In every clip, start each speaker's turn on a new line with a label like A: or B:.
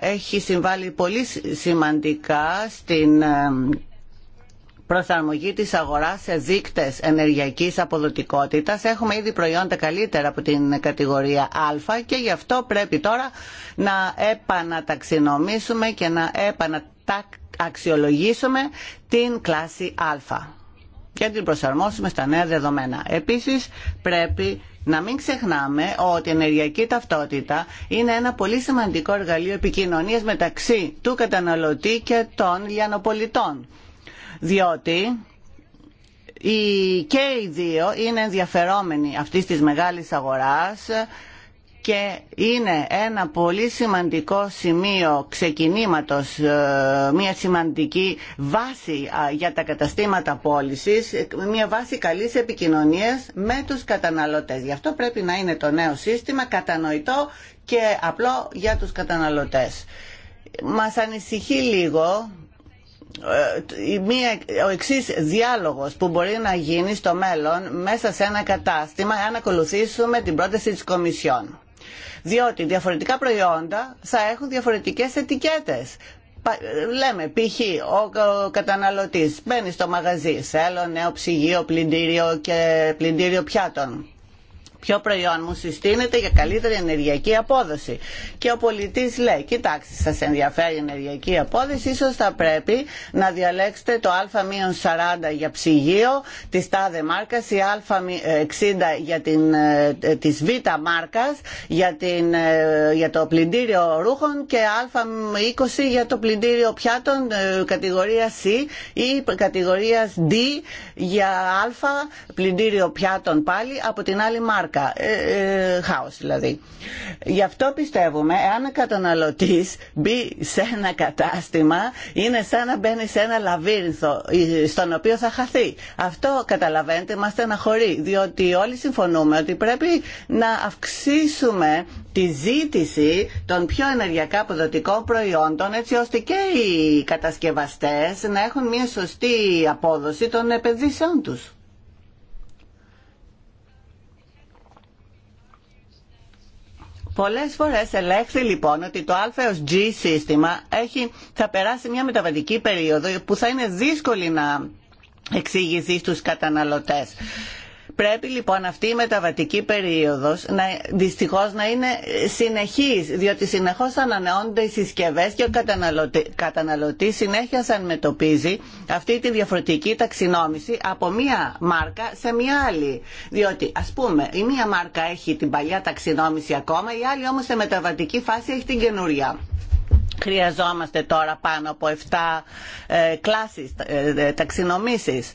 A: έχει συμβάλει πολύ σημαντικά στην ε, προσαρμογή της αγοράς σε δείκτες ενεργειακής αποδοτικότητας. Έχουμε ήδη προϊόντα καλύτερα από την κατηγορία Α και γι' αυτό πρέπει τώρα να επαναταξινομήσουμε και να επαναταξιολογήσουμε την κλάση Α και την προσαρμόσουμε στα νέα δεδομένα. Επίσης πρέπει να μην ξεχνάμε ότι η ενεργειακή ταυτότητα είναι ένα πολύ σημαντικό εργαλείο επικοινωνίας μεταξύ του καταναλωτή και των λιανοπολιτών. Διότι και οι δύο είναι ενδιαφερόμενοι αυτής της μεγάλης αγοράς και είναι ένα πολύ σημαντικό σημείο ξεκινήματος, ε, μια σημαντική βάση για τα καταστήματα πώλησης, μια βάση καλής επικοινωνίας με τους καταναλωτές. Γι' αυτό πρέπει να είναι το νέο σύστημα κατανοητό και απλό για τους καταναλωτές. Μας ανησυχεί λίγο ε, ο εξή διάλογος που μπορεί να γίνει στο μέλλον μέσα σε ένα κατάστημα αν ακολουθήσουμε την πρόταση της Κομισιόν. Διότι διαφορετικά προϊόντα θα έχουν διαφορετικές ετικέτες. Λέμε, π.χ. ο καταναλωτής μπαίνει στο μαγαζί, θέλω νέο ψυγείο, πλυντήριο και πλυντήριο πιάτων ποιο προϊόν μου συστήνεται για καλύτερη ενεργειακή απόδοση. Και ο πολιτή λέει, κοιτάξτε σα ενδιαφέρει η ενεργειακή απόδοση, ίσως θα πρέπει να διαλέξετε το α-40 για ψυγείο, τη τάδε μαρκα η α60 για την, ε, ε, της β μάρκας, για, την, ε, για το πλυντήριο ρούχων και α20 για το πλυντήριο πιάτων κατηγορία C ή κατηγορία D για α πλυντήριο πιάτων πάλι από την άλλη μάρκα. Ε, ε, χάος δηλαδή. Γι' αυτό πιστεύουμε, αν ο καταναλωτής μπει σε ένα κατάστημα, είναι σαν να μπαίνει σε ένα λαβύρινθο, ε, στον οποίο θα χαθεί. Αυτό καταλαβαίνετε, μας στεναχωρεί, διότι όλοι συμφωνούμε ότι πρέπει να αυξήσουμε τη ζήτηση των πιο ενεργειακά αποδοτικών προϊόντων έτσι ώστε και οι κατασκευαστές να έχουν μια σωστή απόδοση των επενδύσεών τους. Πολλές φορές ελέγχθη λοιπόν ότι το α g σύστημα έχει, θα περάσει μια μεταβατική περίοδο που θα είναι δύσκολη να εξήγηθεί στους καταναλωτές. Πρέπει λοιπόν αυτή η μεταβατική περίοδο να, δυστυχώς να είναι συνεχή, διότι συνεχώς ανανεώνονται οι συσκευές και ο καταναλωτή, καταναλωτής συνέχεια αντιμετωπίζει αυτή τη διαφορετική ταξινόμηση από μία μάρκα σε μία άλλη. Διότι ας πούμε η μία μάρκα έχει την παλιά ταξινόμηση ακόμα, η άλλη όμως σε μεταβατική φάση έχει την καινούρια χρειαζόμαστε τώρα πάνω από 7 ε, κλάσεις, ε, ταξινομήσεις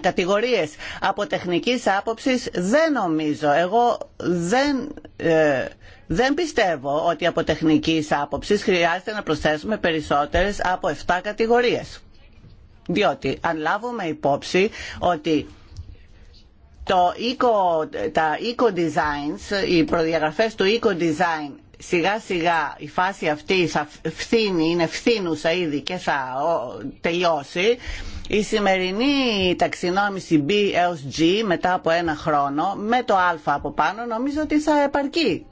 A: κατηγορίες. Από τεχνικής άποψης δεν νομίζω. Εγώ δεν, ε, δεν πιστεύω ότι από τεχνικής άποψης χρειάζεται να προσθέσουμε περισσότερες από 7 κατηγορίες. Διότι αν λάβουμε υπόψη ότι το eco, τα eco-designs, οι προδιαγραφές του eco-design σιγά σιγά η φάση αυτή φθήνει, είναι φθήνουσα ήδη και θα τελειώσει η σημερινή ταξινόμηση B έως G μετά από ένα χρόνο με το α από πάνω νομίζω ότι θα επαρκεί.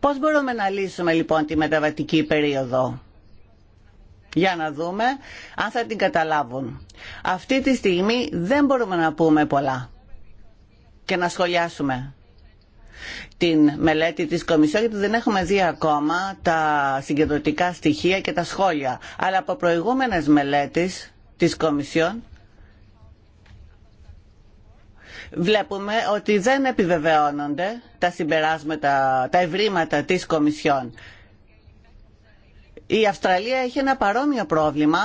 A: Πώς μπορούμε να λύσουμε λοιπόν τη μεταβατική περίοδο. Για να δούμε αν θα την καταλάβουν. Αυτή τη στιγμή δεν μπορούμε να πούμε πολλά και να σχολιάσουμε την μελέτη της Κομισιόν γιατί δεν έχουμε δει ακόμα τα συγκεντρωτικά στοιχεία και τα σχόλια. Αλλά από προηγούμενες μελέτες της Κομισιόν βλέπουμε ότι δεν επιβεβαιώνονται τα συμπεράσματα, τα ευρήματα της Κομισιόν. Η Αυστραλία έχει ένα παρόμοιο πρόβλημα.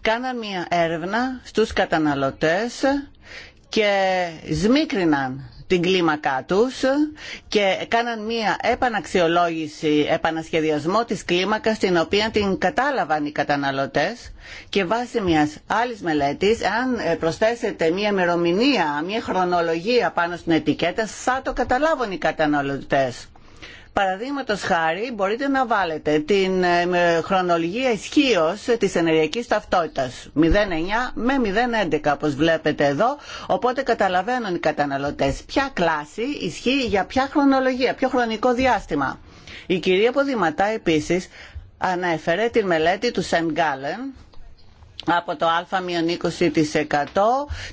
A: Κάναν μια έρευνα στους καταναλωτές και σμίκριναν την κλίμακά τους και κάναν μία επαναξιολόγηση, επανασχεδιασμό της κλίμακας την οποία την κατάλαβαν οι καταναλωτές και βάσει μιας άλλης μελέτης αν ε, προσθέσετε μία μερομηνία, μία χρονολογία πάνω στην ετικέτα θα το καταλάβουν οι καταναλωτές. Παραδείγματο χάρη μπορείτε να βάλετε την ε, χρονολογία ισχύω τη ενεργειακή ταυτότητα 09 με 011 όπω βλέπετε εδώ οπότε καταλαβαίνουν οι καταναλωτέ ποια κλάση ισχύει για ποια χρονολογία, ποιο χρονικό διάστημα. Η κυρία Ποδηματά επίση ανέφερε τη μελέτη του Σεν Γκάλεν από το α-20%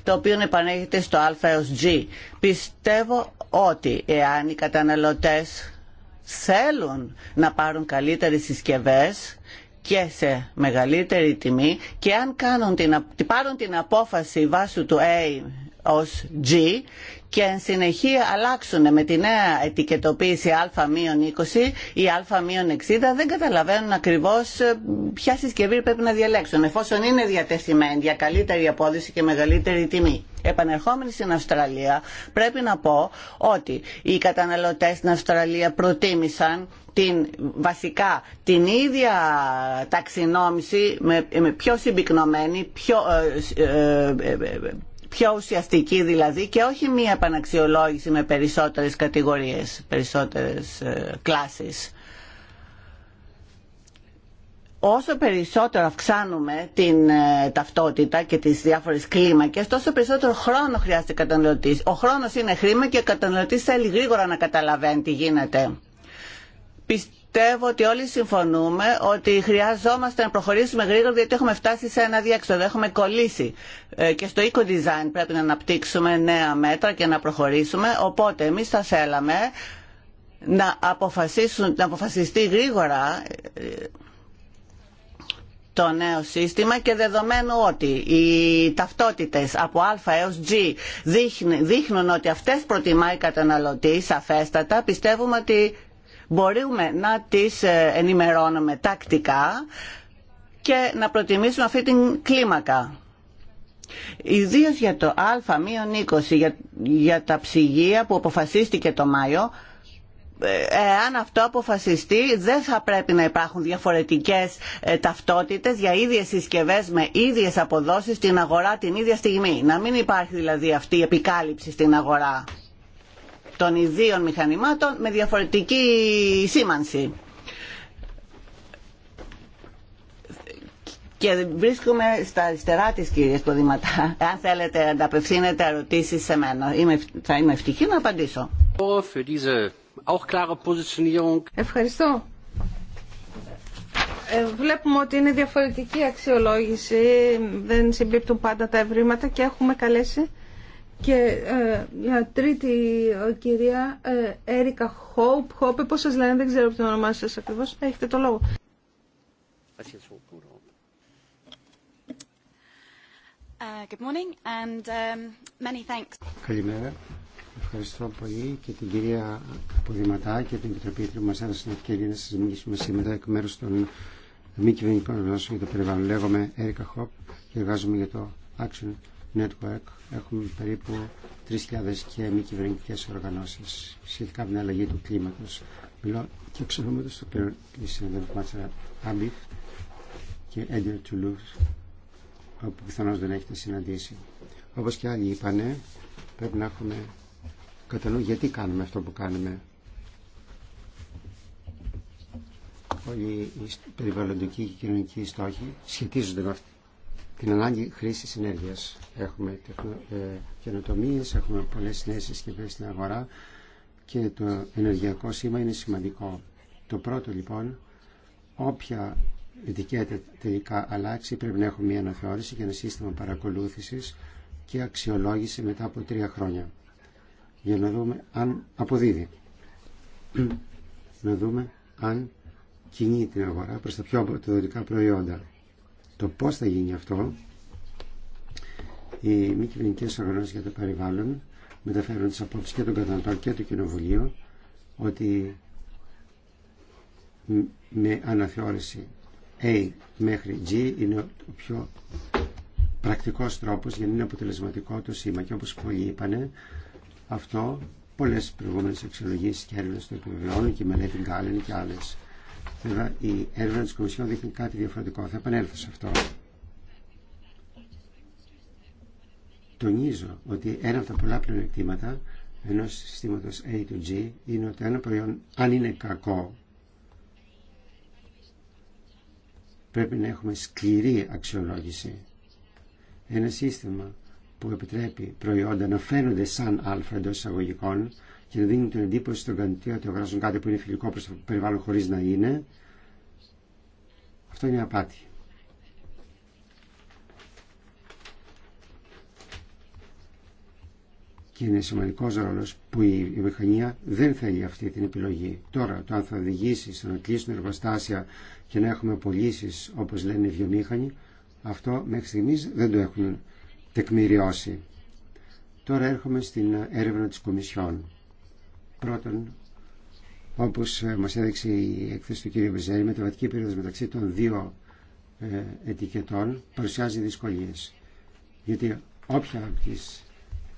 A: το οποίο επανέρχεται στο α g. Πιστεύω ότι εάν οι καταναλωτές θέλουν να πάρουν καλύτερες συσκευές και σε μεγαλύτερη τιμή και αν κάνουν την, πάρουν την απόφαση βάσου του A ως G και εν συνεχεία αλλάξουν με τη νέα ετικετοποίηση α-20 ή α-60 δεν καταλαβαίνουν ακριβώς ε, ποια συσκευή πρέπει να διαλέξουν εφόσον είναι διατεθειμένη για καλύτερη απόδοση και μεγαλύτερη τιμή. Επανερχόμενοι στην Αυστραλία πρέπει να πω ότι οι καταναλωτές στην Αυστραλία προτίμησαν την, βασικά την ίδια ταξινόμηση με, πιο συμπυκνωμένη, πιο, ε, ε, πιο ουσιαστική δηλαδή και όχι μία επαναξιολόγηση με περισσότερες κατηγορίες, περισσότερες ε, κλάσεις. Όσο περισσότερο αυξάνουμε την ε, ταυτότητα και τις διάφορες κλίμακες, τόσο περισσότερο χρόνο χρειάζεται καταναλωτής. Ο χρόνος είναι χρήμα και ο καταναλωτής θέλει γρήγορα να καταλαβαίνει τι γίνεται πιστεύω ότι όλοι συμφωνούμε ότι χρειαζόμαστε να προχωρήσουμε γρήγορα γιατί έχουμε φτάσει σε ένα διέξοδο, έχουμε κολλήσει. Ε, και στο eco design πρέπει να αναπτύξουμε νέα μέτρα και να προχωρήσουμε. Οπότε εμείς θα θέλαμε να, αποφασίσουν, να αποφασιστεί γρήγορα ε, το νέο σύστημα και δεδομένου ότι οι ταυτότητες από α έως g δείχνουν, δείχνουν ότι αυτές προτιμάει η καταναλωτή σαφέστατα πιστεύουμε ότι μπορούμε να τις ε, ενημερώνουμε τακτικά και να προτιμήσουμε αυτή την κλίμακα. Ιδίω για το α-20 για, για τα ψυγεία που αποφασίστηκε το Μάιο, ε, εάν αυτό αποφασιστεί δεν θα πρέπει να υπάρχουν διαφορετικές ε, ταυτότητες για ίδιες συσκευές με ίδιες αποδόσεις στην αγορά την ίδια στιγμή. Να μην υπάρχει δηλαδή αυτή η επικάλυψη στην αγορά των ιδίων μηχανημάτων με διαφορετική σήμανση. Και βρίσκομαι στα αριστερά της κυρία Ποδηματά. Αν θέλετε να απευθύνετε ερωτήσεις σε μένα. θα είμαι ευτυχή να απαντήσω. Ευχαριστώ. Ε, βλέπουμε ότι
B: είναι διαφορετική αξιολόγηση, δεν συμπίπτουν πάντα τα ευρήματα και έχουμε καλέσει και μια ε, τρίτη κυρία, ε, Έρικα Χόπ. Χόπ, πώς σας λένε, δεν ξέρω από το όνομά σας ακριβώς. Έχετε το λόγο.
C: Ε, um,
D: Καλημέρα. Ευχαριστώ πολύ και την κυρία Αποδηματά και την Επιτροπή που μας έδωσε την ευκαιρία να σας μιλήσουμε σήμερα εκ μέρους των μη κυβερνικών οργανώσεων για το περιβάλλον. Λέγομαι Έρικα Χόπ και εργάζομαι για το Action Network έχουμε περίπου 3.000 και μη κυβερνητικέ οργανώσει σχετικά με την αλλαγή του κλίματο. Μιλώ και εξ ονόματο του πλέον τη συναδελφάτσα Άμπιχ και Έντερ Τουλού, όπου πιθανώ δεν έχετε συναντήσει. Όπω και άλλοι είπανε, πρέπει να έχουμε κατά νου γιατί κάνουμε αυτό που κάνουμε. Όλοι οι περιβαλλοντικοί και κοινωνικοί στόχοι σχετίζονται με αυτή την ανάγκη χρήση ενέργεια. Έχουμε ε, καινοτομίε, έχουμε πολλέ νέε συσκευέ στην αγορά και το ενεργειακό σήμα είναι σημαντικό. Το πρώτο λοιπόν, όποια ετικέτα τελικά αλλάξει, πρέπει να έχουμε μια αναθεώρηση και ένα σύστημα παρακολούθηση και αξιολόγηση μετά από τρία χρόνια. Για να δούμε αν αποδίδει. να δούμε αν κινεί την αγορά προς τα πιο αποτελεσματικά προϊόντα. Το πώς θα γίνει αυτό, οι μη κυβερνητικέ οργανώσει για το περιβάλλον μεταφέρουν τι απόψει και των καταναλωτών και του Κοινοβουλίου ότι με αναθεώρηση A μέχρι G είναι ο πιο πρακτικός τρόπος για να είναι αποτελεσματικό το σήμα και όπως πολλοί είπανε αυτό πολλέ προηγούμενε εξολογήσει και έρευνε το επιβεβαιώνουν και μελέτη Γκάλεν και άλλε η έρευνα της Κομισιόν δείχνει κάτι διαφορετικό. Θα επανέλθω σε αυτό. Τονίζω ότι ένα από τα πολλά πλεονεκτήματα ενό συστήματο A to G είναι ότι ένα προϊόν, αν είναι κακό, πρέπει να έχουμε σκληρή αξιολόγηση. Ένα σύστημα που επιτρέπει προϊόντα να φαίνονται σαν αλφα εντό εισαγωγικών και να δίνουν την εντύπωση στον κανητή ότι αγοράζουν κάτι που είναι φιλικό προς το περιβάλλον χωρίς να είναι. Αυτό είναι απάτη. Και είναι σημαντικό ρόλο που η μηχανία δεν θέλει αυτή την επιλογή. Τώρα, το αν θα οδηγήσει στο να κλείσουν εργοστάσια και να έχουμε πωλήσει όπω λένε οι βιομήχανοι, αυτό μέχρι στιγμή δεν το έχουν τεκμηριώσει. Τώρα έρχομαι στην έρευνα της Κομισιόν. Πρώτον, όπω ε, μα έδειξε η έκθεση του κ. Βεζέρη, η μεταβατική περίοδο μεταξύ των δύο ε, ετικετών παρουσιάζει δυσκολίε, Γιατί όποια από τι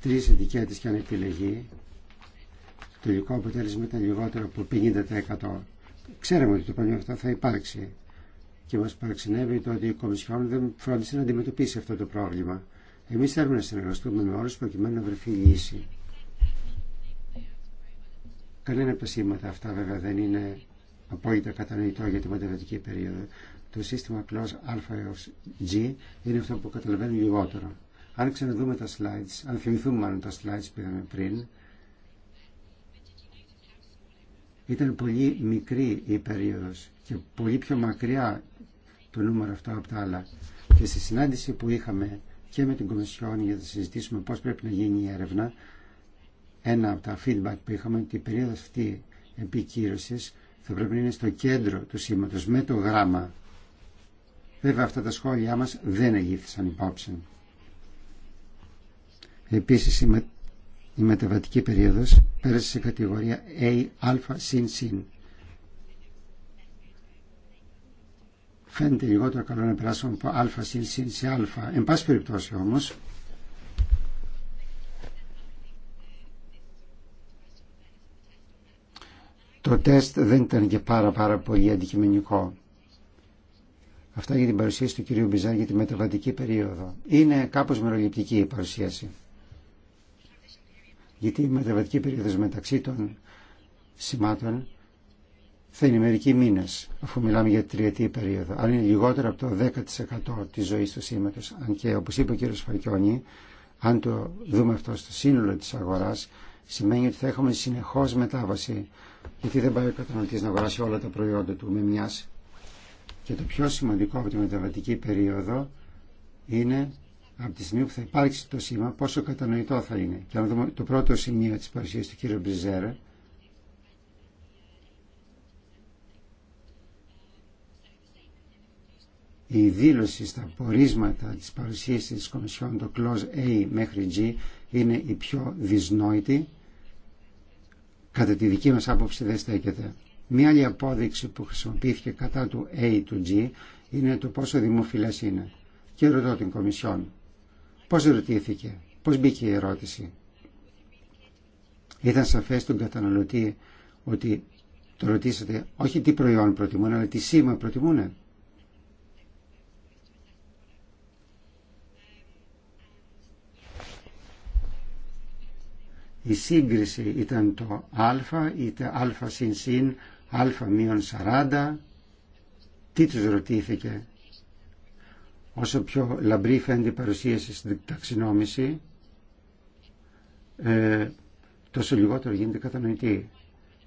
D: τρεις ετικέτες και αν επιλεγεί, το υλικό αποτέλεσμα ήταν λιγότερο από 50%. Ξέραμε ότι το πρόβλημα αυτό θα υπάρξει και μα παραξενεύει το ότι η Κομισιόν δεν φρόντισε να αντιμετωπίσει αυτό το πρόβλημα. Εμεί θέλουμε να συνεργαστούμε με όλου προκειμένου να βρεθεί λύση. Κανένα από τα σήματα αυτά βέβαια δεν είναι απόλυτα κατανοητό για την μεταβατική περίοδο. Το σύστημα κλώσ α έως g είναι αυτό που καταλαβαίνουμε λιγότερο. Αν ξαναδούμε τα slides, αν θυμηθούμε μάλλον τα slides που είδαμε πριν, ήταν πολύ μικρή η περίοδος και πολύ πιο μακριά το νούμερο αυτό από τα άλλα. Και στη συνάντηση που είχαμε και με την Κομισιόν για να συζητήσουμε πώς πρέπει να γίνει η έρευνα, ένα από τα feedback που είχαμε ότι η περίοδος αυτή επικύρωσης θα πρέπει να είναι στο κέντρο του σήματος με το γράμμα. Βέβαια αυτά τα σχόλιά μας δεν εγγύθησαν υπόψη. Επίσης η, με... η μεταβατική περίοδος πέρασε σε κατηγορία A, α, συν, συν. Φαίνεται λιγότερο καλό να περάσουμε από α, συν, συν σε α. Εν πάση περιπτώσει όμως, Το τεστ δεν ήταν και πάρα πάρα πολύ αντικειμενικό. Αυτά για την παρουσίαση του κυρίου Μπιζάν για τη μεταβατική περίοδο. Είναι κάπως μεροληπτική η παρουσίαση. Γιατί η μεταβατική περίοδος μεταξύ των σημάτων θα είναι μερικοί μήνες, αφού μιλάμε για τριετή περίοδο. Αν είναι λιγότερο από το 10% της ζωής του σήματος, αν και όπως είπε ο κύριος Φαρκιόνη, αν το δούμε αυτό στο σύνολο της αγοράς, σημαίνει ότι θα έχουμε συνεχώς μετάβαση γιατί δεν πάει ο καταναλωτή να αγοράσει όλα τα προϊόντα του με μιας. Και το πιο σημαντικό από τη μεταβατική περίοδο είναι από τη στιγμή που θα υπάρξει το σήμα πόσο κατανοητό θα είναι. Και αν δούμε το πρώτο σημείο της παρουσίας του κύριου Μπριζέρε. η δήλωση στα πορίσματα της παρουσίασης της Κομισιόν το Clause A μέχρι G είναι η πιο δυσνόητη κατά τη δική μας άποψη δεν στέκεται. Μία άλλη απόδειξη που χρησιμοποιήθηκε κατά του A του G είναι το πόσο δημοφιλές είναι. Και ρωτώ την Κομισιόν. Πώς ρωτήθηκε, πώς μπήκε η ερώτηση. Ήταν σαφές στον καταναλωτή ότι το ρωτήσατε όχι τι προϊόν προτιμούν, αλλά τι σήμα προτιμούν. η σύγκριση ήταν το α, είτε α συν συν, α μείον 40. Τι τους ρωτήθηκε. Όσο πιο λαμπρή φαίνεται η παρουσίαση στην ταξινόμηση, ε, τόσο λιγότερο γίνεται κατανοητή.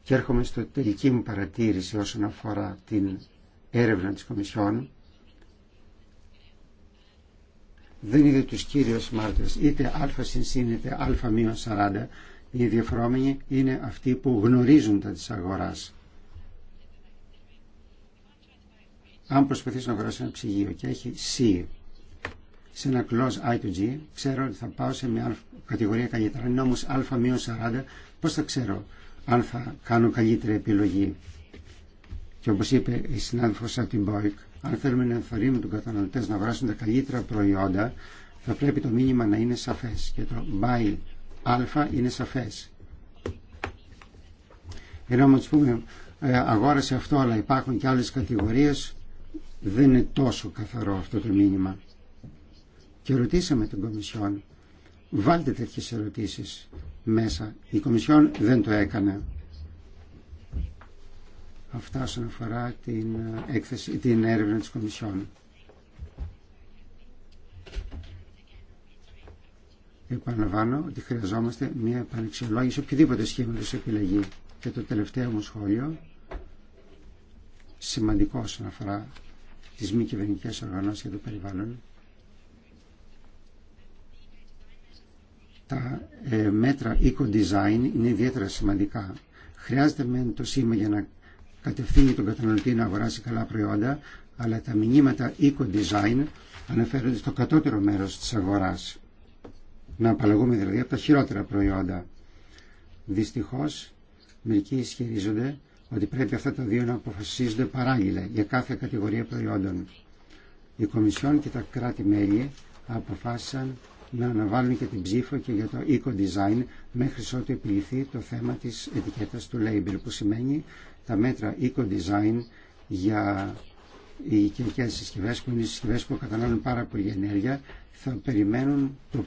D: Και έρχομαι στο τελική μου παρατήρηση όσον αφορά την έρευνα της Κομισιόν δεν είδε τους κύριους μάρτυρες. Είτε α συν είτε α 40. Οι ενδιαφερόμενοι είναι αυτοί που γνωρίζουν τα της αγοράς. Αν προσπαθήσω να αγοράσω ένα ψυγείο και έχει C σε ένα close I to G, ξέρω ότι θα πάω σε μια κατηγορία καλύτερα. είναι όμως α 40, πώς θα ξέρω αν θα κάνω καλύτερη επιλογή. Και όπως είπε η συνάδελφος από την BOIC, αν θέλουμε να ενθαρρύνουμε τους καταναλωτέ να βράσουν τα καλύτερα προϊόντα, θα πρέπει το μήνυμα να είναι σαφέ. Και το buy α είναι σαφέ. Ενώ όμω πούμε ε, αγόρασε αυτό, αλλά υπάρχουν και άλλε κατηγορίε, δεν είναι τόσο καθαρό αυτό το μήνυμα. Και ρωτήσαμε την Κομισιόν, βάλτε τέτοιες ερωτήσεις μέσα. Η Κομισιόν δεν το έκανε. Αυτά όσον αφορά την, ε, έκθεση, την έρευνα της Κομισιόν. Επαναλαμβάνω ότι χρειαζόμαστε μια επανεξιολόγηση οποιοδήποτε σχήματος επιλεγεί. Και το τελευταίο μου σχόλιο, σημαντικό όσον αφορά τι μη κυβερνικέ οργανώσει για το περιβάλλον, τα ε, μέτρα eco-design είναι ιδιαίτερα σημαντικά. Χρειάζεται μεν το σήμα για να κατευθύνει τον καταναλωτή να αγοράσει καλά προϊόντα, αλλά τα μηνύματα eco-design αναφέρονται στο κατώτερο μέρος της αγοράς. Να απαλλαγούμε δηλαδή από τα χειρότερα προϊόντα. Δυστυχώς, μερικοί ισχυρίζονται ότι πρέπει αυτά τα δύο να αποφασίζονται παράλληλα για κάθε κατηγορία προϊόντων. Οι Κομισιόν και τα κράτη-μέλη αποφάσισαν να αναβάλουν και την ψήφο και για το eco-design μέχρι ότου επιληθεί το θέμα της ετικέτας του label που σημαίνει τα μέτρα eco-design για οι οικιακέ συσκευέ που είναι συσκευέ που καταναλώνουν πάρα πολύ ενέργεια θα περιμένουν το,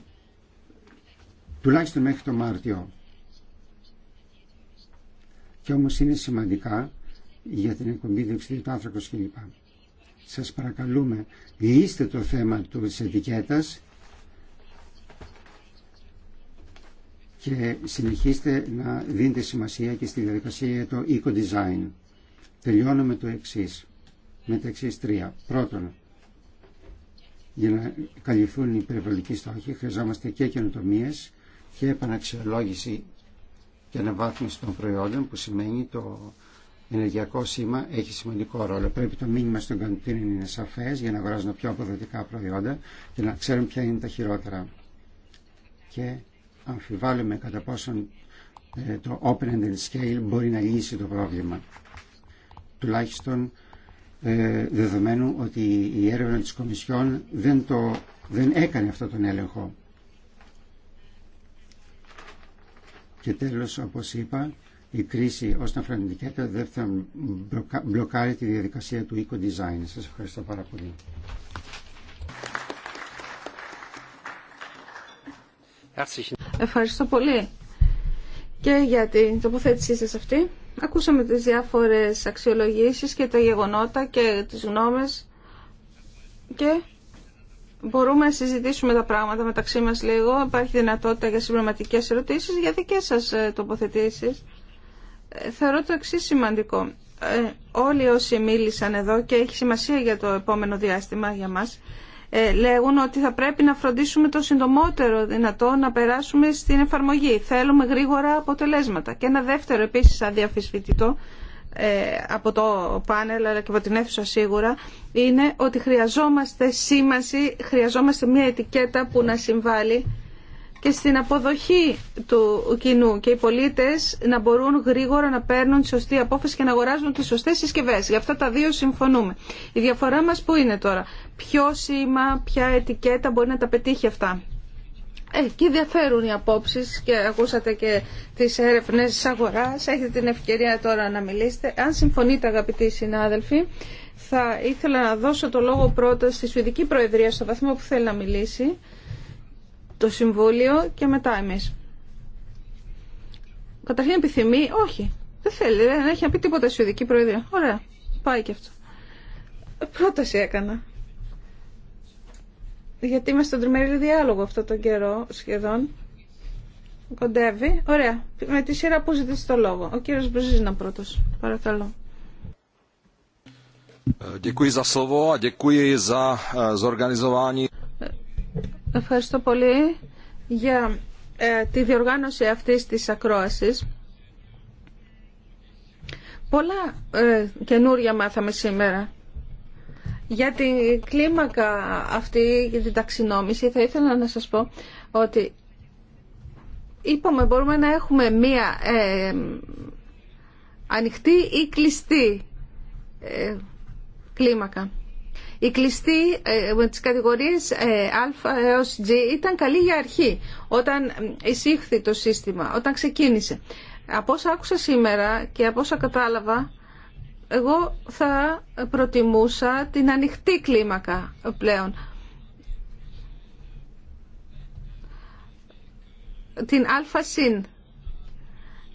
D: τουλάχιστον μέχρι το Μάρτιο. Και όμως είναι σημαντικά για την εκπομπή διοξιδίου του άνθρακος κλπ. Σας παρακαλούμε, λύστε το θέμα του της και συνεχίστε να δίνετε σημασία και στη διαδικασία για το eco-design. Τελειώνω με το εξή με τα εξή τρία. Πρώτον, για να καλυφθούν οι περιβαλλοντικοί στόχοι χρειαζόμαστε και καινοτομίε και επαναξιολόγηση και αναβάθμιση των προϊόντων που σημαίνει το ενεργειακό σήμα έχει σημαντικό ρόλο. Πρέπει το μήνυμα στον καντίνο είναι σαφέ για να αγοράζουν πιο αποδοτικά προϊόντα και να ξέρουν ποια είναι τα χειρότερα. Και αμφιβάλλουμε κατά πόσον ε, το open and scale μπορεί να λύσει το πρόβλημα. Τουλάχιστον ε, δεδομένου ότι η έρευνα της Κομισιόν δεν, το, δεν έκανε αυτό τον έλεγχο. Και τέλος, όπως είπα, η κρίση ως να φρανιντικέτα δεν θα μπλοκάρει τη διαδικασία του eco-design. Σας ευχαριστώ πάρα πολύ.
B: Ευχαριστώ πολύ και για την τοποθέτησή σας αυτή. Ακούσαμε τις διάφορες αξιολογήσεις και τα γεγονότα και τις γνώμες και μπορούμε να συζητήσουμε τα πράγματα μεταξύ μας λίγο. Υπάρχει δυνατότητα για συμπληρωματικές ερωτήσεις για δικές σας ε, τοποθετήσεις. Ε, θεωρώ το εξή σημαντικό. Ε, όλοι όσοι μίλησαν εδώ και έχει σημασία για το επόμενο διάστημα για μας ε, λέγουν ότι θα πρέπει να φροντίσουμε το συντομότερο δυνατό να περάσουμε στην εφαρμογή. Θέλουμε γρήγορα αποτελέσματα. Και ένα δεύτερο επίσης αδιαφυσβητητό ε, από το πάνελ αλλά και από την αίθουσα σίγουρα είναι ότι χρειαζόμαστε σήμανση, χρειαζόμαστε μια ετικέτα που να συμβάλλει και στην αποδοχή του κοινού και οι πολίτες να μπορούν γρήγορα να παίρνουν τη σωστή απόφαση και να αγοράζουν τις σωστές συσκευές. Γι' αυτά τα δύο συμφωνούμε. Η διαφορά μας πού είναι τώρα. Ποιο σήμα, ποια ετικέτα μπορεί να τα πετύχει αυτά. Ε, και διαφέρουν οι απόψεις και ακούσατε και τις έρευνες της αγοράς. Έχετε την ευκαιρία τώρα να μιλήσετε. Αν συμφωνείτε αγαπητοί συνάδελφοι, θα ήθελα να δώσω το λόγο πρώτα στη Σουηδική Προεδρία στο βαθμό που θέλει να μιλήσει το Συμβούλιο και μετά εμείς. Καταρχήν επιθυμεί, όχι, δεν θέλει, δεν έχει να πει τίποτα η Σουηδική Προεδρία. Ωραία, πάει και αυτό. Πρόταση έκανα. Γιατί είμαι στον τριμερή διάλογο αυτό τον καιρό σχεδόν. Κοντεύει. Ωραία. Με τη σειρά που ζητήσει το λόγο. Ο κύριος Μπριζίνα πρώτος. Παρακαλώ. Ευχαριστώ πολύ για ε, τη διοργάνωση αυτής της ακρόασης. Πολλά ε, καινούρια μάθαμε σήμερα. Για την κλίμακα αυτή για την ταξινόμηση θα ήθελα να σας πω ότι είπαμε μπορούμε να έχουμε μία ε, ανοιχτή ή κλειστή ε, κλίμακα. Η κλειστή ε, με τις κατηγορίες ε, α έως g ήταν καλή για αρχή όταν εισήχθη το σύστημα, όταν ξεκίνησε. Από όσα άκουσα σήμερα και από όσα κατάλαβα, εγώ θα προτιμούσα την ανοιχτή κλίμακα πλέον. Την α συν.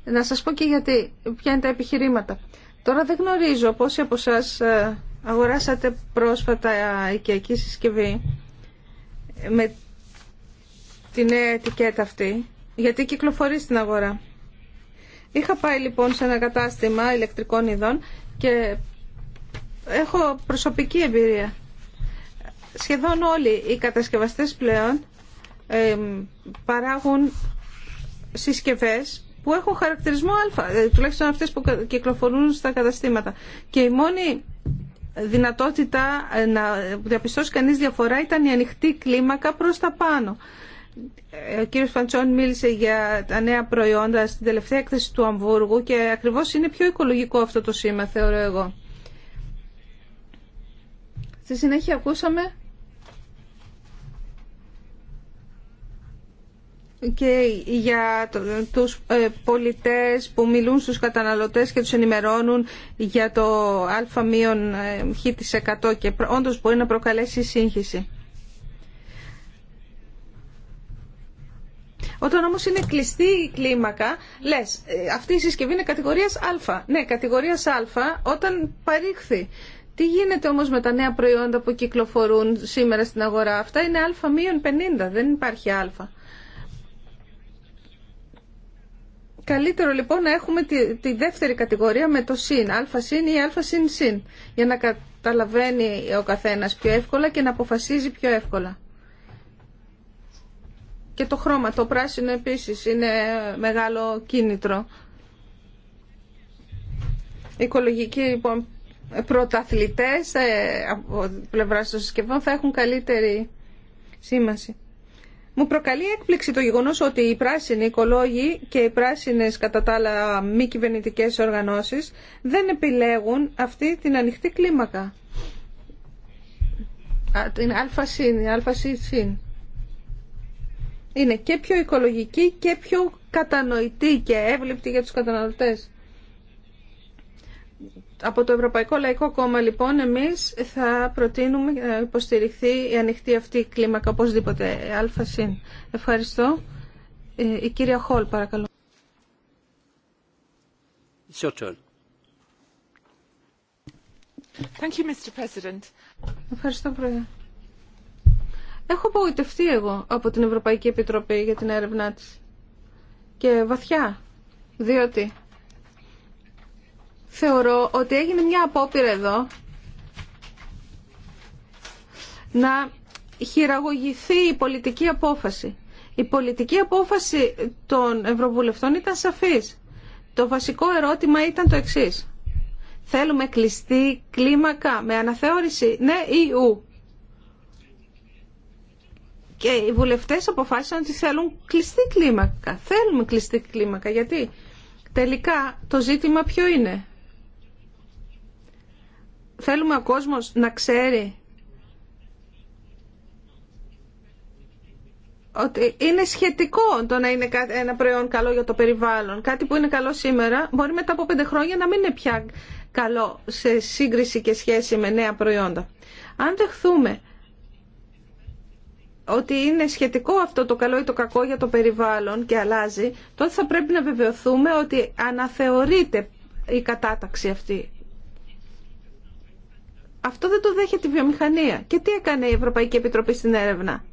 B: Να σας πω και γιατί, ποια είναι τα επιχειρήματα. Τώρα δεν γνωρίζω πόσοι από εσάς... Ε, Αγοράσατε πρόσφατα οικιακή συσκευή με την νέα ετικέτα αυτή, γιατί κυκλοφορεί στην αγορά. Είχα πάει λοιπόν σε ένα κατάστημα ηλεκτρικών ειδών και έχω προσωπική εμπειρία. Σχεδόν όλοι οι κατασκευαστές πλέον παράγουν συσκευές που έχουν χαρακτηρισμό α, ε, τουλάχιστον αυτές που κυκλοφορούν στα καταστήματα. Και η μόνη δυνατότητα ε, να διαπιστώσει κανείς διαφορά ήταν η ανοιχτή κλίμακα προς τα πάνω. Ε, ο κύριος Φαντσόν μίλησε για τα νέα προϊόντα στην τελευταία έκθεση του Αμβούργου και ακριβώς είναι πιο οικολογικό αυτό το σήμα, θεωρώ εγώ. Στη συνέχεια ακούσαμε και για τους ε, πολιτές που μιλούν στους καταναλωτές και τους ενημερώνουν για το α μείον ε, χ της 100 και όντως μπορεί να προκαλέσει σύγχυση. Όταν όμως είναι κλειστή η κλίμακα, λες, ε, αυτή η συσκευή είναι κατηγορίας α. Ναι, κατηγορίας α όταν παρήχθη. Τι γίνεται όμως με τα νέα προϊόντα που κυκλοφορούν σήμερα στην αγορά. Αυτά είναι α-50, δεν υπάρχει α. Καλύτερο λοιπόν να έχουμε τη, τη δεύτερη κατηγορία με το συν, α συν ή α συν συν, για να καταλαβαίνει ο καθένας πιο εύκολα και να αποφασίζει πιο εύκολα. Και το χρώμα, το πράσινο επίσης είναι μεγάλο κίνητρο. Οικολογικοί λοιπόν πρωταθλητές ε, από πλευρά των συσκευών θα έχουν καλύτερη σήμανση. Μου προκαλεί έκπληξη το γεγονό ότι οι πράσινοι οικολόγοι και οι πράσινες κατά τα άλλα μη κυβερνητικέ οργανώσεις δεν επιλέγουν αυτή την ανοιχτή κλίμακα. Την η Είναι και πιο οικολογική και πιο κατανοητή και εύληπτη για τους καταναλωτές. Από το Ευρωπαϊκό Λαϊκό Κόμμα λοιπόν εμείς θα προτείνουμε να υποστηριχθεί η ανοιχτή αυτή κλίμακα οπωσδήποτε Ευχαριστώ. Ε, η κυρία Χολ παρακαλώ. Thank you, Mr. President. Ευχαριστώ πρόεδρε. Έχω απογοητευτεί εγώ από την Ευρωπαϊκή Επιτροπή για την έρευνά της. Και βαθιά. Διότι θεωρώ ότι έγινε μια απόπειρα εδώ να χειραγωγηθεί η πολιτική απόφαση. Η πολιτική απόφαση των Ευρωβουλευτών ήταν σαφής. Το βασικό ερώτημα ήταν το εξής. Θέλουμε κλειστή κλίμακα με αναθεώρηση ναι ή ου. Και οι βουλευτές αποφάσισαν ότι θέλουν κλειστή κλίμακα. Θέλουμε κλειστή κλίμακα γιατί τελικά το ζήτημα ποιο είναι. Θέλουμε ο κόσμος να ξέρει ότι είναι σχετικό το να είναι ένα προϊόν καλό για το περιβάλλον. Κάτι που είναι καλό σήμερα μπορεί μετά από πέντε χρόνια να μην είναι πια καλό σε σύγκριση και σχέση με νέα προϊόντα. Αν δεχθούμε ότι είναι σχετικό αυτό το καλό ή το κακό για το περιβάλλον και αλλάζει, τότε θα πρέπει να βεβαιωθούμε ότι αναθεωρείται η κατάταξη αυτή αυτό δεν το δέχεται η βιομηχανία. Και τι έκανε η Ευρωπαϊκή Επιτροπή στην έρευνα.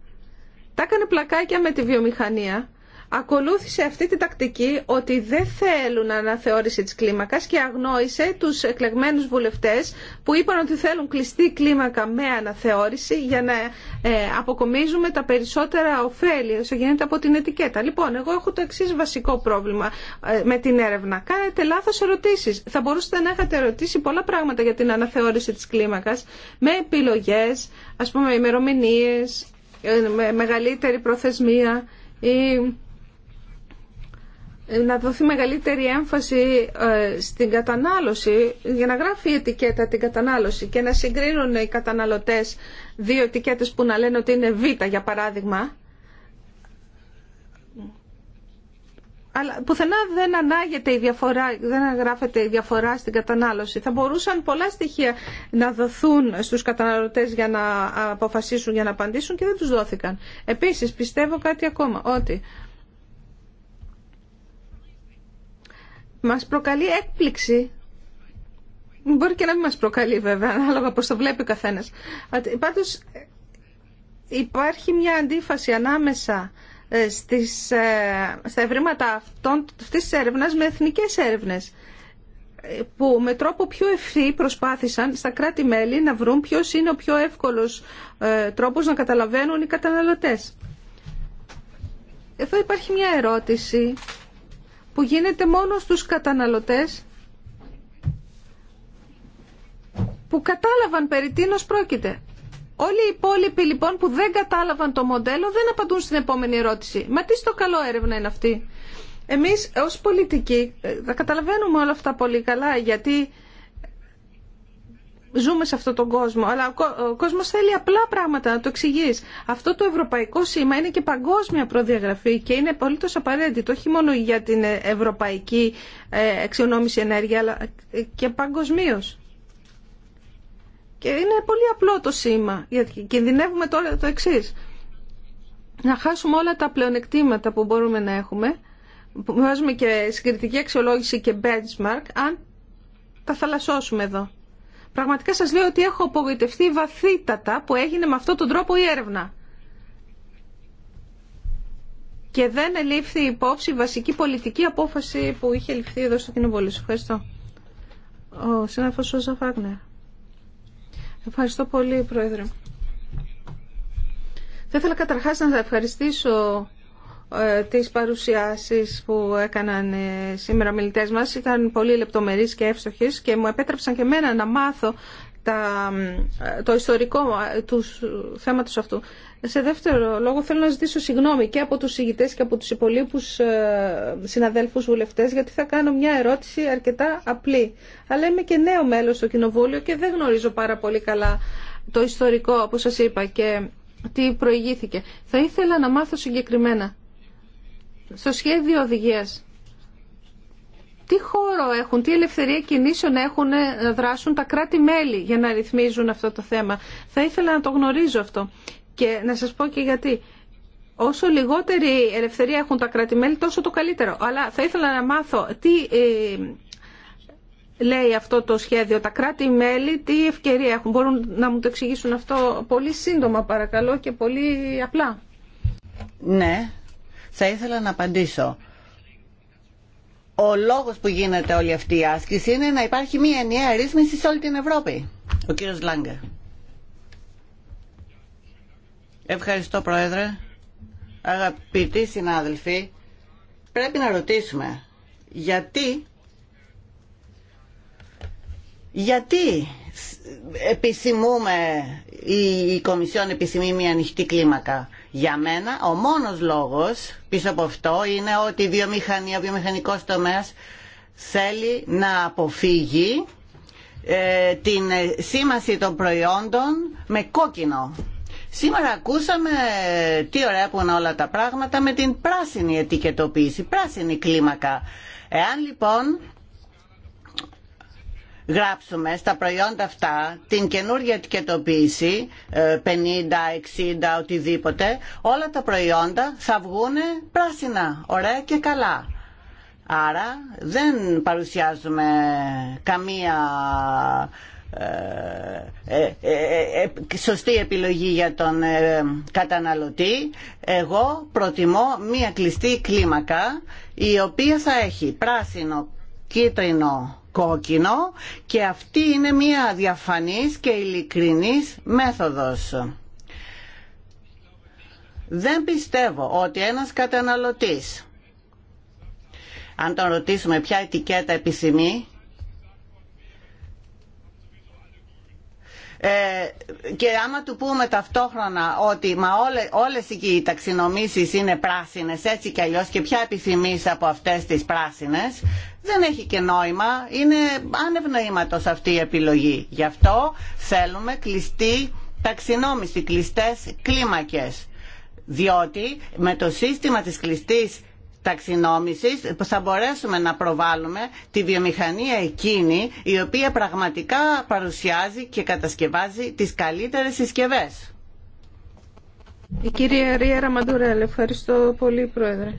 B: Τα έκανε πλακάκια με τη βιομηχανία ακολούθησε αυτή τη τακτική ότι δεν θέλουν αναθεώρηση της κλίμακας και αγνόησε τους εκλεγμένους βουλευτές που είπαν ότι θέλουν κλειστή κλίμακα με αναθεώρηση για να ε, αποκομίζουμε τα περισσότερα ωφέλη όσο γίνεται από την ετικέτα. Λοιπόν, εγώ έχω το εξή βασικό πρόβλημα ε, με την έρευνα. Κάνετε λάθος ερωτήσεις. Θα μπορούσατε να έχετε ερωτήσει πολλά πράγματα για την αναθεώρηση της κλίμακας με επιλογές, ας πούμε ημερομηνίε, ε, με μεγαλύτερη προθεσμία ή να δοθεί μεγαλύτερη έμφαση ε, στην κατανάλωση για να γράφει η ετικέτα την κατανάλωση και να συγκρίνουν οι καταναλωτές δύο ετικέτες που να λένε ότι είναι β για παράδειγμα αλλά πουθενά δεν ανάγεται η διαφορά, δεν γράφεται η διαφορά στην κατανάλωση. Θα μπορούσαν πολλά στοιχεία να δοθούν στους καταναλωτές για να αποφασίσουν, για να απαντήσουν και δεν τους δόθηκαν. Επίσης πιστεύω κάτι ακόμα, ότι μας προκαλεί έκπληξη. Μπορεί και να μην μας προκαλεί βέβαια, ανάλογα πώς το βλέπει ο καθένας. Πάντως υπάρχει μια αντίφαση ανάμεσα ε, στις, ε, στα ευρήματα αυτών, αυτής της έρευνας με εθνικές έρευνες που με τρόπο πιο ευθύ προσπάθησαν στα κράτη-μέλη να βρουν ποιος είναι ο πιο εύκολος ε, τρόπος να καταλαβαίνουν οι καταναλωτές. Εδώ υπάρχει μια ερώτηση που γίνεται μόνο στους καταναλωτές που κατάλαβαν περί τίνος πρόκειται. Όλοι οι υπόλοιποι λοιπόν που δεν κατάλαβαν το μοντέλο δεν απαντούν στην επόμενη ερώτηση. Μα τι στο καλό έρευνα είναι αυτή. Εμείς ως πολιτικοί θα ε, καταλαβαίνουμε όλα αυτά πολύ καλά γιατί Ζούμε σε αυτόν τον κόσμο, αλλά ο κόσμο θέλει απλά πράγματα, να το εξηγεί. Αυτό το ευρωπαϊκό σήμα είναι και παγκόσμια προδιαγραφή και είναι πολύ απαραίτητο, όχι μόνο για την ευρωπαϊκή εξονόμηση ενέργεια, αλλά ε, και παγκοσμίω. Και είναι πολύ απλό το σήμα, γιατί κινδυνεύουμε τώρα το εξή. Να χάσουμε όλα τα πλεονεκτήματα που μπορούμε να έχουμε, που βάζουμε και συγκριτική αξιολόγηση και benchmark, αν τα θαλασσώσουμε εδώ. Πραγματικά σας λέω ότι έχω απογοητευτεί βαθύτατα που έγινε με αυτόν τον τρόπο η έρευνα. Και δεν ελήφθη υπόψη η βασική πολιτική απόφαση που είχε ληφθεί εδώ στο Κοινοβούλιο. ευχαριστώ. Ο σύναφος Σόζα Ευχαριστώ πολύ, Πρόεδρε. Θα ήθελα καταρχάς να ευχαριστήσω ε, τις παρουσιάσεις που έκαναν ε, σήμερα μιλητές μας ήταν πολύ λεπτομερείς και εύστοχες και μου επέτρεψαν και μένα να μάθω τα, ε, το ιστορικό του θέματος αυτού. Σε δεύτερο λόγο θέλω να ζητήσω συγγνώμη και από τους ηγητές και από τους υπολείπους συναδέλφους βουλευτές γιατί θα κάνω μια ερώτηση αρκετά απλή. Αλλά είμαι και νέο μέλος στο Κοινοβούλιο και δεν γνωρίζω πάρα πολύ καλά το ιστορικό όπως σας είπα και τι προηγήθηκε. Θα ήθελα να μάθω συγκεκριμένα στο σχέδιο οδηγίας τι χώρο έχουν, τι ελευθερία κινήσεων έχουν να δράσουν τα κράτη-μέλη για να ρυθμίζουν αυτό το θέμα. Θα ήθελα να το γνωρίζω αυτό και να σας πω και γιατί. Όσο λιγότερη ελευθερία έχουν τα κράτη-μέλη, τόσο το καλύτερο. Αλλά θα ήθελα να μάθω τι ε, λέει αυτό το σχέδιο. Τα κράτη-μέλη τι ευκαιρία έχουν. Μπορούν να μου το εξηγήσουν αυτό πολύ σύντομα παρακαλώ και πολύ
A: απλά. Ναι, θα ήθελα να απαντήσω. Ο λόγος που γίνεται όλη αυτή η άσκηση είναι να υπάρχει μία ενιαία ρύθμιση σε όλη την Ευρώπη. Ο κύριος Λάγκερ. Ευχαριστώ Πρόεδρε. Αγαπητοί συνάδελφοι, πρέπει να ρωτήσουμε γιατί γιατί επισημούμε η Κομισιόν επισημεί μια ανοιχτή κλίμακα. Για μένα ο μόνος λόγος πίσω από αυτό είναι ότι η βιομηχανία, ο βιομηχανικός τομέας θέλει να αποφύγει ε, την ε, σήμαση των προϊόντων με κόκκινο. Σήμερα ακούσαμε τι ωραία που είναι όλα τα πράγματα με την πράσινη ετικετοποίηση, πράσινη κλίμακα. Εάν λοιπόν γράψουμε στα προϊόντα αυτά την καινούργια ετικετοποίηση 50, ε, 60, οτιδήποτε όλα τα προϊόντα θα βγουν πράσινα, ωραία και καλά. Άρα δεν παρουσιάζουμε καμία ε, ε, σωστή επιλογή για τον καταναλωτή εγώ προτιμώ μία κλειστή κλίμακα η οποία θα έχει πράσινο, κίτρινο κόκκινο και αυτή είναι μια διαφανής και ειλικρινής μέθοδος. Δεν πιστεύω ότι ένας καταναλωτής, αν τον ρωτήσουμε ποια ετικέτα επισημεί, Ε, και άμα του πούμε ταυτόχρονα ότι όλε, όλες οι ταξινομήσεις είναι πράσινες έτσι κι αλλιώς και ποια επιθυμεί από αυτές τις πράσινες δεν έχει και νόημα, είναι άνευ αυτή η επιλογή. Γι' αυτό θέλουμε κλειστή ταξινόμηση, κλειστές κλίμακες διότι με το σύστημα της κλειστής ταξινόμησης θα μπορέσουμε να προβάλλουμε τη βιομηχανία εκείνη η οποία πραγματικά παρουσιάζει και κατασκευάζει τις καλύτερες συσκευές.
B: Η κυρία Ρία Ραμαντουρέλ, ευχαριστώ πολύ Πρόεδρε.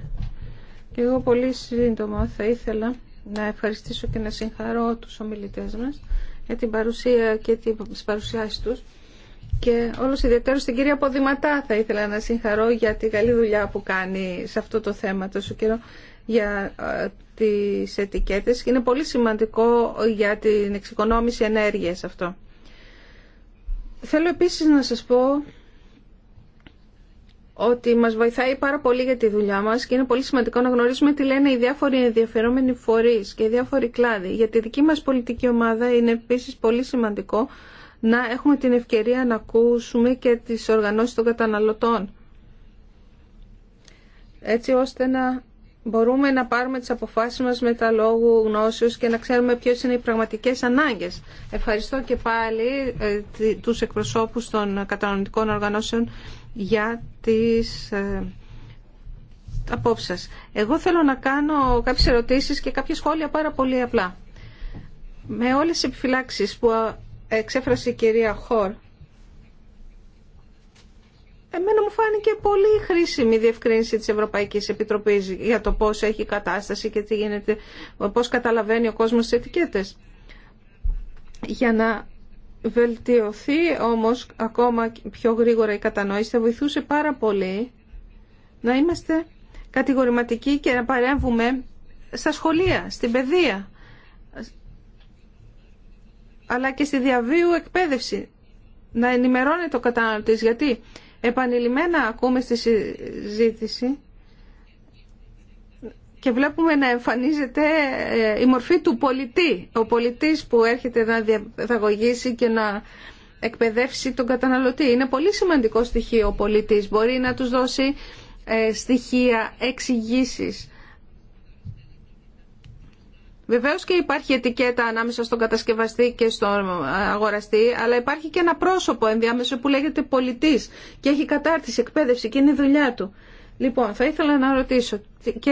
B: Και εγώ πολύ σύντομα θα ήθελα να ευχαριστήσω και να συγχαρώ τους ομιλητές μας για την παρουσία και τις παρουσιάσεις τους. Και όλο ιδιαίτερο στην κυρία Ποδηματά θα ήθελα να συγχαρώ για τη καλή δουλειά που κάνει σε αυτό το θέμα τόσο καιρό για ε, τις ετικέτες. Είναι πολύ σημαντικό για την εξοικονόμηση ενέργειας αυτό. Θέλω επίσης να σας πω ότι μας βοηθάει πάρα πολύ για τη δουλειά μας και είναι πολύ σημαντικό να γνωρίσουμε τι λένε οι διάφοροι ενδιαφερόμενοι φορείς και οι διάφοροι κλάδοι. Για τη δική μας πολιτική ομάδα είναι επίσης πολύ σημαντικό να έχουμε την ευκαιρία να ακούσουμε και τις οργανώσεις των καταναλωτών. Έτσι ώστε να μπορούμε να πάρουμε τις αποφάσεις μας με τα λόγου γνώσεως και να ξέρουμε ποιες είναι οι πραγματικές ανάγκες. Ευχαριστώ και πάλι ε, τους εκπροσώπους των καταναλωτικών οργανώσεων για τις ε, απόψεις σας. Εγώ θέλω να κάνω κάποιες ερωτήσεις και κάποια σχόλια πάρα πολύ απλά. Με όλες τις επιφυλάξεις που εξέφρασε η κυρία Χορ, εμένα μου φάνηκε πολύ χρήσιμη η διευκρίνηση της Ευρωπαϊκής Επιτροπής για το πώς έχει κατάσταση και τι γίνεται, πώς καταλαβαίνει ο κόσμος τις ετικέτες. Για να βελτιωθεί όμως ακόμα πιο γρήγορα η κατανόηση θα βοηθούσε πάρα πολύ να είμαστε κατηγορηματικοί και να παρέμβουμε στα σχολεία, στην παιδεία αλλά και στη διαβίου εκπαίδευση. Να ενημερώνει το καταναλωτής. Γιατί επανειλημμένα ακούμε στη συζήτηση και βλέπουμε να εμφανίζεται ε, η μορφή του πολιτή. Ο πολιτής που έρχεται να διαγωγήσει και να εκπαιδεύσει τον καταναλωτή. Είναι πολύ σημαντικό στοιχείο ο πολιτής. Μπορεί να τους δώσει ε, στοιχεία, εξηγήσει Βεβαίω και υπάρχει ετικέτα ανάμεσα στον κατασκευαστή και στον αγοραστή, αλλά υπάρχει και ένα πρόσωπο ενδιάμεσο που λέγεται πολιτή και έχει κατάρτιση, εκπαίδευση και είναι η δουλειά του. Λοιπόν, θα ήθελα να ρωτήσω και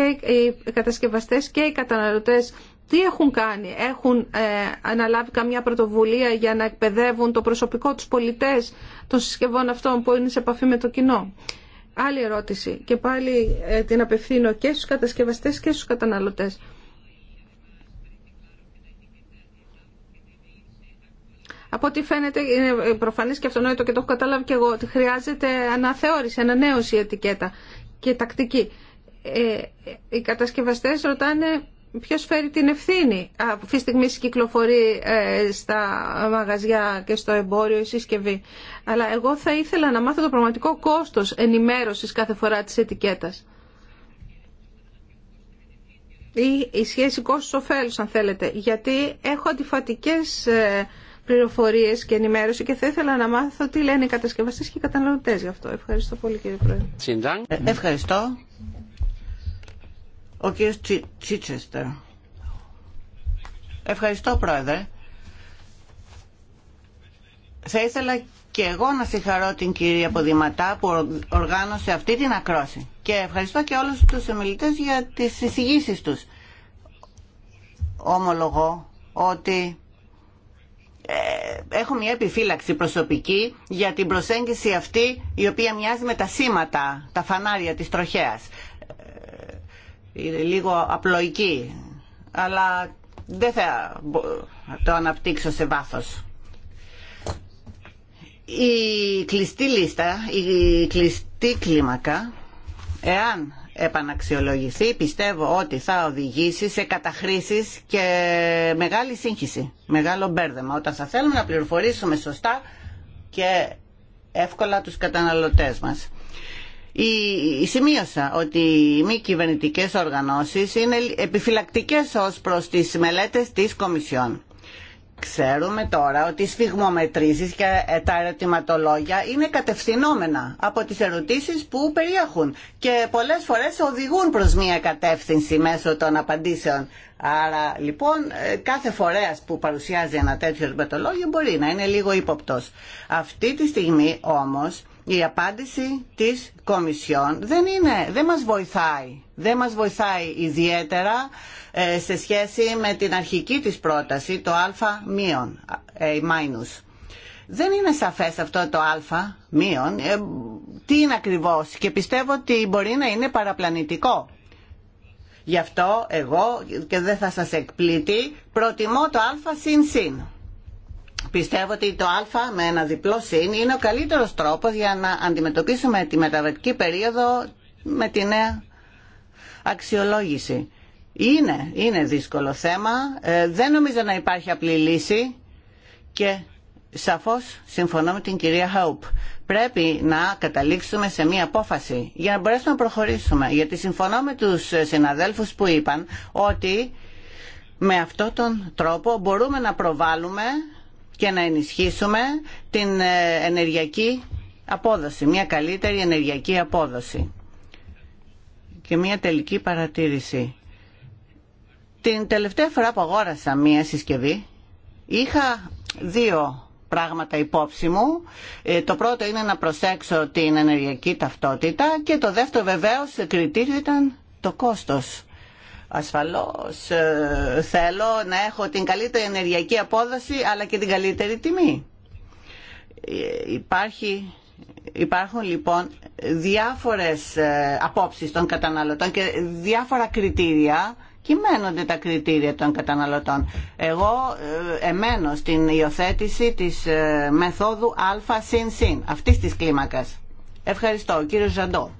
B: οι κατασκευαστέ και οι καταναλωτέ τι έχουν κάνει, έχουν ε, αναλάβει καμιά πρωτοβουλία για να εκπαιδεύουν το προσωπικό τους πολιτές των συσκευών αυτών που είναι σε επαφή με το κοινό. Άλλη ερώτηση και πάλι ε, την απευθύνω και στους κατασκευαστέ, και στου καταναλωτέ. Από ό,τι φαίνεται είναι προφανής και αυτονόητο και το έχω κατάλαβει και εγώ ότι χρειάζεται αναθεώρηση, ανανέωση η ετικέτα και τακτική. Ε, οι κατασκευαστές ρωτάνε ποιος φέρει την ευθύνη αυτή τη στιγμή κυκλοφορεί ε, στα μαγαζιά και στο εμπόριο η συσκευή. Αλλά εγώ θα ήθελα να μάθω το πραγματικό κόστος ενημέρωσης κάθε φορά της ετικέτας. Ή η σχέση κόστος-οφέλους αν θέλετε. Γιατί έχω αντιφατικές ε, πληροφορίες και ενημέρωση και θα ήθελα να μάθω τι λένε οι κατασκευαστές και οι καταναλωτές γι' αυτό. Ευχαριστώ πολύ
A: κύριε Πρόεδρε. Ε, ευχαριστώ. Ο κύριος Τσίτσεστερ. Ευχαριστώ Πρόεδρε. Θα ήθελα και εγώ να συγχαρώ την κυρία Ποδηματά που οργάνωσε αυτή την ακρόση. Και ευχαριστώ και όλους τους ομιλητές για τις εισηγήσεις τους. Ομολογώ ότι ε, έχω μια επιφύλαξη προσωπική για την προσέγγιση αυτή η οποία μοιάζει με τα σήματα, τα φανάρια της τροχέας. Ε, είναι λίγο απλοϊκή, αλλά δεν θα το αναπτύξω σε βάθος. Η κλειστή λίστα, η κλειστή κλίμακα, εάν επαναξιολογηθεί πιστεύω ότι θα οδηγήσει σε καταχρήσεις και μεγάλη σύγχυση, μεγάλο μπέρδεμα όταν θα θέλουμε να πληροφορήσουμε σωστά και εύκολα τους καταναλωτές μας. Η, σημείωσα ότι οι μη κυβερνητικέ οργανώσεις είναι επιφυλακτικές ως προς τις μελέτες της Κομισιόν. Ξέρουμε τώρα ότι οι σφιγμομετρήσεις και ε, τα ερωτηματολόγια είναι κατευθυνόμενα από τις ερωτήσεις που περιέχουν και πολλές φορές οδηγούν προς μία κατεύθυνση μέσω των απαντήσεων. Άρα λοιπόν ε, κάθε φορέας που παρουσιάζει ένα τέτοιο ερωτηματολόγιο μπορεί να είναι λίγο ύποπτος. Αυτή τη στιγμή όμως η απάντηση της Κομισιόν δεν είναι, δεν μας βοηθάει. Δεν μας βοηθάει ιδιαίτερα ε, σε σχέση με την αρχική της πρόταση, το α μείον, ε, Δεν είναι σαφές αυτό το α ε, τι είναι ακριβώς και πιστεύω ότι μπορεί να είναι παραπλανητικό. Γι' αυτό εγώ, και δεν θα σας εκπλήττει, προτιμώ το α συν συν. Πιστεύω ότι το α με ένα διπλό συν είναι ο καλύτερος τρόπος για να αντιμετωπίσουμε τη μεταβατική περίοδο με τη νέα αξιολόγηση. Είναι, είναι δύσκολο θέμα. Ε, δεν νομίζω να υπάρχει απλή λύση και σαφώς συμφωνώ με την κυρία Χαουπ. Πρέπει να καταλήξουμε σε μία απόφαση για να μπορέσουμε να προχωρήσουμε. Γιατί συμφωνώ με τους συναδέλφους που είπαν ότι με αυτόν τον τρόπο μπορούμε να προβάλλουμε και να ενισχύσουμε την ε, ενεργειακή απόδοση, μια καλύτερη ενεργειακή απόδοση. Και μια τελική παρατήρηση. Την τελευταία φορά που αγόρασα μια συσκευή, είχα δύο πράγματα υπόψη μου. Ε, το πρώτο είναι να προσέξω την ενεργειακή ταυτότητα και το δεύτερο βεβαίως κριτήριο ήταν το κόστος. Ασφαλώς ε, θέλω να έχω την καλύτερη ενεργειακή απόδοση αλλά και την καλύτερη τιμή. Ε, υπάρχει, υπάρχουν λοιπόν διάφορες ε, απόψεις των καταναλωτών και διάφορα κριτήρια κυμαίνονται τα κριτήρια των καταναλωτών. Εγώ εμένω στην υιοθέτηση της μεθόδου α συν συν αυτής της κλίμακας. Ευχαριστώ. Κύριο Ζαντό.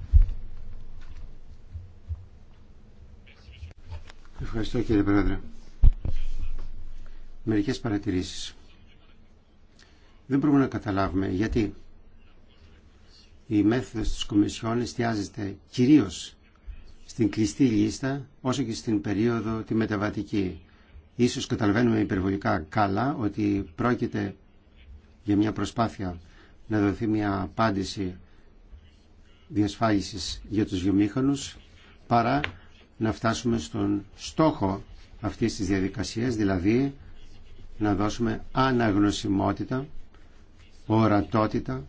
D: Ευχαριστώ κύριε Πρόεδρε. Μερικές παρατηρήσεις. Δεν μπορούμε να καταλάβουμε γιατί η μέθοδος της Κομισιόν εστιάζεται κυρίως στην κλειστή λίστα όσο και στην περίοδο τη μεταβατική. Ίσως καταλαβαίνουμε υπερβολικά καλά ότι πρόκειται για μια προσπάθεια να δοθεί μια απάντηση διασφάλισης για τους βιομήχανους παρά να φτάσουμε στον στόχο αυτής της διαδικασίας, δηλαδή να δώσουμε αναγνωσιμότητα, ορατότητα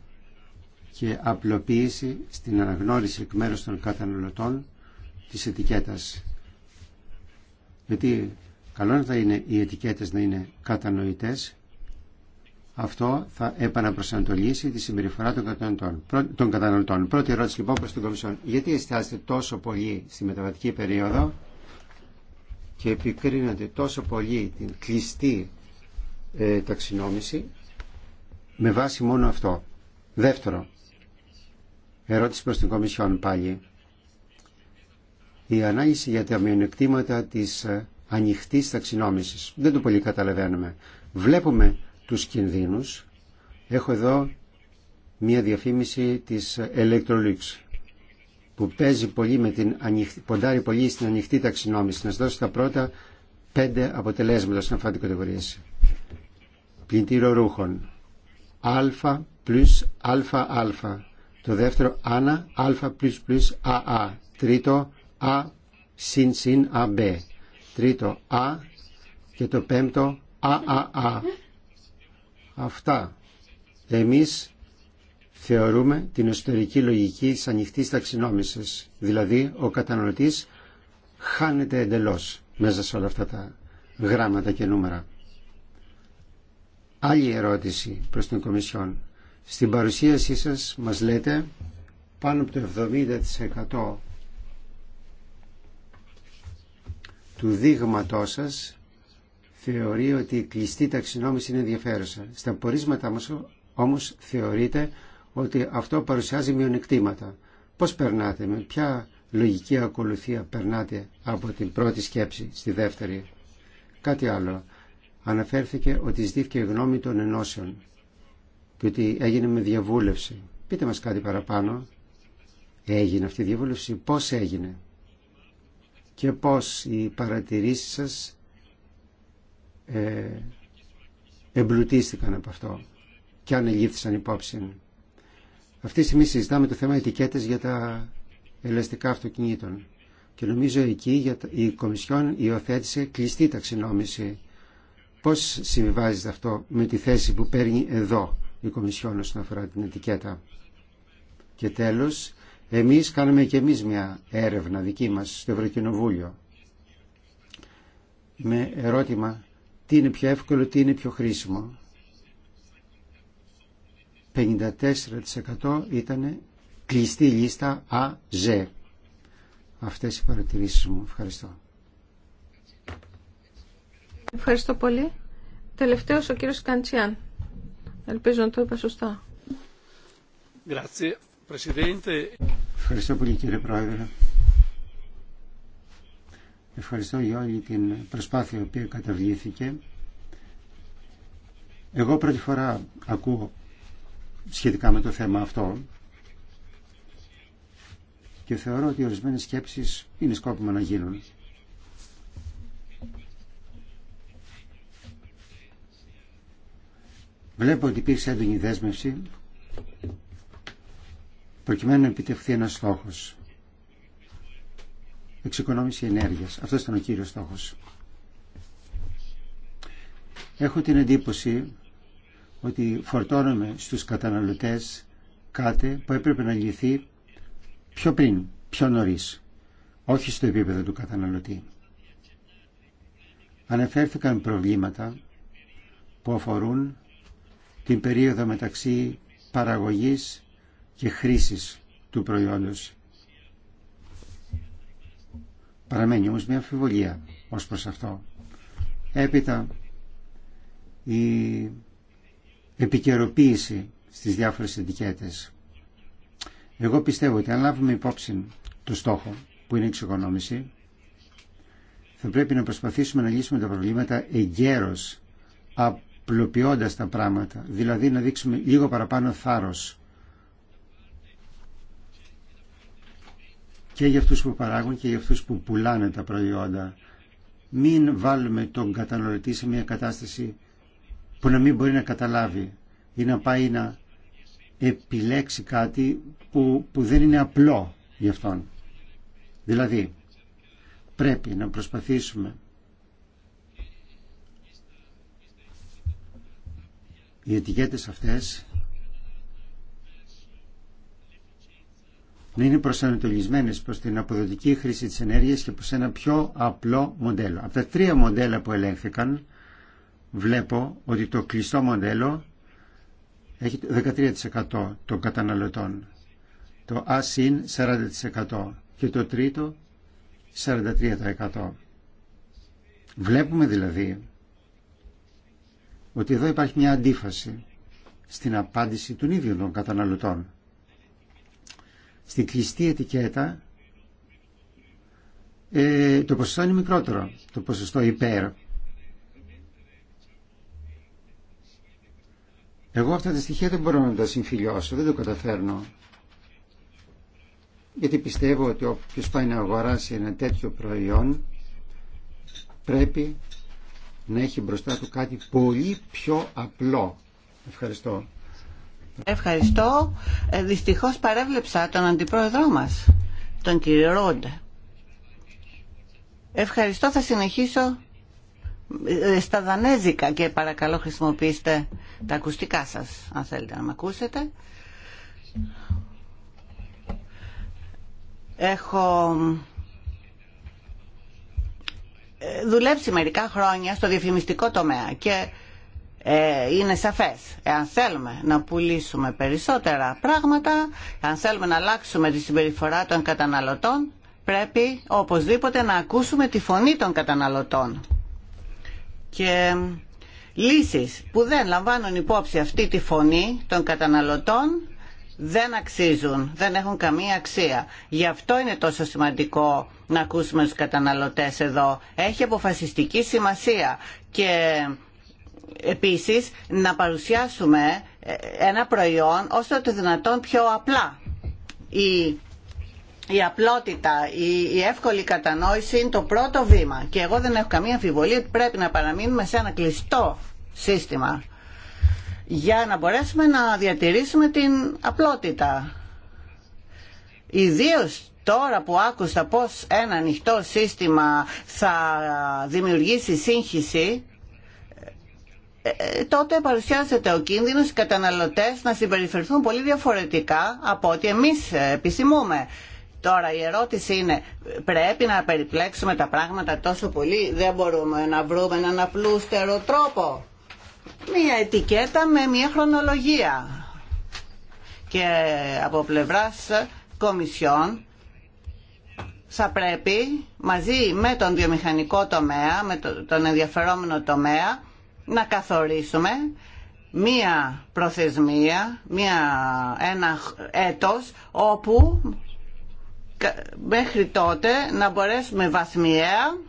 D: και απλοποίηση στην αναγνώριση εκ μέρους των καταναλωτών της ετικέτας. Γιατί καλό είναι οι ετικέτες να είναι κατανοητές αυτό θα επαναπροσανατολίσει τη συμπεριφορά των καταναλωτών. Των καταναλωτών. Πρώτη ερώτηση λοιπόν προς την Κομισιόν. Γιατί εστιάζετε τόσο πολύ στη μεταβατική περίοδο και επικρίνατε τόσο πολύ την κλειστή ε, ταξινόμηση με βάση μόνο αυτό. Δεύτερο, ερώτηση προς την Κομισιόν πάλι. Η ανάλυση για τα μειονεκτήματα της ε, ανοιχτής ταξινόμησης. Δεν το πολύ καταλαβαίνουμε. Βλέπουμε τους κινδύνους. Έχω εδώ μία διαφήμιση της Electrolux που παίζει πολύ με την ανοιχτή, ποντάρει πολύ στην ανοιχτή ταξινόμηση. Να σας δώσω τα πρώτα πέντε αποτελέσματα στην αφάντη την κατηγορία. ρούχων. Α πλούς Α'. Το δεύτερο άνα Α πλούς πλούς Α'. Τρίτο Α συν συν ΑΜΠ. Τρίτο Α και το πέμπτο ΑΑΑ αυτά. Εμείς θεωρούμε την εσωτερική λογική της ανοιχτής ταξινόμησης. Δηλαδή, ο κατανοητής χάνεται εντελώς μέσα σε όλα αυτά τα γράμματα και νούμερα. Άλλη ερώτηση προς την Κομισιόν. Στην παρουσίασή σας μας λέτε πάνω από το 70% του δείγματός σας θεωρεί ότι η κλειστή ταξινόμηση είναι ενδιαφέρουσα. Στα πορίσματα μας όμως θεωρείται ότι αυτό παρουσιάζει μειονεκτήματα. Πώς περνάτε, με ποια λογική ακολουθία περνάτε από την πρώτη σκέψη στη δεύτερη. Κάτι άλλο. Αναφέρθηκε ότι ζητήθηκε γνώμη των ενώσεων και ότι έγινε με διαβούλευση. Πείτε μας κάτι παραπάνω. Έγινε αυτή η διαβούλευση. Πώς έγινε. Και πώς οι παρατηρήσεις σας ε, εμπλουτίστηκαν από αυτό και αν ελήφθησαν υπόψη. Αυτή τη στιγμή συζητάμε το θέμα ετικέτες για τα ελαστικά αυτοκινήτων και νομίζω εκεί για η Κομισιόν υιοθέτησε κλειστή ταξινόμηση. Πώς συμβιβάζεται αυτό με τη θέση που παίρνει εδώ η Κομισιόν όσον αφορά την ετικέτα. Και τέλος, εμείς κάναμε και εμείς μια έρευνα δική μας στο Ευρωκοινοβούλιο με ερώτημα τι είναι πιο εύκολο, τι είναι πιο χρήσιμο. 54% ήταν κλειστή λίστα ΑΖ. Αυτές οι παρατηρήσεις μου. Ευχαριστώ.
B: Ευχαριστώ πολύ. Τελευταίος ο κύριος Καντσιάν. Ελπίζω να το είπα σωστά.
D: Ευχαριστώ πολύ κύριε Πρόεδρε. Ευχαριστώ για όλη την προσπάθεια η οποία καταβλήθηκε. Εγώ πρώτη φορά ακούω σχετικά με το θέμα αυτό και θεωρώ ότι ορισμένε σκέψεις είναι σκόπιμα να γίνουν. Βλέπω ότι υπήρξε έντονη δέσμευση προκειμένου να επιτευχθεί ένας στόχος εξοικονόμηση ενέργειας. Αυτό ήταν ο κύριος στόχος. Έχω την εντύπωση ότι φορτώνουμε στους καταναλωτές κάτι που έπρεπε να λυθεί πιο πριν, πιο νωρίς, όχι στο επίπεδο του καταναλωτή. Αναφέρθηκαν προβλήματα που αφορούν την περίοδο μεταξύ παραγωγής και χρήσης του προϊόντος Παραμένει όμως μια αμφιβολία ως προς αυτό. Έπειτα η επικαιροποίηση στις διάφορες ετικέτες. Εγώ πιστεύω ότι αν λάβουμε υπόψη το στόχο που είναι η εξοικονόμηση θα πρέπει να προσπαθήσουμε να λύσουμε τα προβλήματα εγκαίρως απλοποιώντας τα πράγματα, δηλαδή να δείξουμε λίγο παραπάνω θάρρος και για αυτούς που παράγουν και για αυτούς που πουλάνε τα προϊόντα. Μην βάλουμε τον κατανοητή σε μια κατάσταση που να μην μπορεί να καταλάβει ή να πάει να επιλέξει κάτι που, που δεν είναι απλό για αυτόν. Δηλαδή, πρέπει να προσπαθήσουμε οι ετικέτες αυτές είναι προσανατολισμένες προς την αποδοτική χρήση της ενέργειας και προς ένα πιο απλό μοντέλο. Από τα τρία μοντέλα που ελέγχθηκαν βλέπω ότι το κλειστό μοντέλο έχει 13% των καταναλωτών, το ΑΣΥΝ 40% και το τρίτο 43%. Βλέπουμε δηλαδή ότι εδώ υπάρχει μια αντίφαση στην απάντηση των ίδιων των καταναλωτών στην κλειστή ετικέτα ε, το ποσοστό είναι μικρότερο, το ποσοστό υπέρ. Εγώ αυτά τα στοιχεία δεν μπορώ να τα συμφιλιώσω, δεν το καταφέρνω. Γιατί πιστεύω ότι όποιος πάει να αγοράσει ένα τέτοιο προϊόν πρέπει να έχει μπροστά του κάτι πολύ πιο απλό. Ευχαριστώ.
A: Ευχαριστώ. Ε, δυστυχώς παρέβλεψα τον αντιπρόεδρό μας, τον κύριο Ρόντε. Ευχαριστώ. Θα συνεχίσω ε, στα δανέζικα και παρακαλώ χρησιμοποιήστε τα ακουστικά σας, αν θέλετε να με ακούσετε. Έχω ε, δουλέψει μερικά χρόνια στο διαφημιστικό τομέα και ε, είναι σαφές. Εάν θέλουμε να πουλήσουμε περισσότερα πράγματα, αν θέλουμε να αλλάξουμε τη συμπεριφορά των καταναλωτών, πρέπει οπωσδήποτε να ακούσουμε τη φωνή των καταναλωτών. Και λύσεις που δεν λαμβάνουν υπόψη αυτή τη φωνή των καταναλωτών δεν αξίζουν, δεν έχουν καμία αξία. Γι' αυτό είναι τόσο σημαντικό να ακούσουμε τους καταναλωτές εδώ. Έχει αποφασιστική σημασία και επίσης να παρουσιάσουμε ένα προϊόν όσο το δυνατόν πιο απλά. Η η απλότητα, η, εύκολη κατανόηση είναι το πρώτο βήμα. Και εγώ δεν έχω καμία αμφιβολία ότι πρέπει να παραμείνουμε σε ένα κλειστό σύστημα για να μπορέσουμε να διατηρήσουμε την απλότητα. Ιδίω τώρα που άκουσα πώς ένα ανοιχτό σύστημα θα δημιουργήσει σύγχυση, ε, τότε παρουσιάζεται ο κίνδυνος οι καταναλωτές να συμπεριφερθούν πολύ διαφορετικά από ό,τι εμείς ε, επισημούμε. Τώρα η ερώτηση είναι πρέπει να περιπλέξουμε τα πράγματα τόσο πολύ, δεν μπορούμε να βρούμε έναν απλούστερο τρόπο. Μία ετικέτα με μία χρονολογία. Και από πλευράς κομισιών θα πρέπει μαζί με τον βιομηχανικό τομέα, με τον ενδιαφερόμενο τομέα, να καθορίσουμε μία προθεσμία, μία, ένα έτος όπου μέχρι τότε να μπορέσουμε βαθμιαία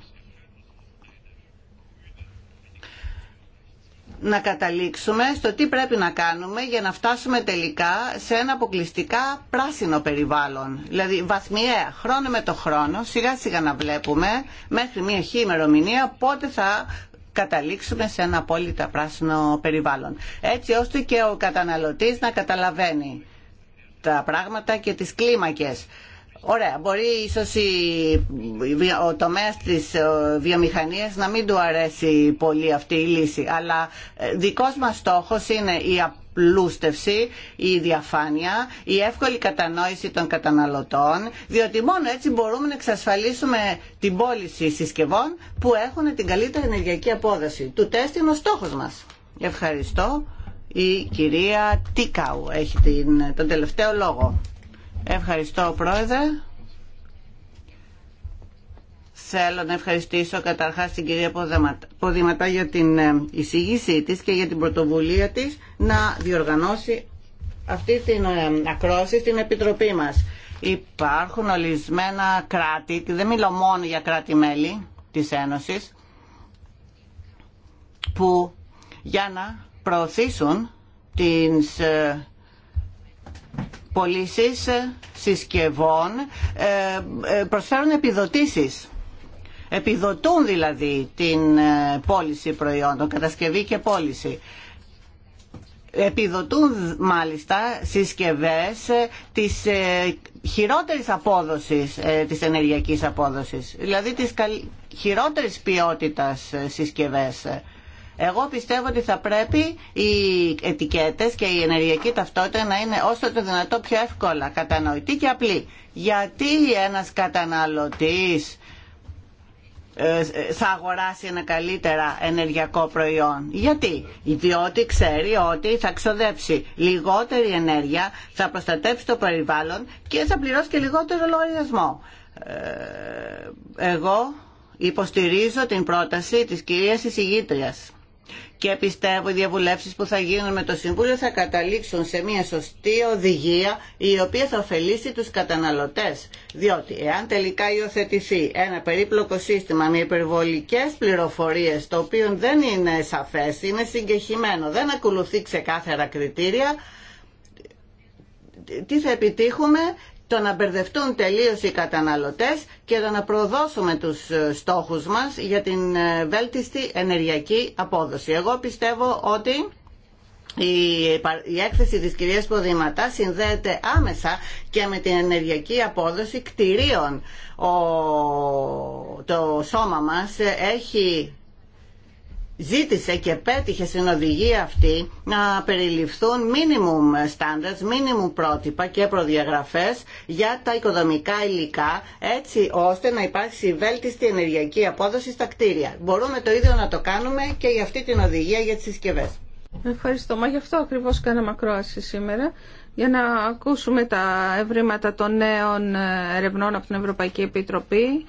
A: να καταλήξουμε στο τι πρέπει να κάνουμε για να φτάσουμε τελικά σε ένα αποκλειστικά πράσινο περιβάλλον. Δηλαδή βαθμιαία, χρόνο με το χρόνο, σιγά σιγά να βλέπουμε μέχρι μια χήμερομηνία, πότε θα καταλήξουμε σε ένα απόλυτα πράσινο περιβάλλον. Έτσι ώστε και ο καταναλωτής να καταλαβαίνει τα πράγματα και τις κλίμακες. Ωραία, μπορεί ίσως η, ο τομέας της ε, βιομηχανίας να μην του αρέσει πολύ αυτή η λύση, αλλά ε, δικός μας στόχος είναι η Πλούστευση, η διαφάνεια, η εύκολη κατανόηση των καταναλωτών, διότι μόνο έτσι μπορούμε να εξασφαλίσουμε την πώληση συσκευών που έχουν την καλύτερη ενεργειακή απόδοση. Του τεστ είναι ο στόχος μας. Ευχαριστώ. Η κυρία Τίκαου έχει την, τον τελευταίο λόγο. Ευχαριστώ πρόεδρε θέλω να ευχαριστήσω καταρχάς την κυρία Ποδηματά για την ε, εισήγησή της και για την πρωτοβουλία της να διοργανώσει αυτή την ε, ακρόση στην Επιτροπή μας. Υπάρχουν ολισμένα κράτη, και δεν μιλώ μόνο για κράτη-μέλη της Ένωσης, που για να προωθήσουν τις ε, πωλήσει συσκευών προσφέρουν επιδοτήσεις επιδοτούν δηλαδή την ε, πώληση προϊόντων, κατασκευή και πώληση. Επιδοτούν μάλιστα συσκευές ε, της ε, χειρότερης απόδοσης, της ενεργειακής απόδοσης, δηλαδή της χειρότερης ποιότητας συσκευές. Εγώ πιστεύω ότι θα πρέπει οι ετικέτες και η ενεργειακή ταυτότητα να είναι όσο το δυνατό πιο εύκολα κατανοητή και απλή. Γιατί ένας καταναλωτής ε, θα αγοράσει ένα καλύτερα ενεργειακό προϊόν. Γιατί, διότι ξέρει ότι θα ξοδέψει λιγότερη ενέργεια, θα προστατέψει το περιβάλλον και θα πληρώσει και λιγότερο λογαριασμό. Ε, εγώ υποστηρίζω την πρόταση της κυρίας εισηγήτριας και πιστεύω οι διαβουλεύσεις που θα γίνουν με το Συμβούλιο θα καταλήξουν σε μια σωστή οδηγία η οποία θα ωφελήσει τους καταναλωτές. Διότι εάν τελικά υιοθετηθεί ένα περίπλοκο σύστημα με υπερβολικές πληροφορίες το οποίο δεν είναι σαφές, είναι συγκεχημένο, δεν ακολουθεί ξεκάθαρα κριτήρια, τι θα επιτύχουμε, το να μπερδευτούν τελείως οι καταναλωτές και το να προδώσουμε τους ε, στόχους μας για την ε, βέλτιστη ενεργειακή απόδοση. Εγώ πιστεύω ότι η έκθεση της κυρίας Ποδηματά συνδέεται άμεσα και με την ενεργειακή απόδοση κτηρίων. Το σώμα μας έχει ζήτησε και πέτυχε στην οδηγία αυτή να περιληφθούν minimum standards, minimum πρότυπα και προδιαγραφές για τα οικοδομικά υλικά έτσι ώστε να υπάρξει βέλτιστη ενεργειακή απόδοση στα κτίρια. Μπορούμε το ίδιο να το κάνουμε και για αυτή την οδηγία για τις συσκευέ. Ευχαριστώ. Μα γι' αυτό
B: ακριβώς κάναμε ακρόαση σήμερα για να ακούσουμε τα ευρήματα των νέων ερευνών από την Ευρωπαϊκή Επιτροπή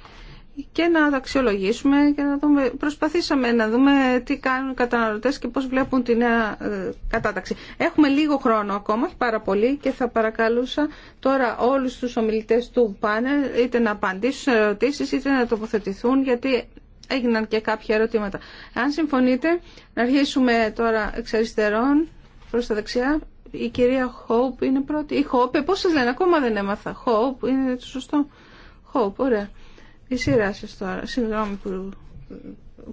B: και να τα αξιολογήσουμε και να δούμε. Προσπαθήσαμε να δούμε τι κάνουν οι καταναλωτές και πώ βλέπουν τη νέα ε, κατάταξη. Έχουμε λίγο χρόνο ακόμα, όχι πάρα πολύ και θα παρακαλούσα τώρα όλου του ομιλητέ του πάνελ είτε να απαντήσουν σε ερωτήσει είτε να τοποθετηθούν γιατί έγιναν και κάποια ερωτήματα. Αν συμφωνείτε να αρχίσουμε τώρα εξ αριστερών προ τα δεξιά. Η κυρία Χόπ είναι πρώτη. Η Χόουπ, πώ σα λένε, ακόμα δεν έμαθα. Χόουπ, είναι το σωστό. ωραία. Η σειρά σα τώρα. Συγγνώμη που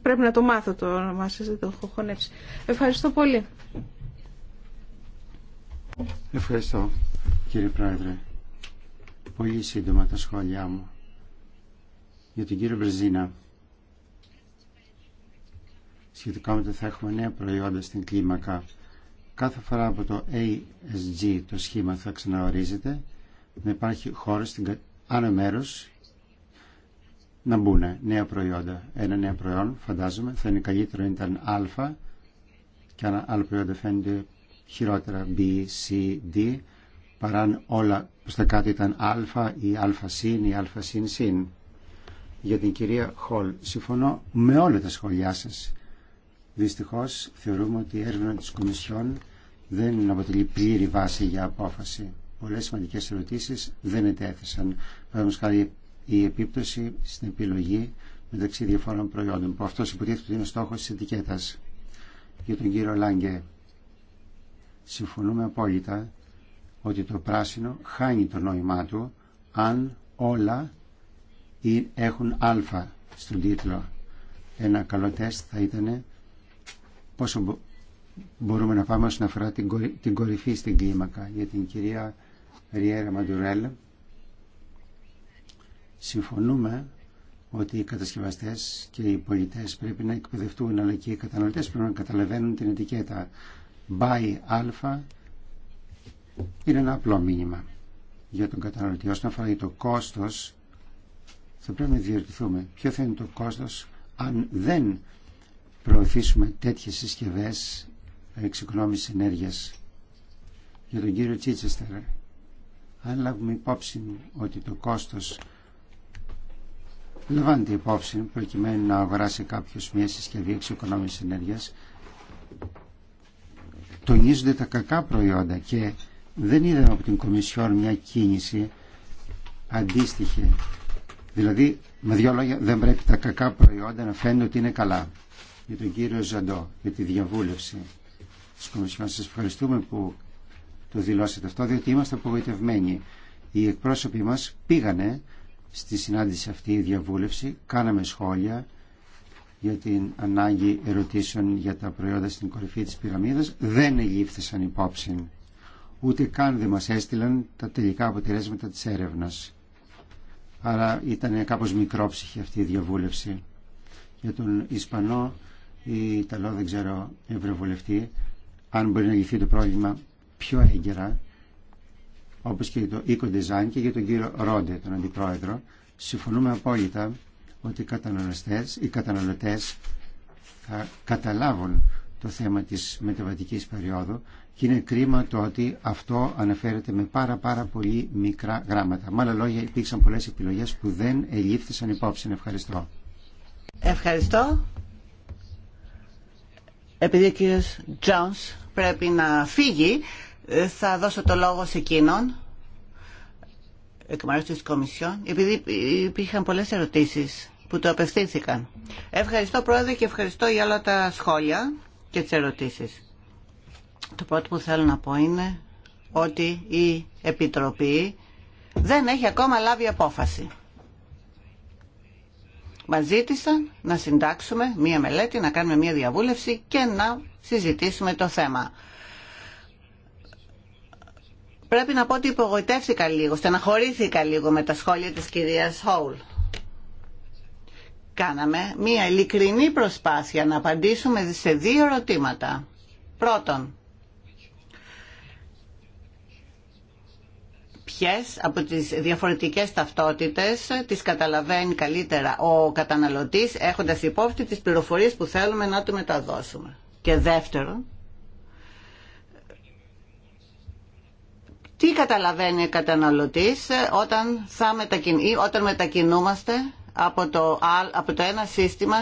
B: πρέπει να το μάθω το όνομά σα, δεν το έχω χωνέψει. Ευχαριστώ πολύ.
D: Ευχαριστώ κύριε Πρόεδρε. Πολύ σύντομα τα σχόλιά μου για τον κύριο Μπρεζίνα σχετικά με το θα έχουμε νέα προϊόντα στην κλίμακα. Κάθε φορά από το ASG το σχήμα θα ξαναορίζεται να υπάρχει χώρο στην άνω μέρος να μπουν νέα προϊόντα. Ένα νέο προϊόν φαντάζομαι θα είναι καλύτερο αν ήταν α και αν άλλο προϊόντα φαίνεται χειρότερα B, C, D παρά αν όλα προς τα κάτω ήταν α ή α συν ή α συν συν. Για την κυρία Χολ, συμφωνώ με όλα τα σχόλιά σας. Δυστυχώς θεωρούμε ότι η έρευνα της Κομισιόν δεν αποτελεί πλήρη βάση για απόφαση. Πολλές σημαντικές ερωτήσεις δεν ετέθησαν η επίπτωση στην επιλογή μεταξύ διαφόρων προϊόντων, που αυτό υποτίθεται ότι είναι στόχο τη ετικέτα. Για τον κύριο Λάγκε, συμφωνούμε απόλυτα ότι το πράσινο χάνει το νόημά του αν όλα έχουν α στον τίτλο. Ένα καλό τεστ θα ήταν πόσο μπορούμε να πάμε όσον αφορά την κορυφή στην κλίμακα. Για την κυρία Ριέρα Μαντουρέλ, συμφωνούμε ότι οι κατασκευαστές και οι πολιτές πρέπει να εκπαιδευτούν αλλά και οι καταναλωτές πρέπει να καταλαβαίνουν την ετικέτα buy α είναι ένα απλό μήνυμα για τον καταναλωτή όσον αφορά το κόστος θα πρέπει να διερωτηθούμε ποιο θα είναι το κόστος αν δεν προωθήσουμε τέτοιες συσκευές εξοικονόμησης ενέργειας για τον κύριο Τσίτσεστερ αν λάβουμε υπόψη ότι το κόστος λαμβάνεται υπόψη προκειμένου να αγοράσει κάποιος μια συσκευή εξοικονόμησης ενέργειας τονίζονται τα κακά προϊόντα και δεν είδαμε από την Κομισιόν μια κίνηση αντίστοιχη. Δηλαδή, με δύο λόγια, δεν πρέπει τα κακά προϊόντα να φαίνονται ότι είναι καλά. Για τον κύριο Ζαντό, για τη διαβούλευση της Κομισιόν, σας ευχαριστούμε που το δηλώσετε αυτό, διότι είμαστε απογοητευμένοι. Οι εκπρόσωποι μας πήγανε στη συνάντηση αυτή η διαβούλευση κάναμε σχόλια για την ανάγκη ερωτήσεων για τα προϊόντα στην κορυφή της πυραμίδας δεν ελήφθησαν υπόψη ούτε καν δεν μας έστειλαν τα τελικά αποτελέσματα της έρευνας άρα ήταν κάπως μικρόψυχη αυτή η διαβούλευση για τον Ισπανό ή Ιταλό δεν ξέρω ευρωβουλευτή αν μπορεί να λυθεί το πρόβλημα πιο έγκαιρα όπως και για το eco-design και για τον κύριο Ρόντε, τον αντιπρόεδρο, συμφωνούμε απόλυτα ότι οι καταναλωτές, οι καταναλωτές θα καταλάβουν το θέμα της μεταβατικής περίοδου και είναι κρίμα το ότι αυτό αναφέρεται με πάρα πάρα πολύ μικρά γράμματα. Με άλλα λόγια υπήρξαν πολλές επιλογές που δεν ελήφθησαν υπόψη. Ευχαριστώ. Ευχαριστώ.
A: Επειδή ο κύριος Τζόνς πρέπει να φύγει, θα δώσω το λόγο σε εκείνον εκ μέρους της Κομισιόν, επειδή υπήρχαν πολλές ερωτήσεις που το απευθύνθηκαν. Ευχαριστώ Πρόεδρε και ευχαριστώ για όλα τα σχόλια και τις ερωτήσεις. Το πρώτο που θέλω να πω είναι ότι η Επιτροπή δεν έχει ακόμα λάβει απόφαση. Μα ζήτησαν να συντάξουμε μία μελέτη, να κάνουμε μία διαβούλευση και να συζητήσουμε το θέμα πρέπει να πω ότι υπογοητεύτηκα λίγο, στεναχωρήθηκα λίγο με τα σχόλια της κυρίας Χόουλ. Κάναμε μία ειλικρινή προσπάθεια να απαντήσουμε σε δύο ερωτήματα. Πρώτον, ποιες από τις διαφορετικές ταυτότητες τις καταλαβαίνει καλύτερα ο καταναλωτής έχοντας υπόψη τις πληροφορίες που θέλουμε να του μεταδώσουμε. Και δεύτερον, Τι καταλαβαίνει ο καταναλωτής ε, όταν, θα όταν μετακινούμαστε από το, από το ένα σύστημα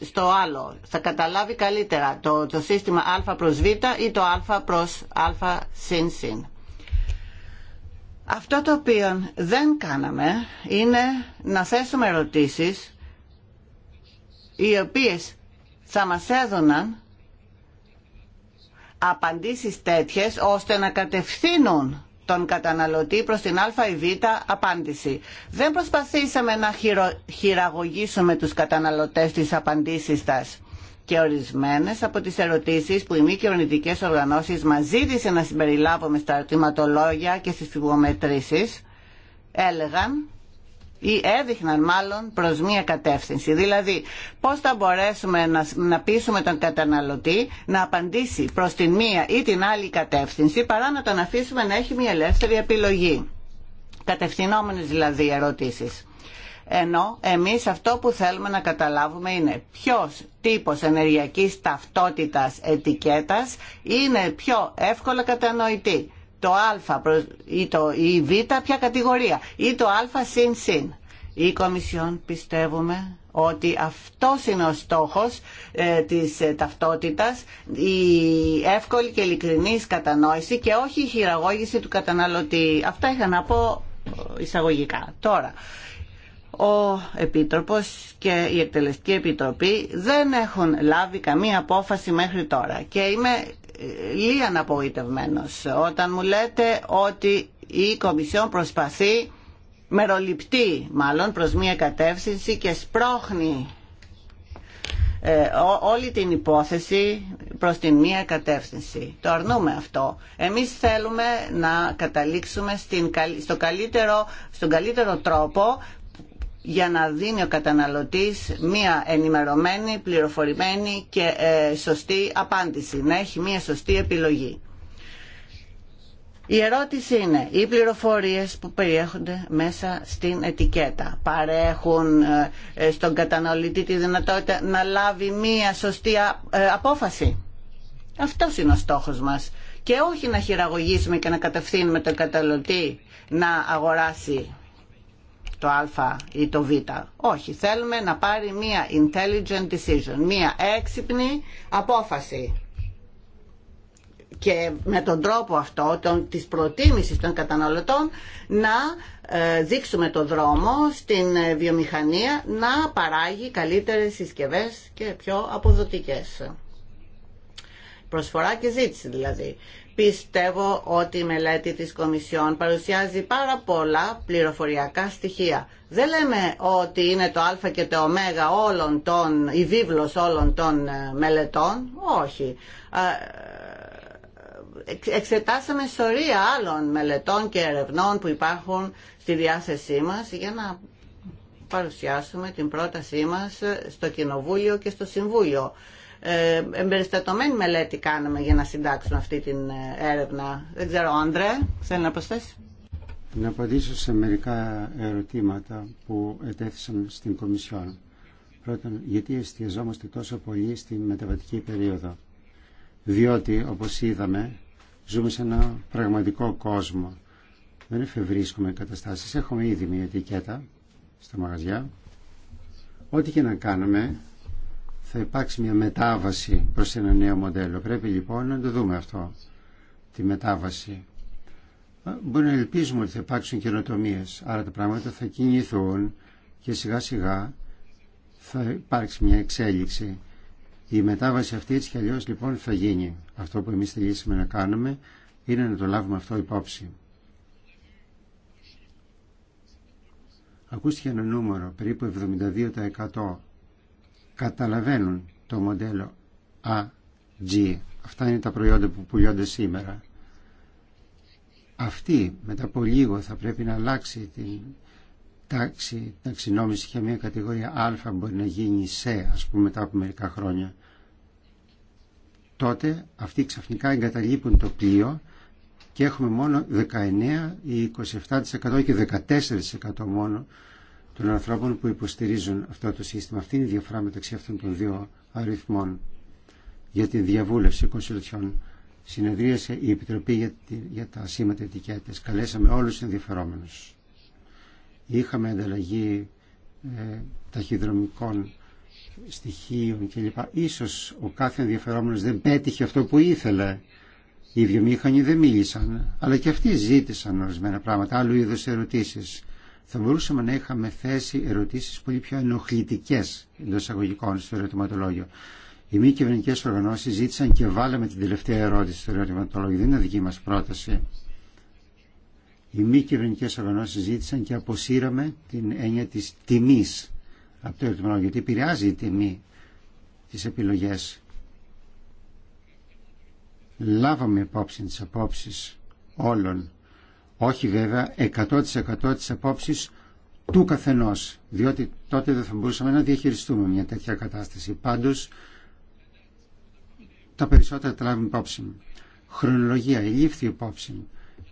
A: στο, άλλο. Θα καταλάβει καλύτερα το, το σύστημα α προς β ή το α προς α συν συν. Αυτό το οποίο δεν κάναμε είναι να θέσουμε ερωτήσεις οι οποίες θα μας έδωναν απαντήσεις τέτοιες ώστε να κατευθύνουν τον καταναλωτή προς την α ή β απάντηση. Δεν προσπαθήσαμε να χειραγωγήσουμε τους καταναλωτές της απαντήσεις σας και ορισμένες από τις ερωτήσεις που οι μη κυβερνητικέ οργανώσεις μας ζήτησε να συμπεριλάβουμε στα ερωτηματολόγια και στις φυγομετρήσεις έλεγαν ή έδειχναν μάλλον προς μία κατεύθυνση. Δηλαδή πώς θα μπορέσουμε να, να πείσουμε τον καταναλωτή να απαντήσει προς την μία ή την άλλη κατεύθυνση παρά να τον αφήσουμε να έχει μία ελεύθερη επιλογή. Κατευθυνόμενες δηλαδή ερωτήσεις. Ενώ εμείς αυτό που θέλουμε να καταλάβουμε είναι ποιος τύπος ενεργειακής ταυτότητας ετικέτας είναι πιο εύκολα κατανοητή το α ή το ή β, ποια κατηγορία, ή το α συν συν. Η Κομισιόν πιστεύουμε ότι αυτό είναι ο στόχος ε, της ε, ταυτότητας, η εύκολη και ειλικρινής κατανόηση και όχι η χειραγώγηση του καταναλωτή. Αυτά είχα να πω ε, εισαγωγικά. Τώρα, ο Επίτροπος και η Εκτελεστική Επιτροπή δεν έχουν λάβει καμία απόφαση μέχρι τώρα και είμαι λίγαν απογοητευμένος όταν μου λέτε ότι η Κομισιόν προσπαθεί μεροληπτή μάλλον προς μια κατεύθυνση και σπρώχνει ε, όλη την υπόθεση προς την μία κατεύθυνση. Το αρνούμε αυτό. Εμείς θέλουμε να καταλήξουμε στην, στο καλύτερο, στον καλύτερο τρόπο για να δίνει ο καταναλωτής μία ενημερωμένη, πληροφορημένη και ε, σωστή απάντηση, να έχει μία σωστή επιλογή. Η ερώτηση είναι, οι πληροφορίες που περιέχονται μέσα στην ετικέτα παρέχουν ε, στον καταναλωτή τη δυνατότητα να λάβει μία σωστή ε, απόφαση. Αυτός είναι ο στόχος μας. Και όχι να χειραγωγήσουμε και να κατευθύνουμε τον καταναλωτή να αγοράσει το α ή το β. Όχι, θέλουμε να πάρει μία intelligent decision, μία έξυπνη απόφαση. Και με τον τρόπο αυτό τον, της προτίμησης των καταναλωτών να ε, δείξουμε το δρόμο στην ε, βιομηχανία να παράγει καλύτερες συσκευές και πιο αποδοτικές. Προσφορά και ζήτηση δηλαδή. Πιστεύω ότι η μελέτη της Κομισιόν παρουσιάζει πάρα πολλά πληροφοριακά στοιχεία. Δεν λέμε ότι είναι το α και το ω όλων των, η βίβλος όλων των ε, μελετών. Όχι. Ε, εξετάσαμε σωρία άλλων μελετών και ερευνών που υπάρχουν στη διάθεσή μας για να παρουσιάσουμε την πρότασή μας στο Κοινοβούλιο και στο Συμβούλιο. Ε, εμπεριστατωμένη μελέτη κάναμε για να συντάξουν αυτή την ε, έρευνα. Δεν ξέρω, Άντρε,
D: θέλει να προσθέσει. Να απαντήσω σε μερικά ερωτήματα που ετέθησαν στην Κομισιόν. Πρώτον, γιατί εστιαζόμαστε τόσο πολύ στη μεταβατική περίοδο. Διότι, όπως είδαμε, ζούμε σε ένα πραγματικό κόσμο. Δεν εφευρίσκουμε καταστάσεις. Έχουμε ήδη μια ετικέτα στα μαγαζιά. Ό,τι και να κάνουμε, θα υπάρξει μια μετάβαση προς ένα νέο μοντέλο. Πρέπει λοιπόν να το δούμε αυτό, τη μετάβαση. Μπορεί να ελπίζουμε ότι θα υπάρξουν καινοτομίε, άρα τα πράγματα θα κινηθούν και σιγά σιγά θα υπάρξει μια εξέλιξη. Η μετάβαση αυτή έτσι κι αλλιώς λοιπόν θα γίνει. Αυτό που εμείς θελήσαμε να κάνουμε είναι να το λάβουμε αυτό υπόψη. Ακούστηκε ένα νούμερο, περίπου 72% καταλαβαίνουν το μοντέλο AG. Αυτά είναι τα προϊόντα που πουλιώνται σήμερα. Αυτή μετά από λίγο θα πρέπει να αλλάξει την τάξη, την ταξινόμηση και μια κατηγορία Α μπορεί να γίνει σε, ας πούμε, μετά από μερικά χρόνια. Τότε αυτοί ξαφνικά εγκαταλείπουν το πλοίο και έχουμε μόνο 19 ή 27% και 14% μόνο των ανθρώπων που υποστηρίζουν αυτό το σύστημα. Αυτή είναι η διαφορά μεταξύ αυτών των δύο αριθμών για τη διαβούλευση κονσουλτιών. Συνεδρίασε η Επιτροπή για, για τα σήματα ετικέτες. Καλέσαμε όλους τους ενδιαφερόμενους. Είχαμε ανταλλαγή ε, ταχυδρομικών στοιχείων κλπ. Ίσως ο κάθε ενδιαφερόμενος δεν πέτυχε αυτό που ήθελε. Οι βιομήχανοι δεν μίλησαν, αλλά και αυτοί ζήτησαν ορισμένα πράγματα, άλλου είδους ερωτήσεις θα μπορούσαμε να είχαμε θέσει ερωτήσεις πολύ πιο ενοχλητικές εντό εισαγωγικών στο ερωτηματολόγιο. Οι μη κυβερνητικέ οργανώσει ζήτησαν και βάλαμε την τελευταία ερώτηση στο ερωτηματολόγιο. Δεν είναι δική μα πρόταση. Οι μη κυβερνητικέ οργανώσει ζήτησαν και αποσύραμε την έννοια τη τιμή από το ερωτηματολόγιο. Γιατί επηρεάζει η τιμή τι επιλογέ. Λάβαμε υπόψη τι απόψει όλων όχι βέβαια 100% της απόψης του καθενός, διότι τότε δεν θα μπορούσαμε να διαχειριστούμε μια τέτοια κατάσταση. Πάντως, τα περισσότερα τα λάβουμε υπόψη. Χρονολογία, ελήφθη υπόψη.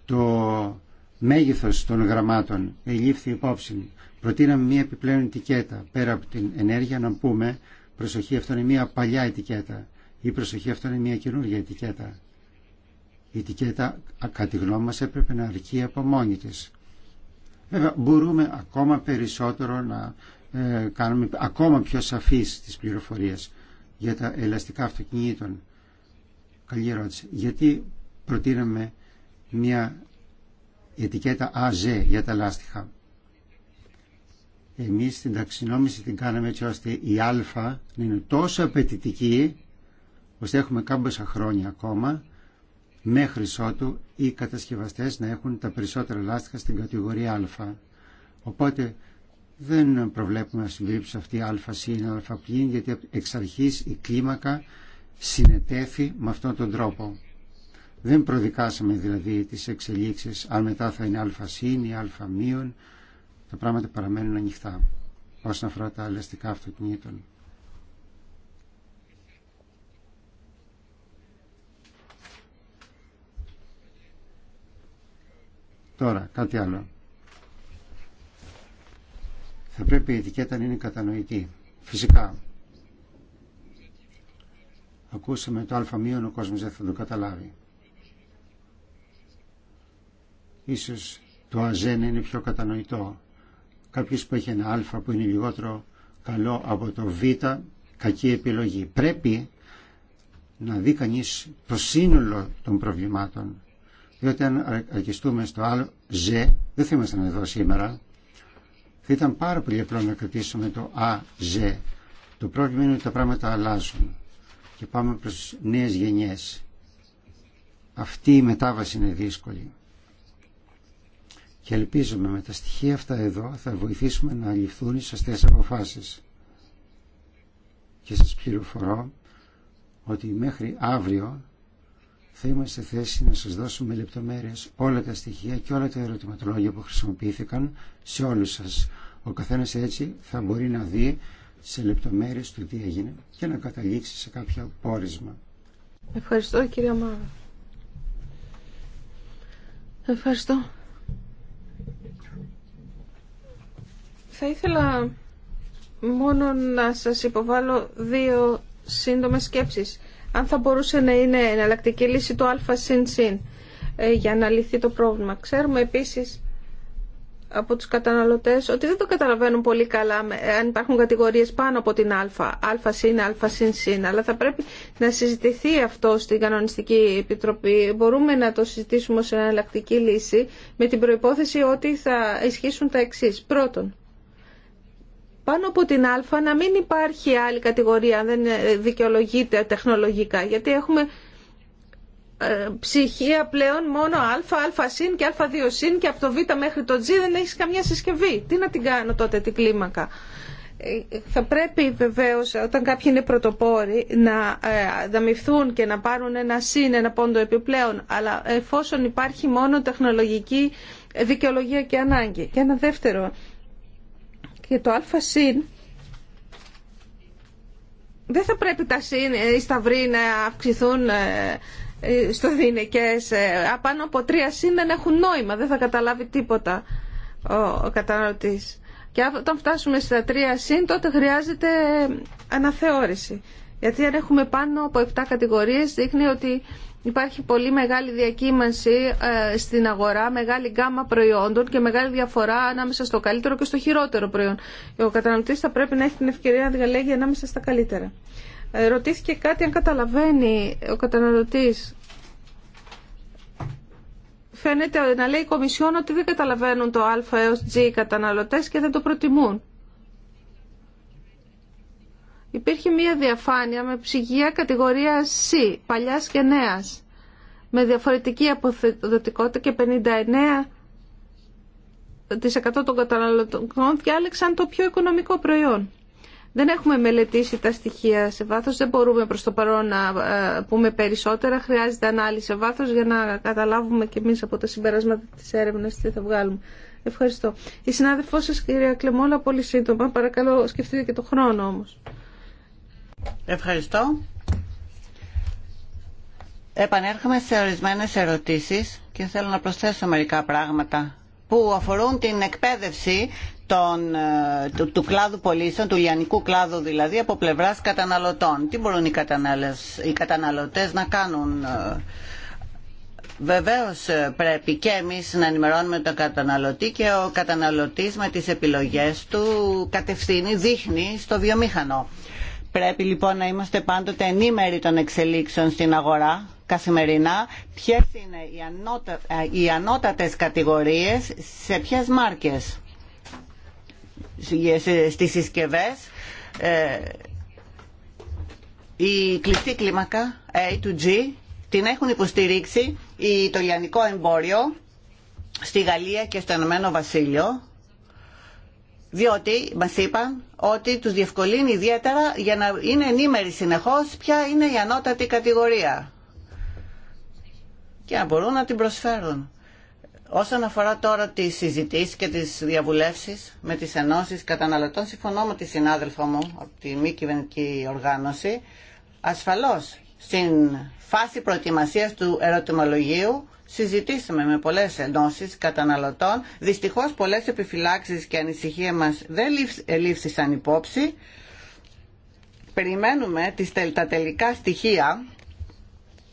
D: Το μέγεθος των γραμμάτων, ελήφθη υπόψη. Προτείναμε μια επιπλέον ετικέτα, πέρα από την ενέργεια, να πούμε προσοχή, αυτό είναι μια παλιά ετικέτα ή προσοχή, αυτό είναι μια καινούργια ετικέτα η ετικέτα κατά τη γνώμη μας έπρεπε να αρκεί από μόνη της. Βέβαια μπορούμε ακόμα περισσότερο να ε, κάνουμε ακόμα πιο σαφείς τις πληροφορίες για τα ελαστικά αυτοκινήτων. Καλή ερώτηση. Γιατί προτείναμε μια ετικέτα ΑΖ για τα λάστιχα. Εμείς την ταξινόμηση την κάναμε έτσι ώστε η Α να είναι τόσο απαιτητική ώστε έχουμε κάμποσα χρόνια ακόμα μέχρι ότου οι κατασκευαστές να έχουν τα περισσότερα λάστιχα στην κατηγορία Α. Οπότε δεν προβλέπουμε να συμπλήψει αυτή η α ή α γιατί εξ αρχής η κλίμακα συνετέθη με αυτόν τον τρόπο. Δεν προδικάσαμε δηλαδή τις εξελίξεις αν μετά θα είναι α συν ή α Τα πράγματα παραμένουν ανοιχτά όσον αφορά τα ελαστικά αυτοκινήτων. Τώρα, κάτι άλλο. Θα πρέπει η ετικέτα να είναι κατανοητή. Φυσικά. Ακούσαμε το α-μείον, ο κόσμος δεν θα το καταλάβει. Ίσως το αζέν είναι πιο κατανοητό. Κάποιος που έχει ένα α που είναι λιγότερο καλό από το β, κακή επιλογή. Πρέπει να δει κανείς το σύνολο των προβλημάτων διότι αν αρκιστούμε στο άλλο ζ, δεν θα ήμασταν εδώ σήμερα. Θα ήταν πάρα πολύ απλό να κρατήσουμε το α, ζ. Το πρόβλημα είναι ότι τα πράγματα αλλάζουν και πάμε προς νέες γενιές. Αυτή η μετάβαση είναι δύσκολη. Και ελπίζουμε με τα στοιχεία αυτά εδώ θα βοηθήσουμε να ληφθούν οι σωστές αποφάσεις. Και σας πληροφορώ ότι μέχρι αύριο θα είμαστε σε θέση να σας δώσουμε λεπτομέρειες όλα τα στοιχεία και όλα τα ερωτηματολόγια που χρησιμοποιήθηκαν σε όλους σας. Ο καθένας έτσι θα μπορεί να δει σε λεπτομέρειες του τι έγινε και να καταλήξει σε κάποιο πόρισμα.
B: Ευχαριστώ κύριε Μάρα. Ευχαριστώ. Θα ήθελα μόνο να σας υποβάλω δύο σύντομες σκέψεις αν θα μπορούσε να είναι εναλλακτική λύση το α συν συν ε, για να λυθεί το πρόβλημα. Ξέρουμε επίσης από τους καταναλωτές ότι δεν το καταλαβαίνουν πολύ καλά ε, αν υπάρχουν κατηγορίες πάνω από την α, α συν, α συν συν, αλλά θα πρέπει να συζητηθεί αυτό στην Κανονιστική Επιτροπή. Μπορούμε να το συζητήσουμε ως εναλλακτική λύση με την προϋπόθεση ότι θα ισχύσουν τα εξής. Πρώτον, πάνω από την α να μην υπάρχει άλλη κατηγορία αν δεν ε, δικαιολογείται τεχνολογικά γιατί έχουμε ε, ψυχία πλέον μόνο α, α συν και α2 συν και από το β μέχρι το g δεν έχεις καμιά συσκευή. Τι να την κάνω τότε την κλίμακα. Ε, θα πρέπει βεβαίως όταν κάποιοι είναι πρωτοπόροι να δαμηθούν και να πάρουν ένα συν, ένα πόντο επιπλέον αλλά εφόσον υπάρχει μόνο τεχνολογική δικαιολογία και ανάγκη. Και ένα δεύτερο για το α συν δεν θα πρέπει τα συν, στα ε, σταυροί να αυξηθούν ε, ε, στο δίνεκες. Απάνω από τρία συν δεν έχουν νόημα, δεν θα καταλάβει τίποτα ο καταναλωτής. Και όταν φτάσουμε στα τρία συν τότε χρειάζεται αναθεώρηση. Γιατί αν έχουμε πάνω από 7 κατηγορίες δείχνει ότι Υπάρχει πολύ μεγάλη διακύμανση ε, στην αγορά, μεγάλη γκάμα προϊόντων και μεγάλη διαφορά ανάμεσα στο καλύτερο και στο χειρότερο προϊόν. Ο καταναλωτής θα πρέπει να έχει την ευκαιρία να διαλέγει ανάμεσα στα καλύτερα. Ε, ρωτήθηκε κάτι αν καταλαβαίνει ο καταναλωτής. Φαίνεται να λέει η Κομισιόν ότι δεν καταλαβαίνουν το α έως g οι καταναλωτές και δεν το προτιμούν υπήρχε μία διαφάνεια με ψυγεία κατηγορία C, παλιά και νέα, με διαφορετική αποδοτικότητα και 59% των
E: καταναλωτών
B: διάλεξαν το πιο οικονομικό προϊόν. Δεν έχουμε μελετήσει τα στοιχεία σε βάθος, δεν μπορούμε προς το παρόν να ε, πούμε περισσότερα. Χρειάζεται ανάλυση σε βάθος για να καταλάβουμε και εμείς από τα συμπεράσματα της έρευνας τι θα βγάλουμε. Ευχαριστώ. Η συνάδελφό σας κυρία Κλεμόλα πολύ σύντομα. Παρακαλώ σκεφτείτε και το χρόνο όμως.
A: Ευχαριστώ. Επανέρχομαι σε ορισμένες ερωτήσεις και θέλω να προσθέσω μερικά πράγματα που αφορούν την εκπαίδευση των, ε, του, του, κλάδου πωλήσεων, του λιανικού κλάδου δηλαδή, από πλευράς καταναλωτών. Τι μπορούν οι, οι καταναλωτές να κάνουν. Ε, βεβαίως ε, πρέπει και εμείς να ενημερώνουμε τον καταναλωτή και ο καταναλωτής με τις επιλογές του κατευθύνει, δείχνει στο βιομήχανο. Πρέπει λοιπόν να είμαστε πάντοτε ενήμεροι των εξελίξεων στην αγορά καθημερινά. Ποιες είναι οι, ανώτα, οι ανώτατες κατηγορίες σε ποιες μάρκες ε, στις συσκευές ε, η κλειστή κλίμακα A ε, to G την έχουν υποστηρίξει το λιανικό εμπόριο στη Γαλλία και στο Ενωμένο Βασίλειο διότι μα είπαν ότι του διευκολύνει ιδιαίτερα για να είναι ενήμεροι συνεχώ ποια είναι η ανώτατη κατηγορία και να μπορούν να την προσφέρουν. Όσον αφορά τώρα τι συζητήσει και τι διαβουλεύσει με τι ενώσει καταναλωτών, συμφωνώ με τη συνάδελφό μου από τη μη κυβερνητική οργάνωση, ασφαλώ στην φάση προετοιμασία του ερωτημολογίου συζητήσαμε με πολλές ενώσει καταναλωτών. Δυστυχώς πολλές επιφυλάξεις και ανησυχία μας δεν ε, λήφθησαν υπόψη. Περιμένουμε τις, τα τελικά στοιχεία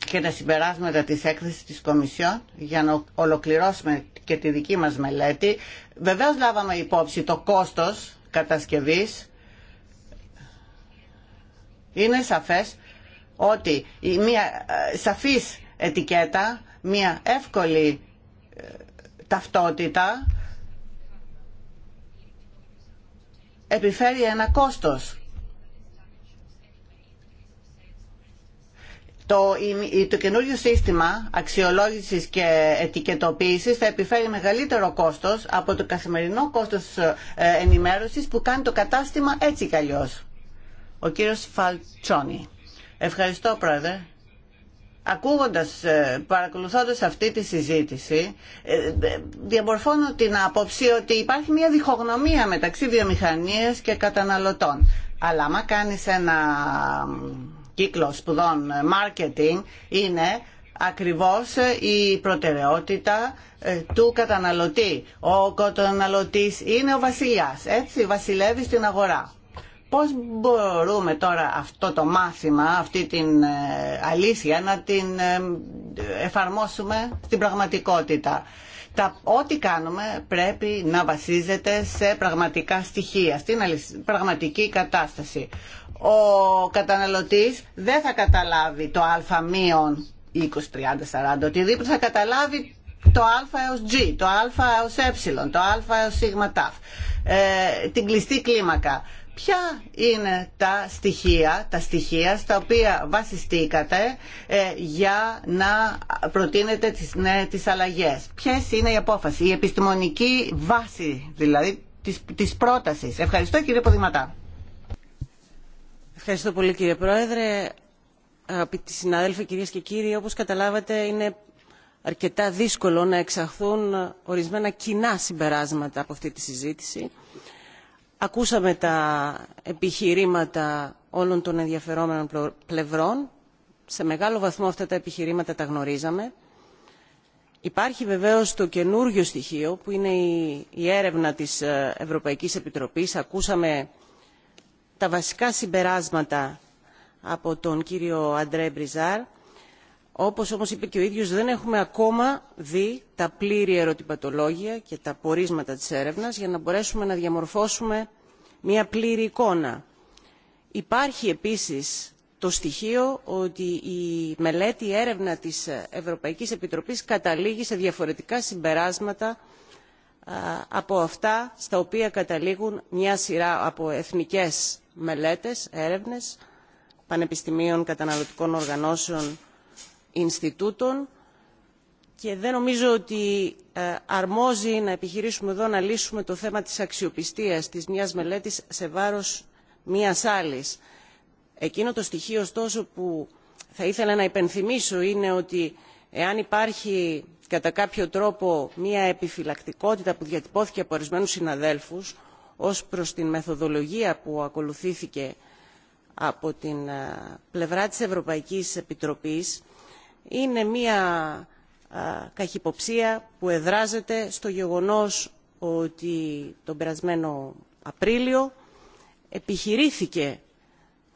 A: και τα συμπεράσματα της έκθεσης της Κομισιόν για να ολοκληρώσουμε και τη δική μας μελέτη. Βεβαίως λάβαμε υπόψη το κόστος κατασκευής. Είναι σαφές ότι μια ε, σαφής ετικέτα μια εύκολη ε, ταυτότητα επιφέρει ένα κόστος. Το, το καινούριο σύστημα αξιολόγησης και ετικετοποίησης θα επιφέρει μεγαλύτερο κόστος από το καθημερινό κόστος ε, ενημέρωσης που κάνει το κατάστημα έτσι κι Ο κύριος Φαλτσόνη. Ευχαριστώ πρόεδρε ακούγοντας, ε, παρακολουθώντας αυτή τη συζήτηση, ε, διαμορφώνω την άποψη ότι υπάρχει μια διχογνωμία μεταξύ βιομηχανίας και καταναλωτών. Αλλά άμα κάνεις ένα κύκλο σπουδών ε, marketing, είναι ακριβώς η προτεραιότητα του καταναλωτή. Ο καταναλωτής είναι ο βασιλιάς, έτσι βασιλεύει στην αγορά. Πώς μπορούμε τώρα αυτό το μάθημα, αυτή την ε, αλήθεια να την ε, εφαρμόσουμε στην πραγματικότητα. Τα, ό,τι κάνουμε πρέπει να βασίζεται σε πραγματικά στοιχεία, στην πραγματική κατάσταση. Ο καταναλωτής δεν θα καταλάβει το α μείον 20, 30, 40, οτιδήποτε θα καταλάβει το α έως g, το α έως ε, το α έως σίγμα ταφ, ε, την κλειστή κλίμακα, Ποια είναι τα στοιχεία, τα στοιχεία στα οποία βασιστήκατε ε, για να προτείνετε τις, ναι, τις αλλαγές. Ποιες είναι η απόφαση, η επιστημονική βάση δηλαδή της, της πρότασης. Ευχαριστώ κύριε Ποδηματά. Ευχαριστώ πολύ κύριε
C: Πρόεδρε. Αγαπητοί συνάδελφοι, κυρίες και κύριοι, όπως καταλάβατε είναι αρκετά δύσκολο να εξαχθούν ορισμένα κοινά συμπεράσματα από αυτή τη συζήτηση Ακούσαμε τα επιχειρήματα όλων των ενδιαφερόμενων πλευρών. Σε μεγάλο βαθμό αυτά τα επιχειρήματα τα γνωρίζαμε. Υπάρχει βεβαίως το καινούργιο στοιχείο που είναι η έρευνα της ε, Ευρωπαϊκής Επιτροπής. Ακούσαμε τα βασικά συμπεράσματα από τον κύριο Αντρέ Μπριζάρ όπως όμως είπε και ο ίδιος, δεν έχουμε ακόμα δει τα πλήρη ερωτηματολόγια και τα πορίσματα της έρευνας για να μπορέσουμε να διαμορφώσουμε μια πλήρη εικόνα. Υπάρχει επίσης το στοιχείο ότι η μελέτη η έρευνα της Ευρωπαϊκής Επιτροπής καταλήγει σε διαφορετικά συμπεράσματα από αυτά στα οποία καταλήγουν μια σειρά από εθνικές μελέτες, έρευνες, πανεπιστημίων, καταναλωτικών οργανώσεων Ινστιτούτων και δεν νομίζω ότι ε, αρμόζει να επιχειρήσουμε εδώ να λύσουμε το θέμα της αξιοπιστίας της μιας μελέτης σε βάρος μιας άλλης. Εκείνο το στοιχείο ωστόσο που θα ήθελα να υπενθυμίσω είναι ότι εάν υπάρχει κατά κάποιο τρόπο μια επιφυλακτικότητα που διατυπώθηκε από ορισμένου συναδέλφους ως προς την μεθοδολογία που ακολουθήθηκε από την ε, πλευρά της Ευρωπαϊκής Επιτροπής είναι μια καχυποψία που εδράζεται στο γεγονός ότι τον περασμένο Απρίλιο επιχειρήθηκε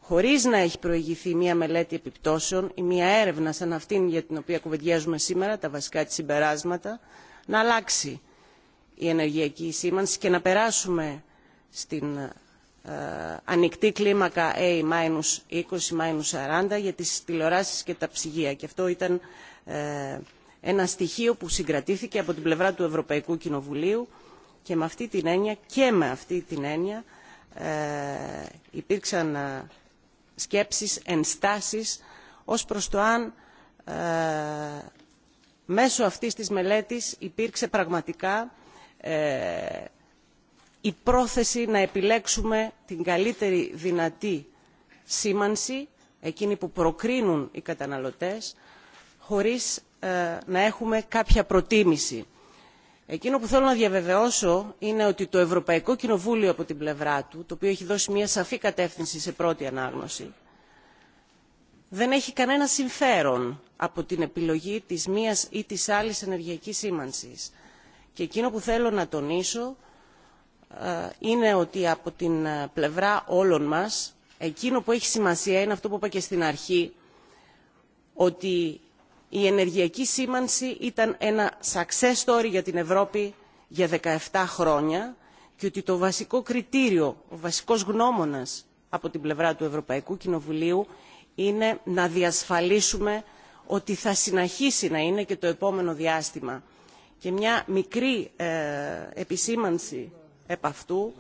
C: χωρίς να έχει προηγηθεί μια μελέτη επιπτώσεων ή μια έρευνα σαν αυτήν για την οποία κουβεντιάζουμε σήμερα, τα βασικά της συμπεράσματα, να αλλάξει η ενεργειακή σήμανση και να περάσουμε στην ε, ανοιχτή κλίμακα A-20-40 για τις τηλεοράσεις και τα ψυγεία. Και αυτό ήταν ε, ένα στοιχείο που συγκρατήθηκε από την πλευρά του Ευρωπαϊκού Κοινοβουλίου και με αυτή την έννοια και με αυτή την έννοια ε, υπήρξαν σκέψεις, ενστάσεις ως προς το αν μέσω αυτής της μελέτης υπήρξε πραγματικά η πρόθεση να επιλέξουμε την καλύτερη δυνατή σήμανση εκείνη που προκρίνουν οι καταναλωτές χωρίς ε, να έχουμε κάποια προτίμηση. Εκείνο που θέλω να διαβεβαιώσω είναι ότι το Ευρωπαϊκό Κοινοβούλιο από την πλευρά του, το οποίο έχει δώσει μια σαφή κατεύθυνση σε πρώτη ανάγνωση, δεν έχει κανένα συμφέρον από την επιλογή της μίας ή της άλλης ενεργειακής σήμανσης. Και εκείνο που θέλω να τονίσω ε, είναι ότι από την ε, πλευρά όλων μας εκείνο που έχει σημασία είναι αυτό που είπα και στην αρχή ότι η ενεργειακή σήμανση ήταν ένα success story για την Ευρώπη για 17 χρόνια και ότι το βασικό κριτήριο, ο βασικός γνώμονας από την πλευρά του Ευρωπαϊκού Κοινοβουλίου είναι να διασφαλίσουμε ότι θα συνεχίσει να είναι και το επόμενο διάστημα. Και μια μικρή ε, επισήμανση επ' αυτού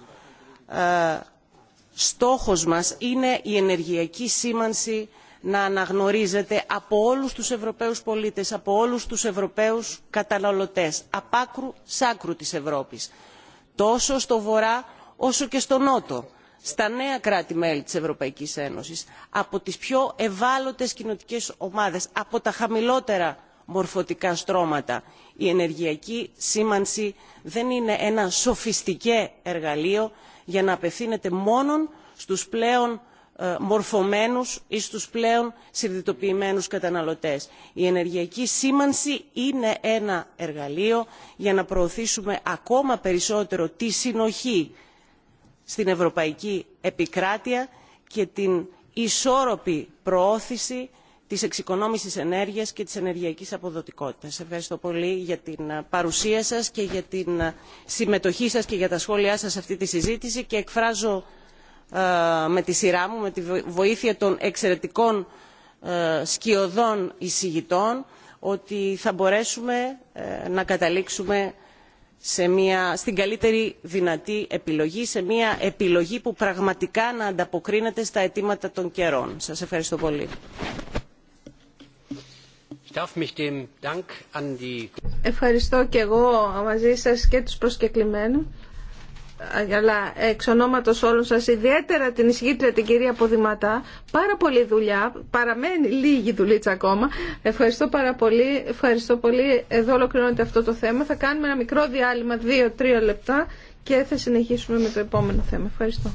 C: ε, στόχος μας είναι η ενεργειακή σήμανση να αναγνωρίζεται από όλους τους ευρωπαίους πολίτες από όλους τους ευρωπαίους καταναλωτές από άκρου σ' άκρου της ευρώπης τόσο στο βορρά όσο και στο νότο στα νέα κράτη μέλη της ευρωπαϊκής ένωσης από τις πιο ευάλωτες κοινοτικές ομάδες από τα χαμηλότερα μορφωτικά στρώματα. Η ενεργειακή σήμανση δεν είναι ένα σοφιστικέ εργαλείο για να απευθύνεται μόνον στους πλέον ε, μορφωμένους ή στους πλέον συνειδητοποιημένους καταναλωτές. Η ενεργειακή σήμανση είναι ένα εργαλείο για να προωθήσουμε ακόμα περισσότερο τη συνοχή στην ευρωπαϊκή επικράτεια και την ισόρροπη προώθηση Τη εξοικονόμηση ενέργειας και της ενεργειακής αποδοτικότητας. Ευχαριστώ πολύ για την παρουσία σας και για την συμμετοχή σας και για τα σχόλιά σας σε αυτή τη συζήτηση και εκφράζω με τη σειρά μου, με τη βοήθεια των εξαιρετικών σκιωδών εισηγητών, ότι θα μπορέσουμε ε, να καταλήξουμε σε μια, στην καλύτερη δυνατή επιλογή, σε μια επιλογή που πραγματικά να ανταποκρίνεται στα αιτήματα των καιρών. Σας ευχαριστώ πολύ.
B: Ευχαριστώ και εγώ μαζί σας και τους προσκεκλημένους αλλά εξ ονόματος όλων σας ιδιαίτερα την ισχύτρια την κυρία Ποδηματά πάρα πολλή δουλειά παραμένει λίγη δουλειά ακόμα ευχαριστώ πάρα πολύ ευχαριστώ πολύ εδώ ολοκληρώνεται αυτό το θέμα θα κάνουμε ένα μικρό διάλειμμα 2-3 λεπτά και θα συνεχίσουμε με το επόμενο θέμα ευχαριστώ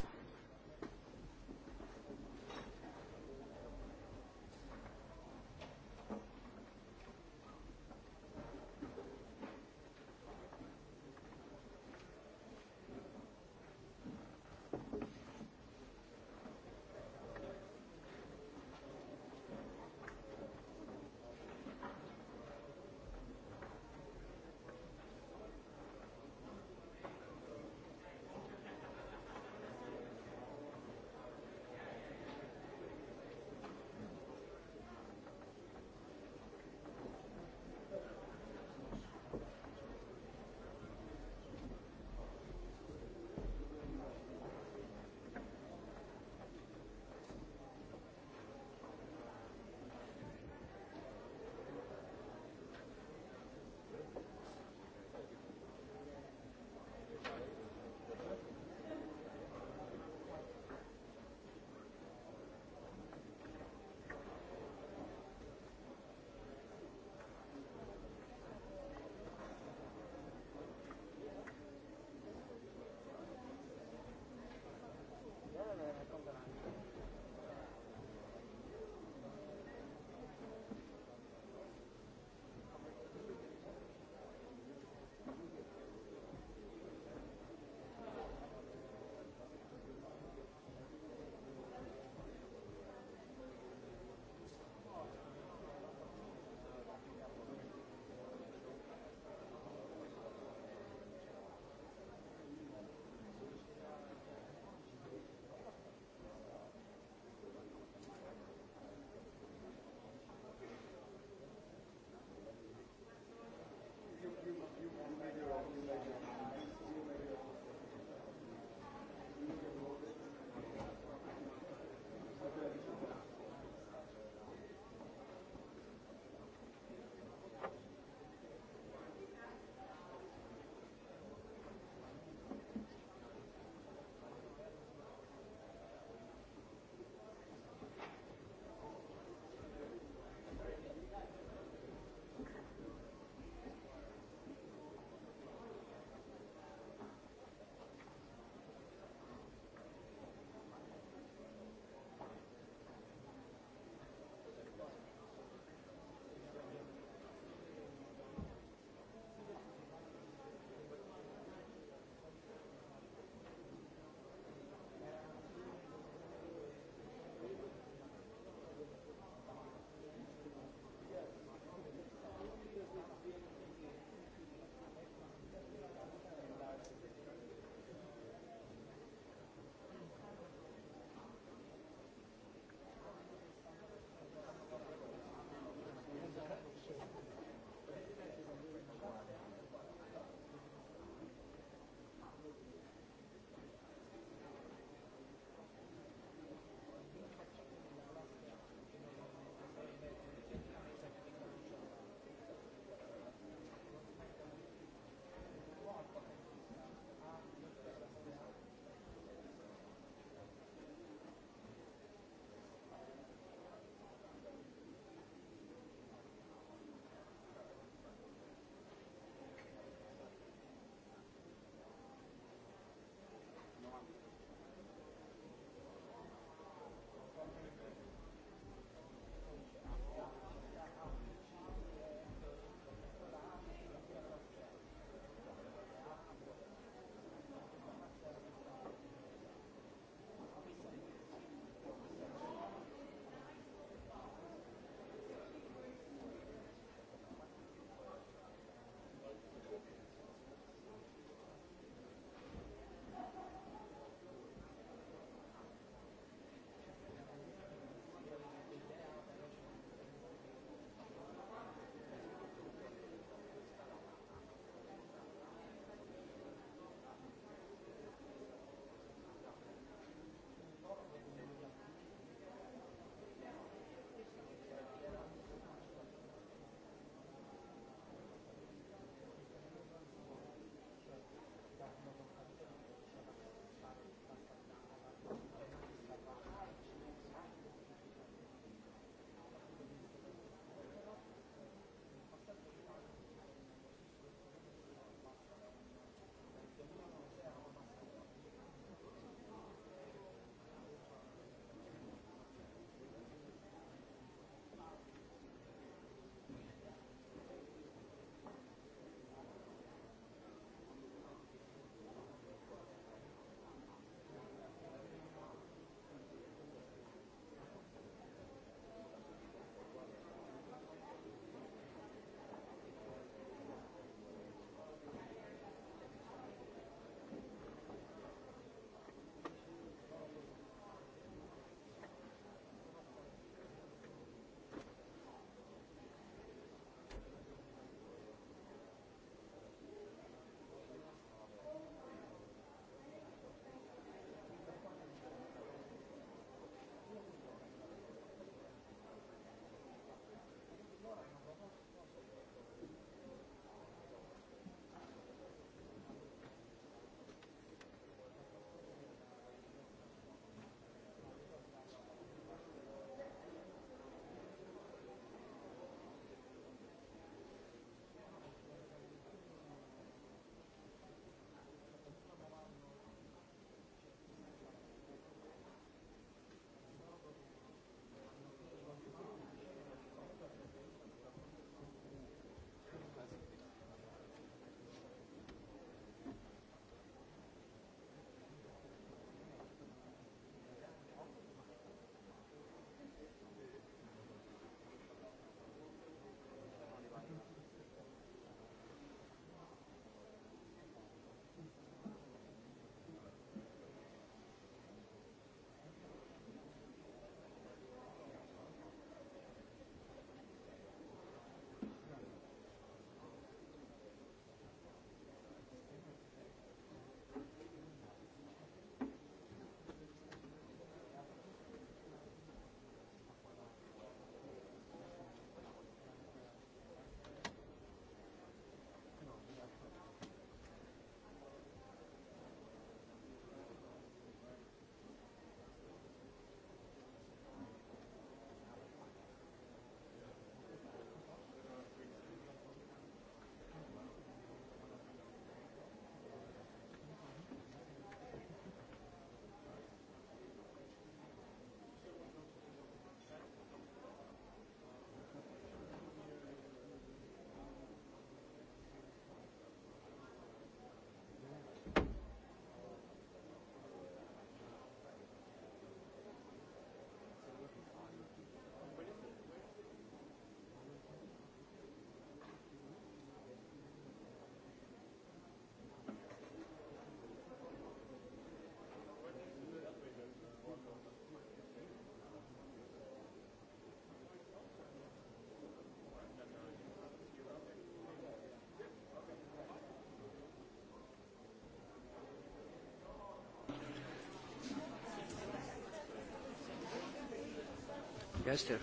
D: wer ist
E: der?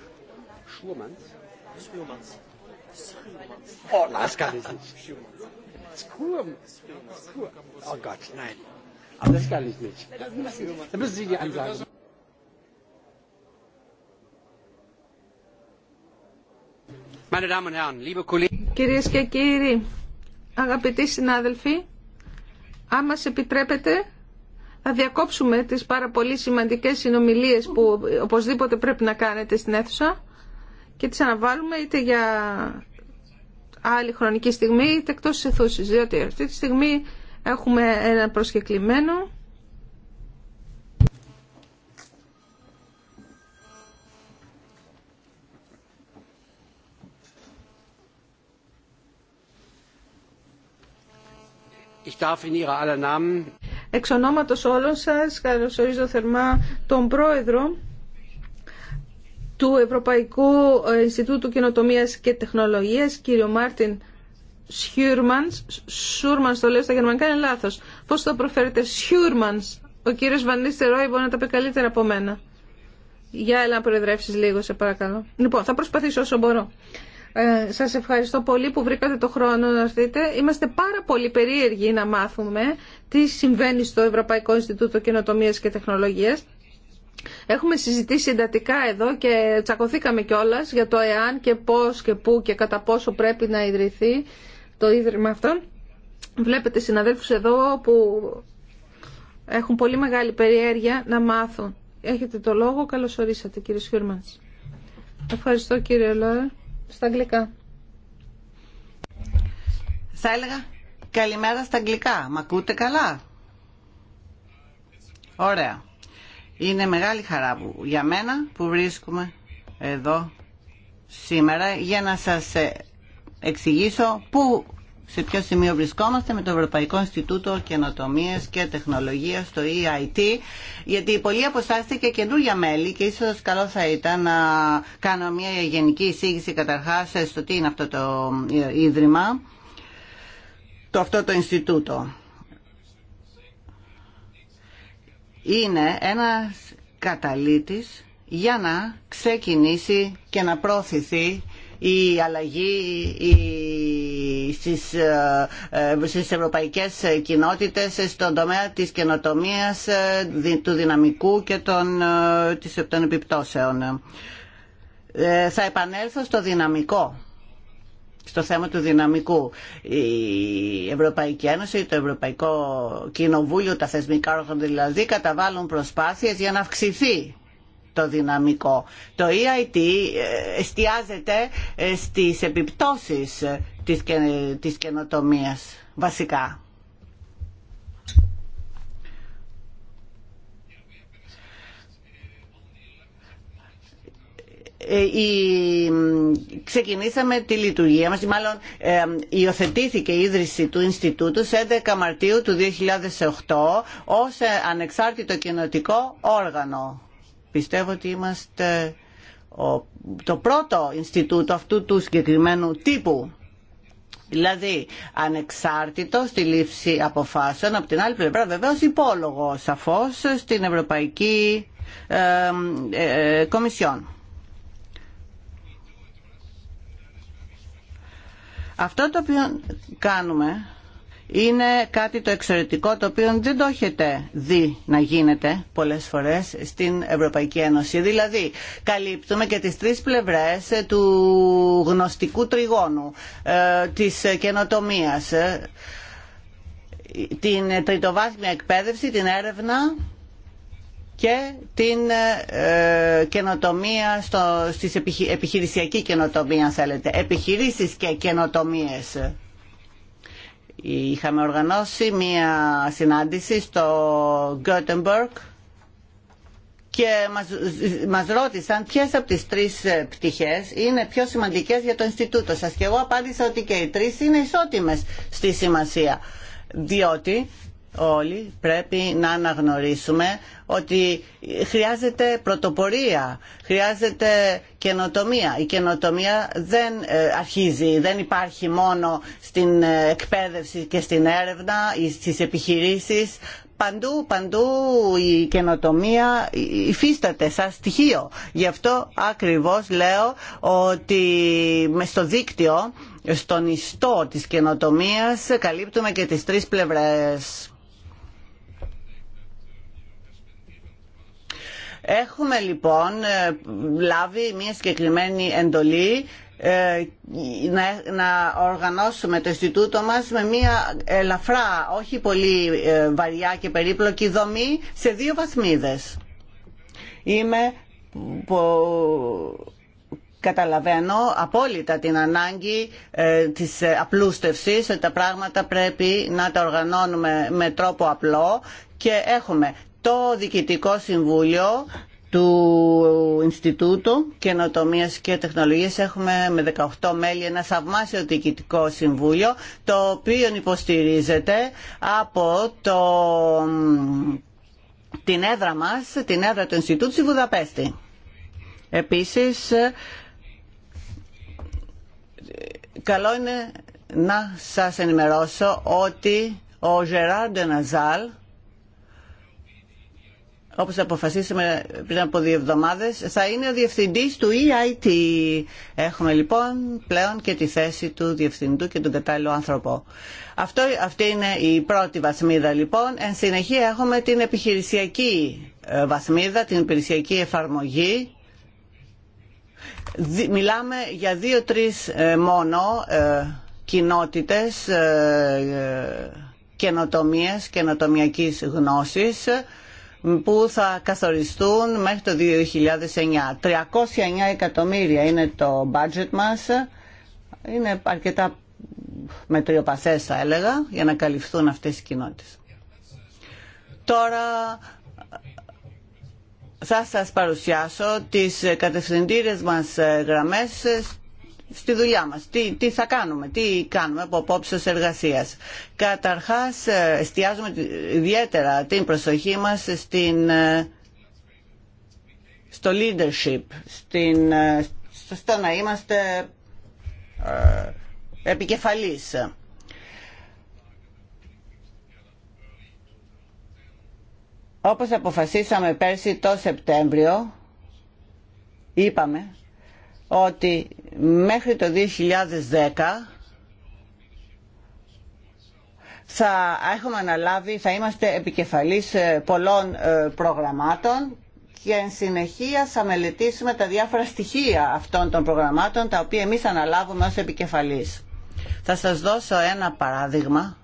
E: Schurmanns? Schurmanns. Oh, das kann ich nicht. Skurm. Oh Gott, nein. Aber das kann ich
D: nicht. Da müssen Sie die Ansage Meine Damen und Herren, liebe Kollegen.
B: Κυρίες και κύριοι, αγαπητοί συνάδελφοι, άμα σε επιτρέπετε, θα διακόψουμε τις πάρα πολύ σημαντικές συνομιλίες που οπωσδήποτε πρέπει να κάνετε στην αίθουσα και τις αναβάλουμε είτε για άλλη χρονική στιγμή είτε εκτός της αιθούσης, διότι αυτή τη στιγμή έχουμε ένα προσκεκλημένο.
D: Ich darf in Ihrer aller Namen
B: Εξ ονόματος όλων σας καλωσορίζω θερμά τον πρόεδρο του Ευρωπαϊκού Ινστιτούτου Κοινοτομίας και Τεχνολογίας, κύριο Μάρτιν Σιούρμανς. Σούρμανς το λέω στα γερμανικά, είναι λάθος. Πώς το προφέρετε, Σιούρμανς. Ο κύριος Βανίστε Ρόι μπορεί να τα πει καλύτερα από μένα. Για έλα να προεδρεύσεις λίγο, σε παρακαλώ. Λοιπόν, θα προσπαθήσω όσο μπορώ. Ε, σας ευχαριστώ πολύ που βρήκατε το χρόνο να έρθετε. Είμαστε πάρα πολύ περίεργοι να μάθουμε τι συμβαίνει στο Ευρωπαϊκό Ινστιτούτο Καινοτομίας και Τεχνολογίας. Έχουμε συζητήσει εντατικά εδώ και τσακωθήκαμε κιόλα για το εάν και πώς και πού και κατά πόσο πρέπει να ιδρυθεί το Ίδρυμα αυτό. Βλέπετε συναδέλφους εδώ που έχουν πολύ μεγάλη περιέργεια να μάθουν. Έχετε το λόγο. Καλώς ορίσατε κύριε Σιούρμαντς.
A: Ευχαριστώ κύριε κυριε στα αγγλικά. Θα έλεγα καλημέρα στα αγγλικά. Μ' ακούτε καλά. Ωραία. Είναι μεγάλη χαρά που, για μένα που βρίσκουμε εδώ σήμερα για να σας ε, εξηγήσω πού σε ποιο σημείο βρισκόμαστε με το Ευρωπαϊκό Ινστιτούτο Καινοτομία και Τεχνολογία, το EIT, γιατί πολλοί από εσά και καινούργια μέλη και ίσω καλό θα ήταν να κάνω μια γενική εισήγηση καταρχά στο τι είναι αυτό το ε, ίδρυμα, το αυτό το Ινστιτούτο. Είναι ένα καταλήτης για να ξεκινήσει και να προωθηθεί η αλλαγή, η στις, ε, ε, στις ευρωπαϊκές κοινότητες στον τομέα της καινοτομίας, ε, του δυναμικού και των, των επιπτώσεων. Θα επανέλθω στο δυναμικό στο θέμα του δυναμικού. Η Ευρωπαϊκή Ένωση, το Ευρωπαϊκό Κοινοβούλιο, τα θεσμικά όργανα δηλαδή καταβάλουν προσπάθειες για να αυξηθεί το δυναμικό. Το EIT ε, εστιάζεται ε, στις επιπτώσεις της, και, της καινοτομίας βασικά. Ε, ξεκινήσαμε τη λειτουργία μας, μάλλον υιοθετήθηκε η ίδρυση του Ινστιτούτου σε 11 Μαρτίου του 2008 ως ανεξάρτητο κοινοτικό όργανο. Πιστεύω ότι είμαστε το πρώτο Ινστιτούτο αυτού του συγκεκριμένου τύπου. Δηλαδή, ανεξάρτητο στη λήψη αποφάσεων, από την άλλη πλευρά βεβαίως υπόλογο σαφώς στην Ευρωπαϊκή ε, ε, Κομισιόν. Αυτό το οποίο κάνουμε είναι κάτι το εξαιρετικό το οποίο δεν το έχετε δει να γίνεται πολλές φορές στην Ευρωπαϊκή Ένωση. Δηλαδή, καλύπτουμε και τις τρεις πλευρές ε, του γνωστικού τριγώνου, ε, της καινοτομίας, ε, την τριτοβάθμια εκπαίδευση, την έρευνα και την καινοτομία, στο, επιχειρησιακή καινοτομία, θέλετε, επιχειρήσεις και καινοτομίες Είχαμε οργανώσει μία συνάντηση στο Γκότεμπορκ και μας, μας ρώτησαν ποιες από τις τρεις πτυχές είναι πιο σημαντικές για το Ινστιτούτο σας και εγώ απάντησα ότι και οι τρεις είναι ισότιμες στη σημασία διότι όλοι πρέπει να αναγνωρίσουμε ότι χρειάζεται πρωτοπορία, χρειάζεται καινοτομία. Η καινοτομία δεν ε, αρχίζει, δεν υπάρχει μόνο στην ε, εκπαίδευση και στην έρευνα ή στις επιχειρήσεις. Παντού, παντού η καινοτομία υφίσταται σαν στοιχείο. Γι' αυτό ακριβώς λέω ότι με στο δίκτυο, στον ιστό της καινοτομίας καλύπτουμε και τις τρεις πλευρές Έχουμε λοιπόν ε, λάβει μια συγκεκριμένη εντολή ε, να, οργανώσουμε το Ινστιτούτο μας με μια ελαφρά, όχι πολύ ε, βαριά και περίπλοκη δομή σε δύο βαθμίδες. Είμαι καταλαβαίνω απόλυτα την ανάγκη της απλούστευσης ότι τα πράγματα πρέπει να τα οργανώνουμε με τρόπο απλό και έχουμε το Διοικητικό Συμβούλιο του Ινστιτούτου Καινοτομία και Τεχνολογία. έχουμε με 18 μέλη ένα θαυμάσιο διοικητικό συμβούλιο το οποίο υποστηρίζεται από το, την έδρα μας, την έδρα του Ινστιτούτου στη Βουδαπέστη. Επίσης, καλό είναι να σας ενημερώσω ότι ο Γεράρντε Ναζάλ όπως αποφασίσαμε πριν από δύο εβδομάδες, θα είναι ο διευθυντής του EIT. Έχουμε λοιπόν πλέον και τη θέση του διευθυντού και τον κατάλληλο άνθρωπο. Αυτό, αυτή είναι η πρώτη βαθμίδα λοιπόν. Εν συνεχεία έχουμε την επιχειρησιακή ε, βαθμίδα, την επιχειρησιακή εφαρμογή. Μιλάμε για δύο-τρεις ε, μόνο ε, κοινότητες καινοτομίες, καινοτομιακής γνώσης που θα καθοριστούν μέχρι το 2009. 309 εκατομμύρια είναι το budget μας. Είναι αρκετά μετριοπαθές θα έλεγα για να καλυφθούν αυτές οι κοινότητες. Τώρα θα σας παρουσιάσω τις κατευθυντήρες μας γραμμές στη δουλειά μας. Τι, τι θα κάνουμε, τι κάνουμε από απόψεως εργασίας. Καταρχάς, ε, εστιάζουμε ιδιαίτερα την προσοχή μας στην, ε, στο leadership, στην, ε, στο να είμαστε επικεφαλής. Όπως αποφασίσαμε πέρσι το Σεπτέμβριο, είπαμε ότι μέχρι το 2010 θα έχουμε αναλάβει, θα είμαστε επικεφαλής ε, πολλών ε, προγραμμάτων και εν συνεχεία θα μελετήσουμε τα διάφορα στοιχεία αυτών των προγραμμάτων τα οποία εμείς αναλάβουμε ως επικεφαλής. Θα σας δώσω ένα παράδειγμα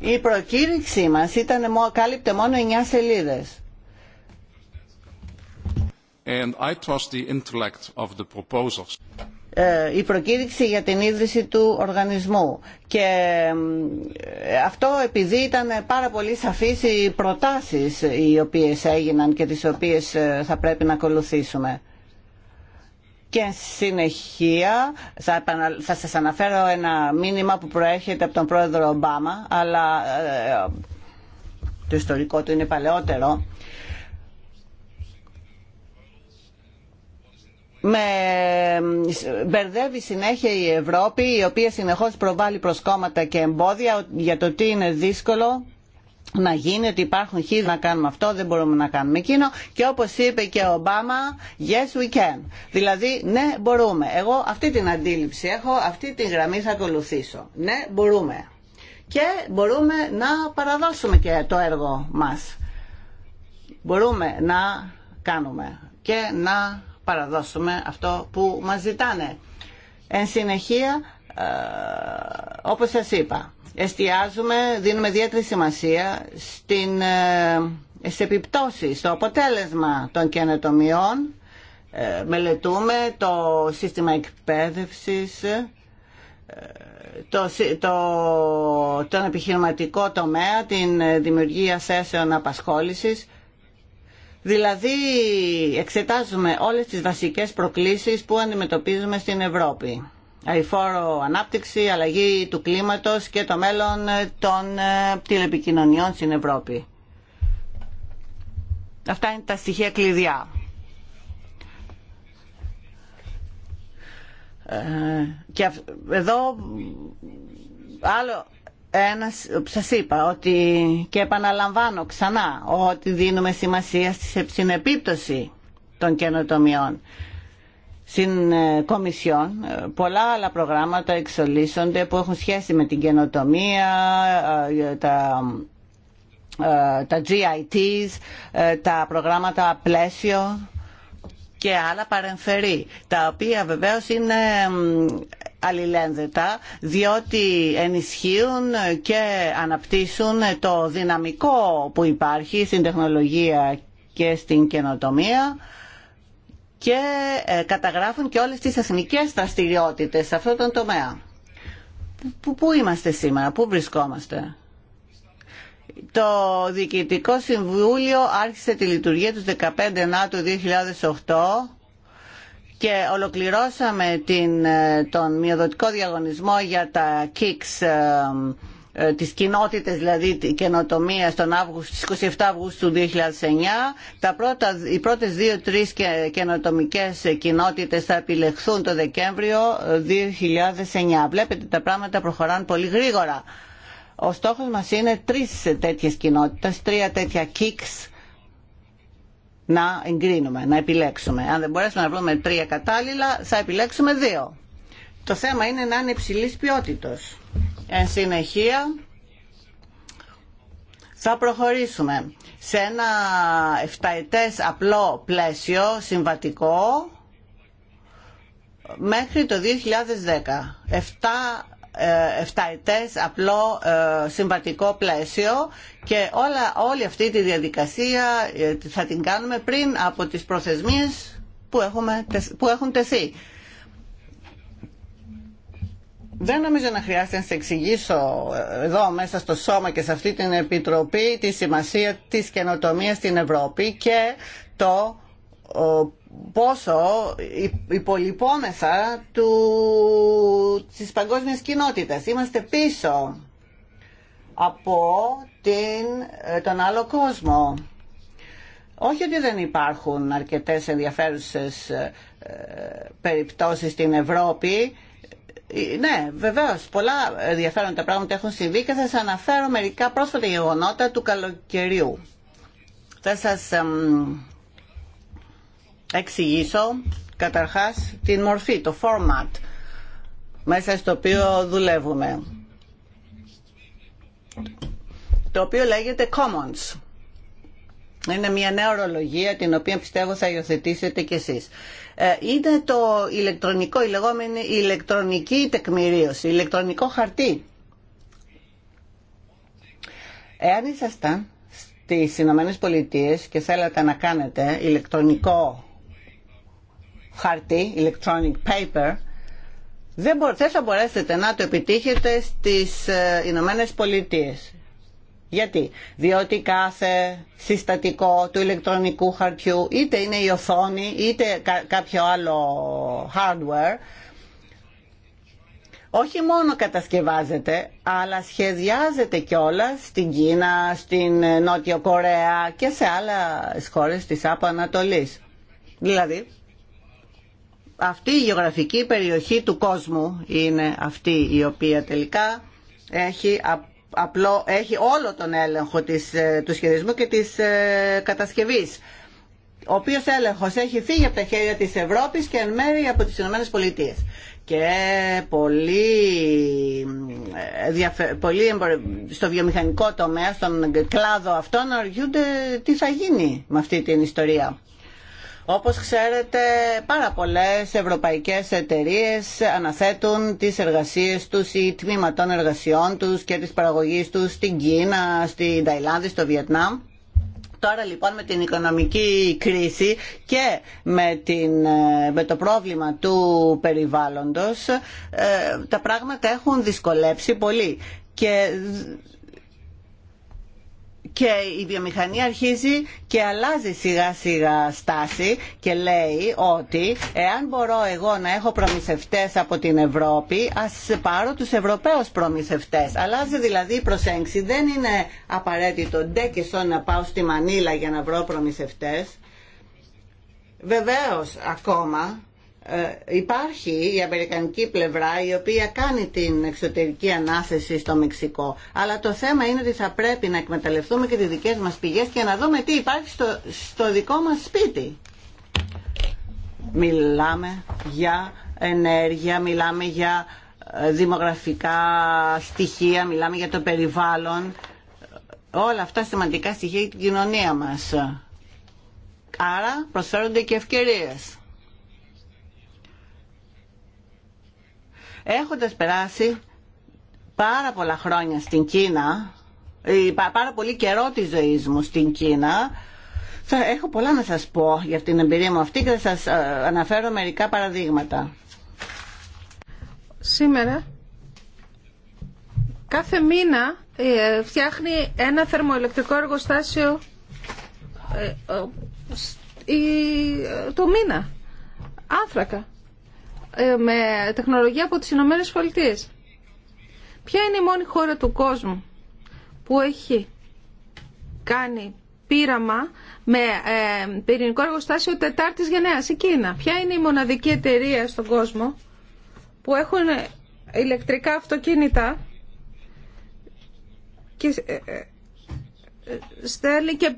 A: Η προκήρυξή μας ήταν, κάλυπτε μόνο 9 σελίδες.
E: And I trust the intellect of the proposals.
A: Ε, η προκήρυξη για την ίδρυση του οργανισμού και ε, αυτό επειδή ήταν πάρα πολύ σαφείς οι προτάσεις οι οποίες έγιναν και τις οποίες ε, θα πρέπει να ακολουθήσουμε. Και συνεχεία θα, επανα... θα σας αναφέρω ένα μήνυμα που προέρχεται από τον πρόεδρο Ομπάμα, αλλά ε, το ιστορικό του είναι παλαιότερο. με μπερδεύει συνέχεια η Ευρώπη η οποία συνεχώς προβάλλει προσκόμματα και εμπόδια για το τι είναι δύσκολο να γίνει ότι υπάρχουν χίλιοι να κάνουμε αυτό, δεν μπορούμε να κάνουμε εκείνο και όπως είπε και ο Ομπάμα, yes we can. Δηλαδή, ναι μπορούμε. Εγώ αυτή την αντίληψη έχω, αυτή την γραμμή θα ακολουθήσω. Ναι μπορούμε. Και μπορούμε να παραδώσουμε και το έργο μας. Μπορούμε να κάνουμε και να παραδώσουμε αυτό που μας ζητάνε. Εν συνεχεία, ε, όπως σας είπα, εστιάζουμε, δίνουμε ιδιαίτερη σημασία στην, ε, στις επιπτώσεις, στο αποτέλεσμα των καινοτομιών. Ε, μελετούμε το σύστημα εκπαίδευσης, ε, το, το, τον επιχειρηματικό τομέα, την δημιουργία θέσεων απασχόλησης. Δηλαδή εξετάζουμε όλες τις βασικές προκλήσεις που αντιμετωπίζουμε στην Ευρώπη αηφόρο ανάπτυξη, αλλαγή του κλίματος και το μέλλον των ε, τηλεπικοινωνιών στην Ευρώπη. Αυτά είναι τα στοιχεία κλειδιά. Ε, και εδώ άλλο ένας, σας είπα ότι και επαναλαμβάνω ξανά ότι δίνουμε σημασία στην επίπτωση των καινοτομιών στην ε, Κομισιόν ε, πολλά άλλα προγράμματα εξολύσσονται που έχουν σχέση με την καινοτομία, ε, τα, τα GITs, τα προγράμματα πλαίσιο και άλλα παρεμφερή, τα οποία βεβαίως είναι αλληλένδετα διότι ενισχύουν και αναπτύσσουν το δυναμικό που υπάρχει στην τεχνολογία και στην καινοτομία και ε, καταγράφουν και όλες τις εθνικές δραστηριότητε σε αυτόν τον τομέα. Πού είμαστε σήμερα, πού βρισκόμαστε. Το Διοικητικό Συμβούλιο άρχισε τη λειτουργία του 15 Νάτου 2008 και ολοκληρώσαμε την, ε, τον μειοδοτικό διαγωνισμό για τα KICS ε, ε, τις κοινότητες δηλαδή καινοτομία τον στις 27 Αυγούστου 2009 τα πρώτα, οι πρώτες δύο-τρεις καινοτομικές κοινότητες θα επιλεχθούν το Δεκέμβριο 2009 ε, βλέπετε τα πράγματα προχωράνε πολύ γρήγορα ο στόχος μας είναι τρεις τέτοιες κοινότητες τρία τέτοια kicks να εγκρίνουμε, να επιλέξουμε αν δεν μπορέσουμε να βρούμε τρία κατάλληλα θα επιλέξουμε δύο το θέμα είναι να είναι υψηλή ποιότητα. Εν συνεχεία θα προχωρήσουμε σε ένα εφταετές απλό πλαίσιο συμβατικό μέχρι το 2010. Εφτά ε, απλό ε, συμβατικό πλαίσιο και όλα, όλη αυτή τη διαδικασία ε, θα την κάνουμε πριν από τις προθεσμίες που, έχουμε, που έχουν τεθεί. Δεν νομίζω να χρειάζεται να σε εξηγήσω εδώ μέσα στο σώμα και σε αυτή την επιτροπή τη σημασία της καινοτομίας στην Ευρώπη και το πόσο υπολοιπόμεθα του, της παγκόσμιας κοινότητας. Είμαστε πίσω από την, ε, τον άλλο κόσμο. Όχι ότι δεν υπάρχουν αρκετές ενδιαφέρουσες ε, ε, περιπτώσεις στην Ευρώπη, ναι, βεβαίω. Πολλά ενδιαφέροντα πράγματα έχουν συμβεί και θα σα αναφέρω μερικά πρόσφατα γεγονότα του καλοκαιριού. Θα σα εξηγήσω καταρχά την μορφή, το format μέσα στο οποίο δουλεύουμε. Το οποίο λέγεται Commons. Είναι μια νέα ορολογία την οποία πιστεύω θα υιοθετήσετε κι εσείς. Ε, είναι το ηλεκτρονικό, η λεγόμενη ηλεκτρονική τεκμηρίωση, ηλεκτρονικό χαρτί. Εάν ήσασταν στις Ηνωμένες Πολιτείες και θέλατε να κάνετε ηλεκτρονικό χαρτί, electronic paper, δεν θα μπορέσετε να το επιτύχετε στις ε, Ηνωμένες Πολιτείες. Γιατί, διότι κάθε συστατικό του ηλεκτρονικού χαρτιού, είτε είναι η οθόνη, είτε κάποιο άλλο hardware, όχι μόνο κατασκευάζεται, αλλά σχεδιάζεται κιόλα στην Κίνα, στην Νότιο Κορέα και σε άλλα χώρες της Άπο Δηλαδή, αυτή η γεωγραφική περιοχή του κόσμου είναι αυτή η οποία τελικά έχει απλό, έχει όλο τον έλεγχο της, ε, του σχεδισμού και της ε, κατασκευής ο οποίος έλεγχος έχει φύγει από τα χέρια της Ευρώπης και εν μέρει από τις Ηνωμένες Πολιτείες. Και πολύ, ε, πολύ στο βιομηχανικό τομέα, στον κλάδο αυτόν, αργιούνται τι θα γίνει με αυτή την ιστορία. Όπως ξέρετε, πάρα πολλές ευρωπαϊκές εταιρείες αναθέτουν τις εργασίες τους ή τμήμα εργασιών τους και της παραγωγής τους στην Κίνα, στην Ταϊλάνδη, στο Βιετνάμ. Τώρα λοιπόν με την οικονομική κρίση και με, την, ε, με το πρόβλημα του περιβάλλοντος ε, τα πράγματα έχουν δυσκολέψει πολύ και και η βιομηχανία αρχίζει και αλλάζει σιγά σιγά στάση και λέει ότι εάν μπορώ εγώ να έχω προμηθευτές από την Ευρώπη ας πάρω τους Ευρωπαίους προμηθευτές. Αλλάζει δηλαδή η προσέγγιση. Δεν είναι απαραίτητο ντε και να πάω στη Μανίλα για να βρω προμηθευτές. Βεβαίως ακόμα ε, υπάρχει η αμερικανική πλευρά η οποία κάνει την εξωτερική ανάθεση στο Μεξικό. Αλλά το θέμα είναι ότι θα πρέπει να εκμεταλλευτούμε και τις δικές μας πηγές και να δούμε τι υπάρχει στο, στο δικό μας σπίτι. Μιλάμε για ενέργεια, μιλάμε για ε, δημογραφικά στοιχεία, μιλάμε για το περιβάλλον. Όλα αυτά σημαντικά στοιχεία για την κοινωνία μας. Άρα προσφέρονται και ευκαιρίες. Έχοντας περάσει πάρα πολλά χρόνια στην Κίνα, ε, πάρα πολύ καιρό τη ζωή μου στην Κίνα, θα έχω πολλά να σας πω για την εμπειρία μου αυτή και θα σας ε, αναφέρω μερικά παραδείγματα.
B: Σήμερα κάθε μήνα ε, φτιάχνει ένα θερμοελεκτρικό εργοστάσιο το μήνα. Άνθρακα. Ε, με τεχνολογία από τις Ηνωμένε Πολιτείε. Ποια είναι η μόνη χώρα του κόσμου που έχει κάνει πείραμα με ε, πυρηνικό εργοστάσιο τετάρτης γενναίας, η Κίνα. Ποια είναι η μοναδική εταιρεία στον κόσμο που έχουν ηλεκτρικά αυτοκίνητα και ε, στέλνει και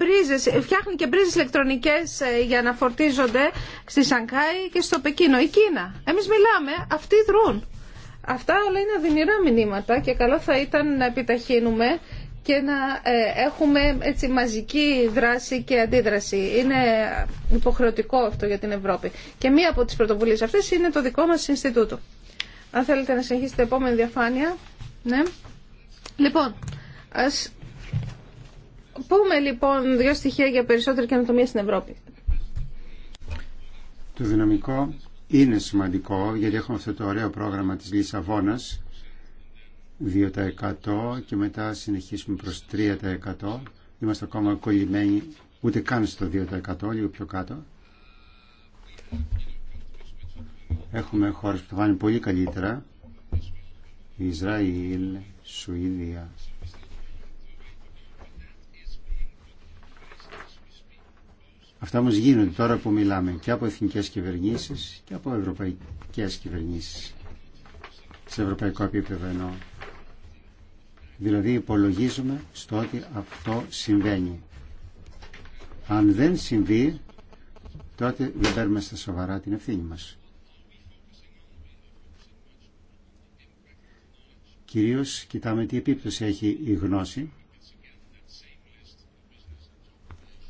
B: φτιάχνει και μπρίζες ηλεκτρονικές ε, για να φορτίζονται στη Σανκάη και στο Πεκίνο, η Κίνα. Εμείς μιλάμε, αυτοί δρούν. Αυτά όλα είναι αδυνηρά μηνύματα και καλό θα ήταν να επιταχύνουμε και να ε, έχουμε έτσι μαζική δράση και αντίδραση. Είναι υποχρεωτικό αυτό για την Ευρώπη. Και μία από τις πρωτοβουλίες αυτές είναι το δικό μας Ινστιτούτο. Αν θέλετε να συνεχίσετε επόμενη διαφάνεια. Ναι. Λοιπόν, ας πούμε λοιπόν δύο στοιχεία για περισσότερη καινοτομία στην Ευρώπη.
D: Το δυναμικό είναι σημαντικό γιατί έχουμε αυτό το ωραίο πρόγραμμα της Λισαβόνας 2% και μετά συνεχίσουμε προς 3%. Είμαστε ακόμα κολλημένοι ούτε καν στο 2% λίγο πιο κάτω. Έχουμε χώρες που το βάλουν πολύ καλύτερα Ισραήλ, Σουηδία, Αυτά όμως γίνονται τώρα που μιλάμε και από εθνικές κυβερνήσεις και από ευρωπαϊκές κυβερνήσεις σε ευρωπαϊκό επίπεδο εννοώ. Δηλαδή υπολογίζουμε στο ότι αυτό συμβαίνει. Αν δεν συμβεί, τότε δεν παίρνουμε στα σοβαρά την ευθύνη μας. Κυρίως κοιτάμε τι επίπτωση έχει η γνώση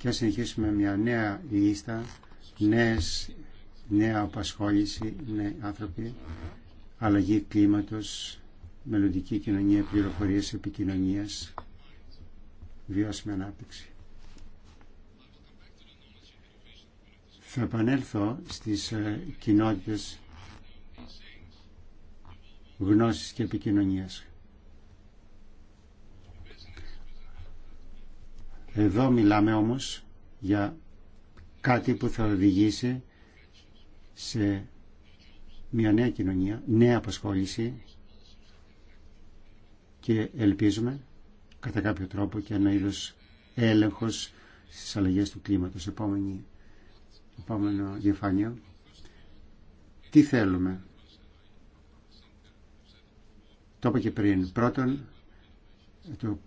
D: και να συνεχίσουμε μια νέα λίστα, νέες, νέα απασχόληση, νέοι άνθρωποι, αλλαγή κλίματος, μελλοντική κοινωνία, πληροφορίες, επικοινωνίας, βιώσιμη ανάπτυξη. Θα επανέλθω στις ε, κοινότητες γνώσης και επικοινωνίας. Εδώ μιλάμε όμως για κάτι που θα οδηγήσει σε μια νέα κοινωνία, νέα απασχόληση και ελπίζουμε κατά κάποιο τρόπο και ένα είδος έλεγχος στις αλλαγές του κλίματος. επόμενο διαφάνεια. Τι θέλουμε. Το είπα και πριν. Πρώτον, το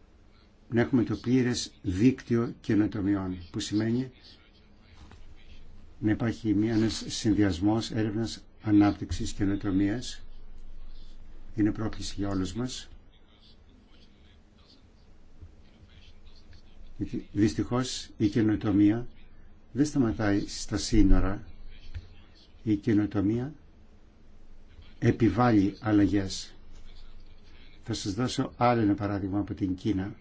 D: να έχουμε το πλήρες δίκτυο καινοτομιών, που σημαίνει να υπάρχει μια, ένας συνδυασμός έρευνας ανάπτυξης καινοτομίας. Είναι πρόκληση για όλους μας. Δυστυχώς η καινοτομία δεν σταματάει στα σύνορα. Η καινοτομία επιβάλλει αλλαγές. Θα σας δώσω άλλο ένα παράδειγμα από την Κίνα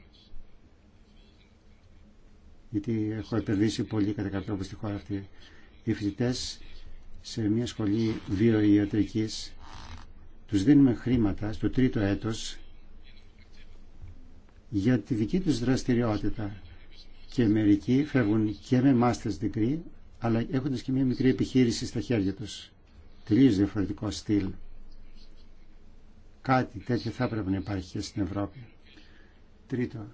D: γιατί έχω επενδύσει πολύ κατά κάποιο τρόπο στη χώρα αυτή. Οι φοιτητέ σε μια σχολή βιοϊατρική του δίνουμε χρήματα στο τρίτο έτο για τη δική του δραστηριότητα και μερικοί φεύγουν και με master's degree αλλά έχοντα και μια μικρή επιχείρηση στα χέρια του, τελείω διαφορετικό στυλ. Κάτι τέτοιο θα έπρεπε να υπάρχει και στην Ευρώπη. Τρίτο,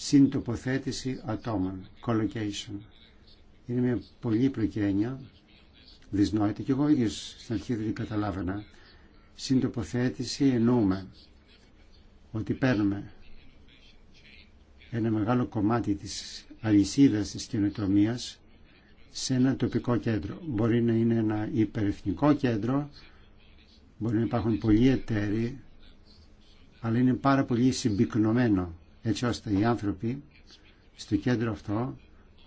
D: συντοποθέτηση ατόμων, collocation. Είναι μια πολύ προκένεια, δυσνόητη και εγώ ίδιος στην αρχή δεν την καταλάβαινα. Συντοποθέτηση εννοούμε ότι παίρνουμε ένα μεγάλο κομμάτι της αλυσίδας της καινοτομίας σε ένα τοπικό κέντρο. Μπορεί να είναι ένα υπερεθνικό κέντρο, μπορεί να υπάρχουν πολλοί εταίροι, αλλά είναι πάρα πολύ συμπυκνωμένο έτσι ώστε οι άνθρωποι στο κέντρο αυτό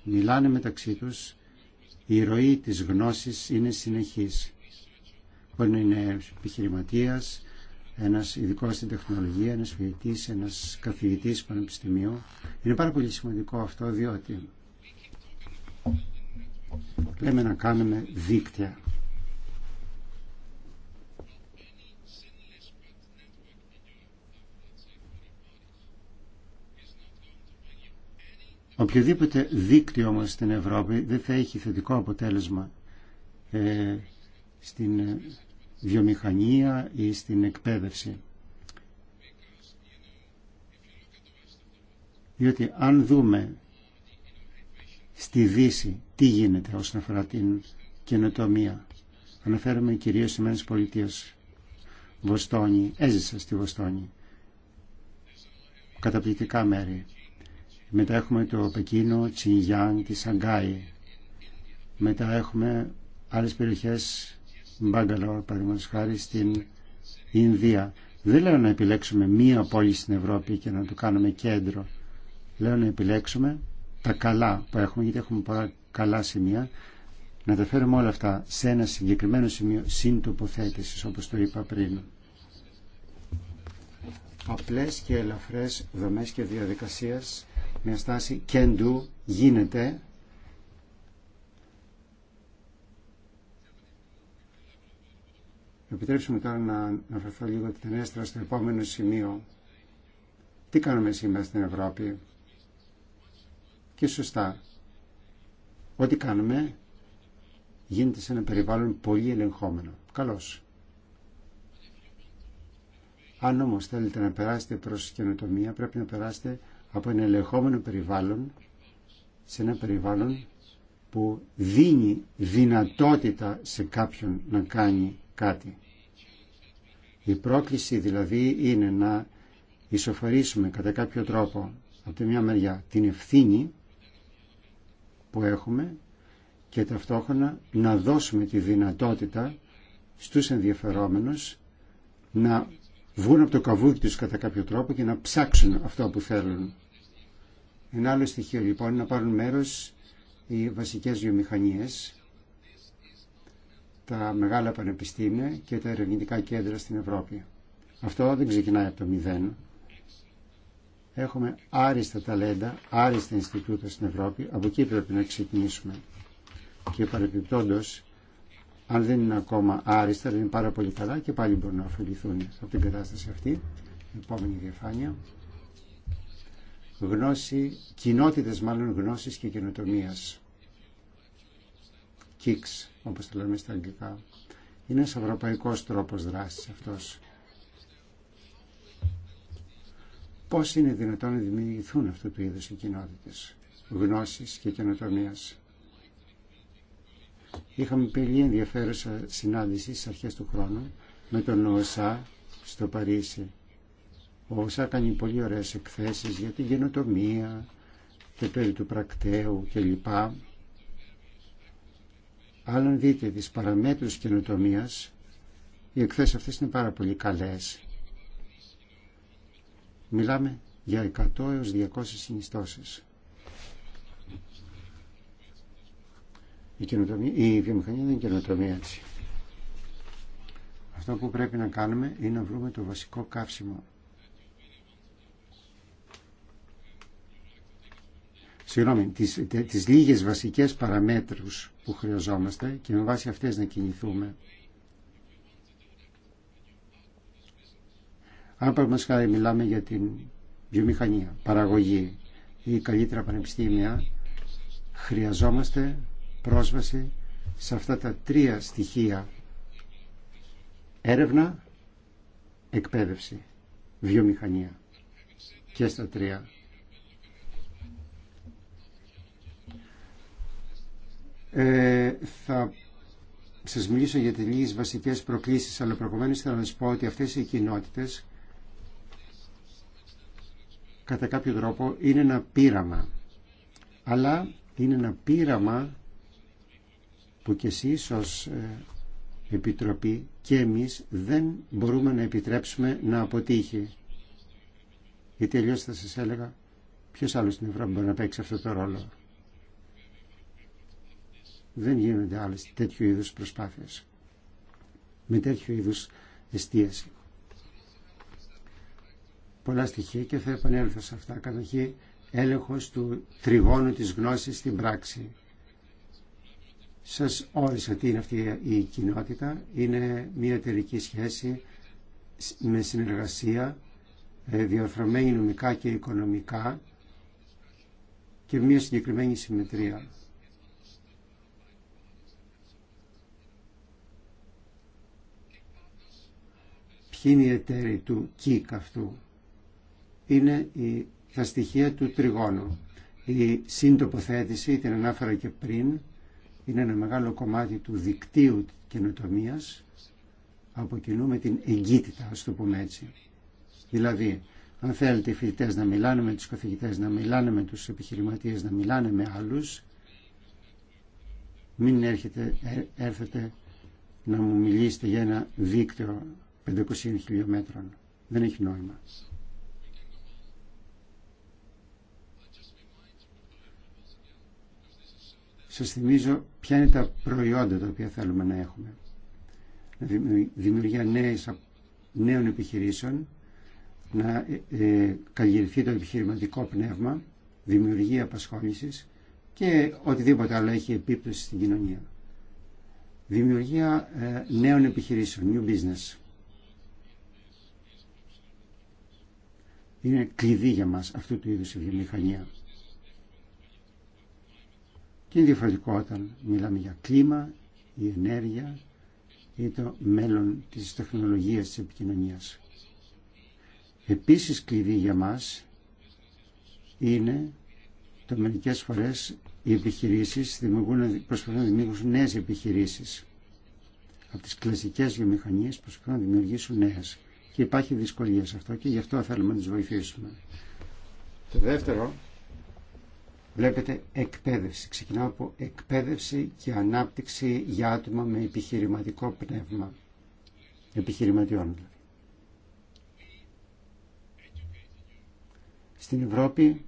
D: μιλάνε μεταξύ τους η ροή της γνώσης είναι συνεχής μπορεί να είναι επιχειρηματία, ένας ειδικό στην τεχνολογία, ένας φοιτητής, ένας καθηγητής πανεπιστημίου είναι πάρα πολύ σημαντικό αυτό διότι λέμε να κάνουμε δίκτυα Οποιοδήποτε δίκτυο όμως στην Ευρώπη δεν θα έχει θετικό αποτέλεσμα ε, στην ε, βιομηχανία ή στην εκπαίδευση. Διότι αν δούμε στη Δύση τι γίνεται όσον αφορά την καινοτομία. Αναφέρομαι κυρίως στις Μένες Πολιτείες. Βοστόνη, έζησα στη Βοστόνη. Καταπληκτικά μέρη. Μετά έχουμε το Πεκίνο, Τσινγιάν, τη Σαγκάη. Μετά έχουμε άλλες περιοχές, Μπάγκαλορ, παραδείγματος χάρη, στην Ινδία. Δεν λέω να επιλέξουμε μία πόλη στην Ευρώπη και να το κάνουμε κέντρο. Λέω να επιλέξουμε τα καλά που έχουμε, γιατί έχουμε πολλά καλά σημεία, να τα φέρουμε όλα αυτά σε ένα συγκεκριμένο σημείο συντοποθέτηση, όπως το είπα πριν. Απλές και ελαφρές δομές και διαδικασίες μια στάση can do, γίνεται Επιτρέψουμε τώρα να αναφερθώ λίγο την έστρα στο επόμενο σημείο. Τι κάνουμε σήμερα στην Ευρώπη. Και σωστά. Ό,τι κάνουμε γίνεται σε ένα περιβάλλον πολύ ελεγχόμενο. Καλώς. Αν όμως θέλετε να περάσετε προς καινοτομία πρέπει να περάσετε από ένα ελεγχόμενο περιβάλλον σε ένα περιβάλλον που δίνει δυνατότητα σε κάποιον να κάνει κάτι. Η πρόκληση δηλαδή είναι να ισοφορήσουμε κατά κάποιο τρόπο από τη μια μεριά την ευθύνη που έχουμε και ταυτόχρονα να δώσουμε τη δυνατότητα στους ενδιαφερόμενους να βγουν από το καβούκι τους κατά κάποιο τρόπο και να ψάξουν αυτό που θέλουν. Ένα άλλο στοιχείο λοιπόν είναι να πάρουν μέρος οι βασικές βιομηχανίες, τα μεγάλα πανεπιστήμια και τα ερευνητικά κέντρα στην Ευρώπη. Αυτό δεν ξεκινάει από το μηδέν. Έχουμε άριστα ταλέντα, άριστα Ινστιτούτα στην Ευρώπη. Από εκεί πρέπει να ξεκινήσουμε. Και παρεπιπτόντως αν δεν είναι ακόμα άριστα, δεν είναι πάρα πολύ καλά και πάλι μπορούν να ωφεληθούν από την κατάσταση αυτή. Επόμενη διαφάνεια. Γνώση, κοινότητες μάλλον γνώσης και καινοτομίας. ΚΙΚΣ, όπως το λέμε στα αγγλικά. Είναι ένας ευρωπαϊκός τρόπος δράσης αυτός. Πώς είναι δυνατόν να δημιουργηθούν αυτού του είδους οι κοινότητες γνώσης και καινοτομίας. Είχαμε πολύ ενδιαφέρουσα συνάντηση στι αρχές του χρόνου με τον ΟΣΑ στο Παρίσι. Ο ΟΣΑ κάνει πολύ ωραίε εκθέσει για την καινοτομία και περί του πρακτέου κλπ. Αν δείτε τις παραμέτρους καινοτομία, οι εκθέσεις αυτές είναι πάρα πολύ καλές. Μιλάμε για 100 έως 200 συνιστώσεις. Η, η βιομηχανία δεν είναι καινοτομία έτσι. Αυτό που πρέπει να κάνουμε είναι να βρούμε το βασικό καύσιμο. Συγγνώμη, τις, τις λίγες βασικές παραμέτρους που χρειαζόμαστε και με βάση αυτές να κινηθούμε. Αν πραγματικά μιλάμε για την βιομηχανία, παραγωγή ή καλύτερα πανεπιστήμια, χρειαζόμαστε πρόσβαση σε αυτά τα τρία στοιχεία έρευνα, εκπαίδευση, βιομηχανία και στα τρία. Ε, θα σας μιλήσω για τις λίγες βασικές προκλήσεις, αλλά προηγουμένως θέλω να σας πω ότι αυτές οι κοινότητες κατά κάποιο τρόπο είναι ένα πείραμα. Αλλά είναι ένα πείραμα που κι εσείς ως ε, Επιτροπή και εμείς δεν μπορούμε να επιτρέψουμε να αποτύχει. Γιατί αλλιώ θα σας έλεγα ποιος άλλος στην Ευρώπη μπορεί να παίξει αυτό το ρόλο. Δεν γίνονται άλλες τέτοιου είδους προσπάθειες. Με τέτοιου είδους εστίαση. Πολλά στοιχεία και θα επανέλθω σε αυτά. Καταρχήν έλεγχος του τριγώνου της γνώσης στην πράξη. Σας όρισα τι είναι αυτή η κοινότητα. Είναι μια εταιρική σχέση με συνεργασία, ε, διορθωμένη νομικά και οικονομικά και μια συγκεκριμένη συμμετρία. Ποιοι είναι οι εταίροι του ΚΙΚ αυτού. Είναι η, τα στοιχεία του τριγώνου. Η συντοποθέτηση, την ανάφερα και πριν, είναι ένα μεγάλο κομμάτι του δικτύου καινοτομία από κοινού με την εγκύτητα, α το πούμε έτσι. Δηλαδή, αν θέλετε οι φοιτητέ να μιλάνε με του καθηγητέ, να μιλάνε με του επιχειρηματίε, να μιλάνε με άλλου, μην έρχεται, ε, έρθετε να μου μιλήσετε για ένα δίκτυο 500 χιλιόμετρων. Δεν έχει νόημα. σας θυμίζω ποια είναι τα προϊόντα τα οποία θέλουμε να έχουμε. Δημιουργία νέων επιχειρήσεων, να ε, ε, καλλιεργηθεί το επιχειρηματικό πνεύμα, δημιουργία απασχόλησης και οτιδήποτε άλλο έχει επίπτωση στην κοινωνία. Δημιουργία ε, νέων επιχειρήσεων, new business. Είναι κλειδί για μας αυτού του είδους η βιομηχανία. Και είναι διαφορετικό όταν μιλάμε για κλίμα, η ενέργεια ή το μέλλον της τεχνολογίας της επικοινωνίας. Επίσης κλειδί για μας είναι το μερικές φορές οι επιχειρήσεις δημιουργούν, προσπαθούν να δημιουργήσουν νέες επιχειρήσεις. Από τις κλασικές βιομηχανίες προσπαθούν να δημιουργήσουν νέες. Και υπάρχει δυσκολία σε αυτό και γι' αυτό θέλουμε να τις βοηθήσουμε. Το δεύτερο Βλέπετε εκπαίδευση. Ξεκινάω από εκπαίδευση και ανάπτυξη για άτομα με επιχειρηματικό πνεύμα. Επιχειρηματιών δηλαδή. Στην Ευρώπη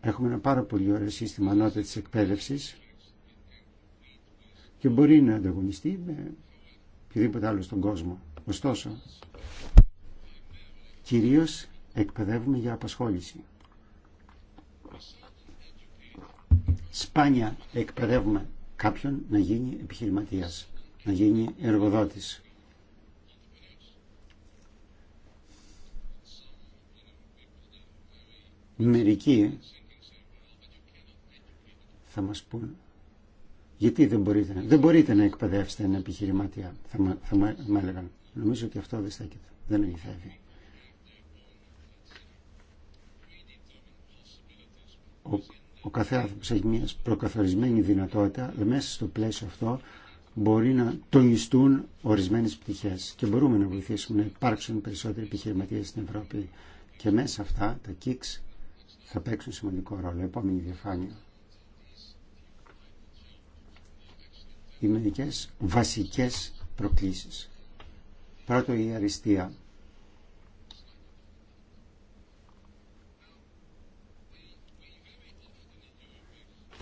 D: έχουμε ένα πάρα πολύ ωραίο σύστημα ανώτατης εκπαίδευσης και μπορεί να ανταγωνιστεί με οποιοδήποτε άλλο στον κόσμο. Ωστόσο, Κυρίως εκπαιδεύουμε για απασχόληση. Σπάνια εκπαιδεύουμε κάποιον να γίνει επιχειρηματίας, να γίνει εργοδότης. Μερικοί θα μας πούν γιατί δεν μπορείτε, δεν μπορείτε να εκπαιδεύσετε ένα επιχειρηματία, θα, μου έλεγαν. Νομίζω ότι αυτό δεν στέκεται, δεν νοηθεύει. ο, ο κάθε άνθρωπος έχει μια προκαθορισμένη δυνατότητα, αλλά μέσα στο πλαίσιο αυτό μπορεί να τονιστούν ορισμένες πτυχές και μπορούμε να βοηθήσουμε να υπάρξουν περισσότεροι επιχειρηματίες στην Ευρώπη και μέσα αυτά τα KICS θα παίξουν σημαντικό ρόλο. Επόμενη διαφάνεια. Οι μερικές βασικές προκλήσεις. Πρώτο η αριστεία.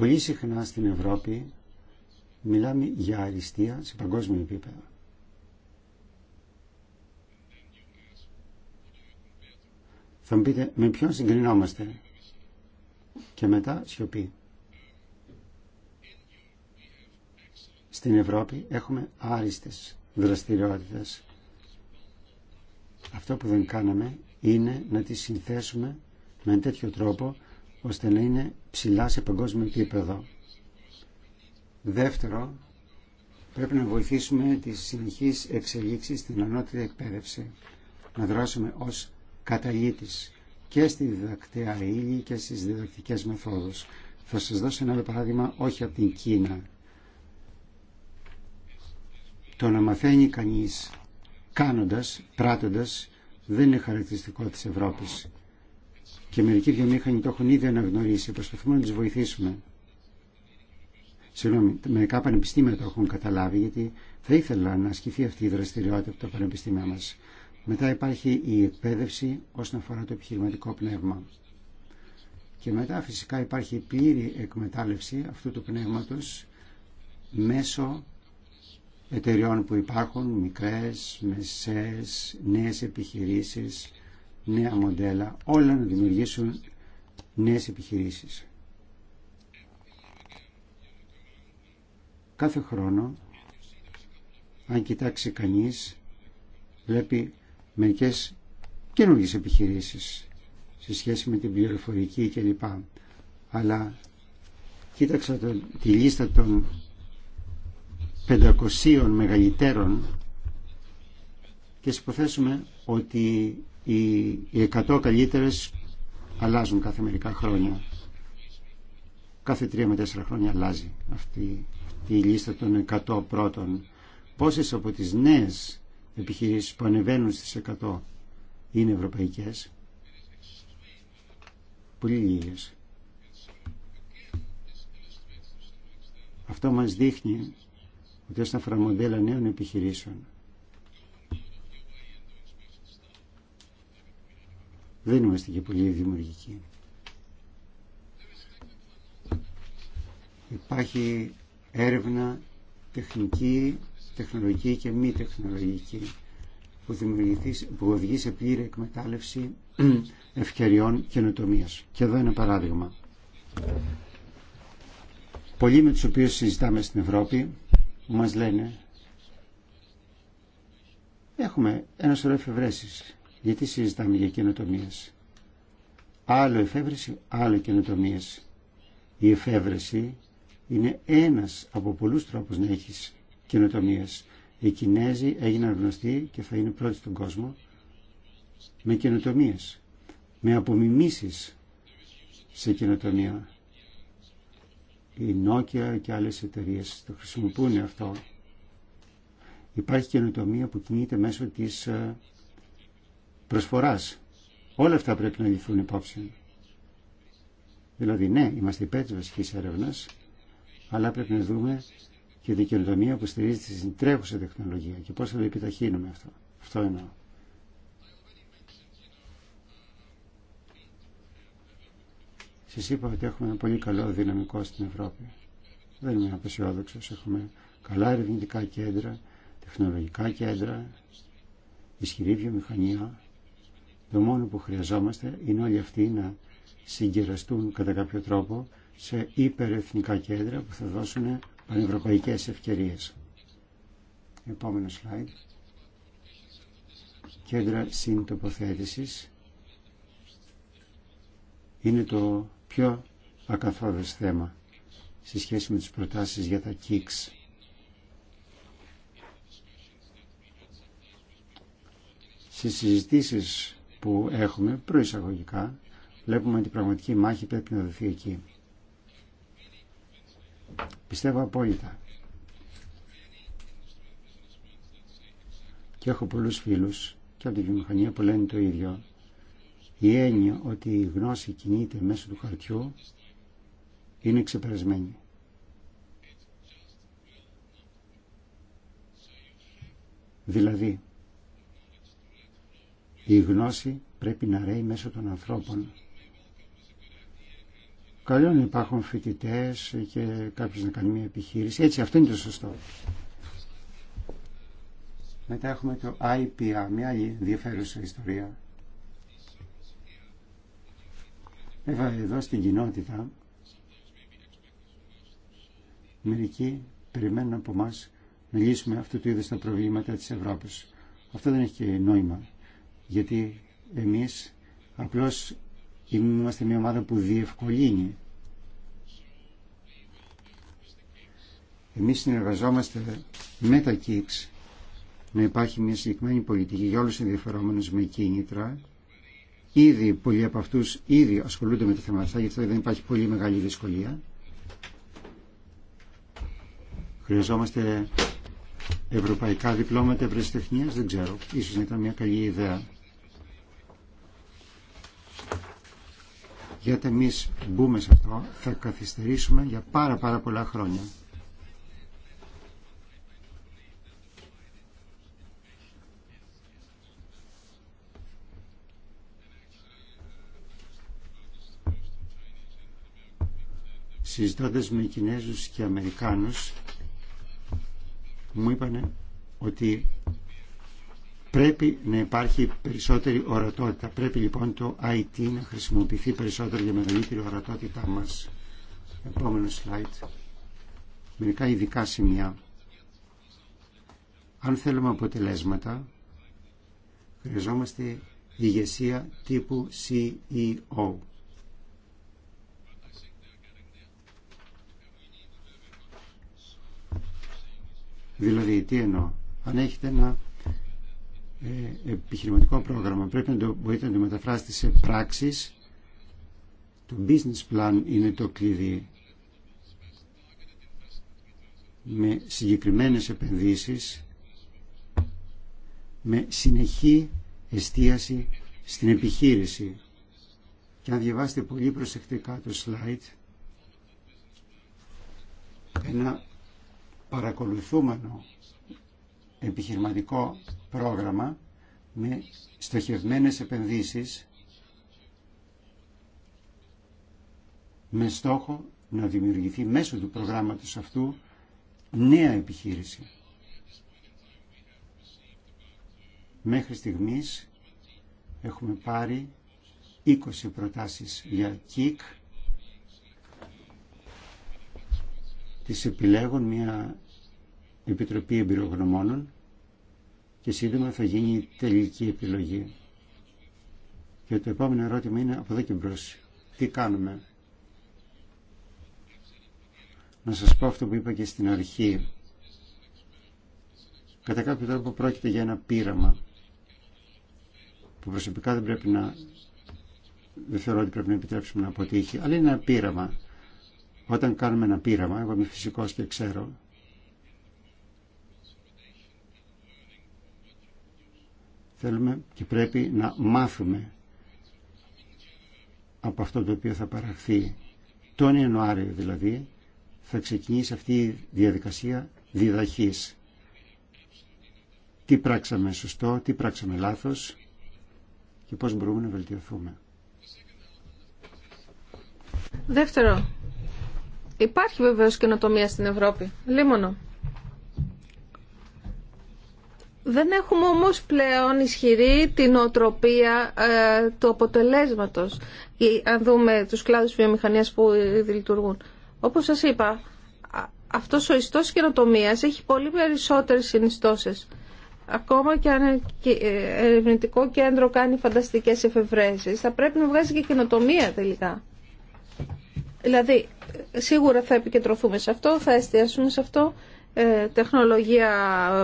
D: Πολύ συχνά στην Ευρώπη μιλάμε για αριστεία σε παγκόσμιο επίπεδο. Θα μου πείτε με ποιον συγκρινόμαστε και μετά σιωπή. Στην Ευρώπη έχουμε άριστες δραστηριότητες. Αυτό που δεν κάναμε είναι να τις συνθέσουμε με τέτοιο τρόπο ώστε να είναι ψηλά σε παγκόσμιο επίπεδο. Δεύτερο, πρέπει να βοηθήσουμε τις συνεχείς εξελίξεις στην ανώτερη εκπαίδευση, να δράσουμε ως καταλήτης και στη διδακτέα ύλη και στις διδακτικές μεθόδους. Θα σας δώσω ένα άλλο παράδειγμα, όχι από την Κίνα. Το να μαθαίνει κανείς κάνοντας, πράττοντας, δεν είναι χαρακτηριστικό της Ευρώπης και μερικοί βιομήχανοι το έχουν ήδη αναγνωρίσει. Προσπαθούμε να του βοηθήσουμε. Συγγνώμη, μερικά πανεπιστήμια το έχουν καταλάβει, γιατί θα ήθελα να ασκηθεί αυτή η δραστηριότητα από τα πανεπιστήμια μα. Μετά υπάρχει η εκπαίδευση όσον αφορά το επιχειρηματικό πνεύμα. Και μετά φυσικά υπάρχει πλήρη εκμετάλλευση αυτού του πνεύματος μέσω εταιριών που υπάρχουν, μικρές, μεσές, νέες επιχειρήσεις, νέα μοντέλα, όλα να δημιουργήσουν νέες επιχειρήσεις. Κάθε χρόνο, αν κοιτάξει κανείς, βλέπει μερικές καινούργιες επιχειρήσεις σε σχέση με την πληροφορική κλπ. Αλλά κοίταξα τη λίστα των 500 μεγαλύτερων και συμποθέσουμε ότι οι 100 καλύτερε αλλάζουν κάθε μερικά χρόνια. Κάθε τρία με τέσσερα χρόνια αλλάζει αυτή, η λίστα των 100 πρώτων. Πόσες από τις νέες επιχειρήσεις που ανεβαίνουν στις 100 είναι ευρωπαϊκές. Πολύ λίγες. Αυτό μας δείχνει ότι όσον αφορά μοντέλα νέων επιχειρήσεων Δεν είμαστε και πολύ δημιουργικοί. Υπάρχει έρευνα τεχνική, τεχνολογική και μη τεχνολογική που, που οδηγεί σε πλήρη εκμετάλλευση ευκαιριών καινοτομία. Και εδώ ένα παράδειγμα. Πολλοί με τους οποίους συζητάμε στην Ευρώπη μας λένε έχουμε ένα σωρό εφευρέσεις γιατί συζητάμε για καινοτομίε. Άλλο εφεύρεση, άλλο καινοτομίε. Η εφεύρεση είναι ένας από πολλού τρόπου να έχει καινοτομίε. Οι Κινέζοι έγιναν γνωστοί και θα είναι πρώτοι στον κόσμο με καινοτομίε, με απομιμήσει σε καινοτομία. Η Νόκια και άλλες εταιρείες το χρησιμοποιούν αυτό. Υπάρχει καινοτομία που κινείται μέσω της ε, προσφοράς. Όλα αυτά πρέπει να ληφθούν υπόψη. Δηλαδή, ναι, είμαστε υπέρ τη βασικής έρευνα, αλλά πρέπει να δούμε και την καινοτομία που στηρίζεται στην τρέχουσα τεχνολογία και πώ θα το επιταχύνουμε αυτό. Αυτό εννοώ. Σα είπα ότι έχουμε ένα πολύ καλό δυναμικό στην Ευρώπη. Δεν είμαι απεσιόδοξο. Έχουμε καλά ερευνητικά κέντρα, τεχνολογικά κέντρα, ισχυρή βιομηχανία, το μόνο που χρειαζόμαστε είναι όλοι αυτοί να συγκεραστούν κατά κάποιο τρόπο σε υπερεθνικά κέντρα που θα δώσουν πανευρωπαϊκές ευκαιρίες. Επόμενο slide. Κέντρα συντοποθέτησης είναι το πιο ακαθόδες θέμα σε σχέση με τις προτάσεις για τα ΚΙΚΣ. Στις συζητήσεις που έχουμε προεισαγωγικά βλέπουμε ότι η πραγματική μάχη πρέπει να δοθεί εκεί. Πιστεύω απόλυτα. Και έχω πολλούς φίλους και από τη βιομηχανία που λένε το ίδιο. Η έννοια ότι η γνώση κινείται μέσω του χαρτιού είναι ξεπερασμένη. Δηλαδή, η γνώση πρέπει να ρέει μέσω των ανθρώπων. Καλό να υπάρχουν φοιτητέ και κάποιο να κάνει μια επιχείρηση. Έτσι, αυτό είναι το σωστό. Μετά έχουμε το IPA, μια άλλη ενδιαφέρουσα ιστορία. Βέβαια, εδώ στην κοινότητα μερικοί περιμένουν από εμά να λύσουμε αυτού του είδου τα προβλήματα τη Ευρώπη. Αυτό δεν έχει και νόημα γιατί εμείς απλώς είμαστε μια ομάδα που διευκολύνει. Εμείς συνεργαζόμαστε με τα ΚΙΠΣ να υπάρχει μια συγκεκριμένη πολιτική για όλους τους ενδιαφερόμενους με κίνητρα. Ήδη πολλοί από αυτούς ήδη ασχολούνται με τα θέματα αυτά, γι' αυτό δεν υπάρχει πολύ μεγάλη δυσκολία. Χρειαζόμαστε ευρωπαϊκά διπλώματα ευρεσιτεχνία, δεν ξέρω, ίσως να ήταν μια καλή ιδέα. Γιατί εμείς μπούμε σε αυτό, θα καθυστερήσουμε για πάρα πάρα πολλά χρόνια. συζητώντας με Κινέζους και Αμερικάνους μου είπανε ότι Πρέπει να υπάρχει περισσότερη ορατότητα. Πρέπει λοιπόν το IT να χρησιμοποιηθεί περισσότερο για μεγαλύτερη ορατότητά μας. Επόμενο slide. Μερικά ειδικά σημεία. Αν θέλουμε αποτελέσματα, χρειαζόμαστε ηγεσία τύπου CEO. Δηλαδή, τι εννοώ. Αν έχετε ένα ε, επιχειρηματικό πρόγραμμα πρέπει να το μπορείτε να το μεταφράσετε σε πράξεις το business plan είναι το κλειδί με συγκεκριμένες επενδύσεις με συνεχή εστίαση στην επιχείρηση και αν διαβάσετε πολύ προσεκτικά το slide ένα παρακολουθούμενο επιχειρηματικό πρόγραμμα με στοχευμένες επενδύσεις με στόχο να δημιουργηθεί μέσω του προγράμματος αυτού νέα επιχείρηση. Μέχρι στιγμής έχουμε πάρει 20 προτάσεις για ΚΙΚ. Τις επιλέγουν μια Επιτροπή Εμπειρογνωμόνων και σύντομα θα γίνει η τελική επιλογή. Και το επόμενο ερώτημα είναι από εδώ και μπρος. Τι κάνουμε. Να σας πω αυτό που είπα και στην αρχή. Κατά κάποιο τρόπο πρόκειται για ένα πείραμα που προσωπικά δεν πρέπει να δεν θεωρώ ότι πρέπει να επιτρέψουμε να αποτύχει, αλλά είναι ένα πείραμα. Όταν κάνουμε ένα πείραμα, εγώ είμαι φυσικός και ξέρω Θέλουμε και πρέπει να μάθουμε από αυτό το οποίο θα παραχθεί. Τον Ιανουάριο δηλαδή θα ξεκινήσει αυτή η διαδικασία διδαχής. Τι πράξαμε σωστό, τι πράξαμε λάθος και πώς μπορούμε να βελτιωθούμε.
B: Δεύτερο, υπάρχει βεβαίως καινοτομία στην Ευρώπη. Λίμωνο. Δεν έχουμε όμως πλέον ισχυρή την οτροπία ε, του αποτελέσματος, ή, αν δούμε τους κλάδους βιομηχανίας που ήδη λειτουργούν. Όπως σας είπα, αυτός ο ιστός καινοτομία έχει πολύ περισσότερες συνιστώσεις. Ακόμα και αν ένα ε, ε, ερευνητικό κέντρο κάνει φανταστικές εφευρέσεις, θα πρέπει να βγάζει και καινοτομία τελικά. Δηλαδή, σίγουρα θα επικεντρωθούμε σε αυτό, θα εστιάσουμε σε αυτό ε, τεχνολογία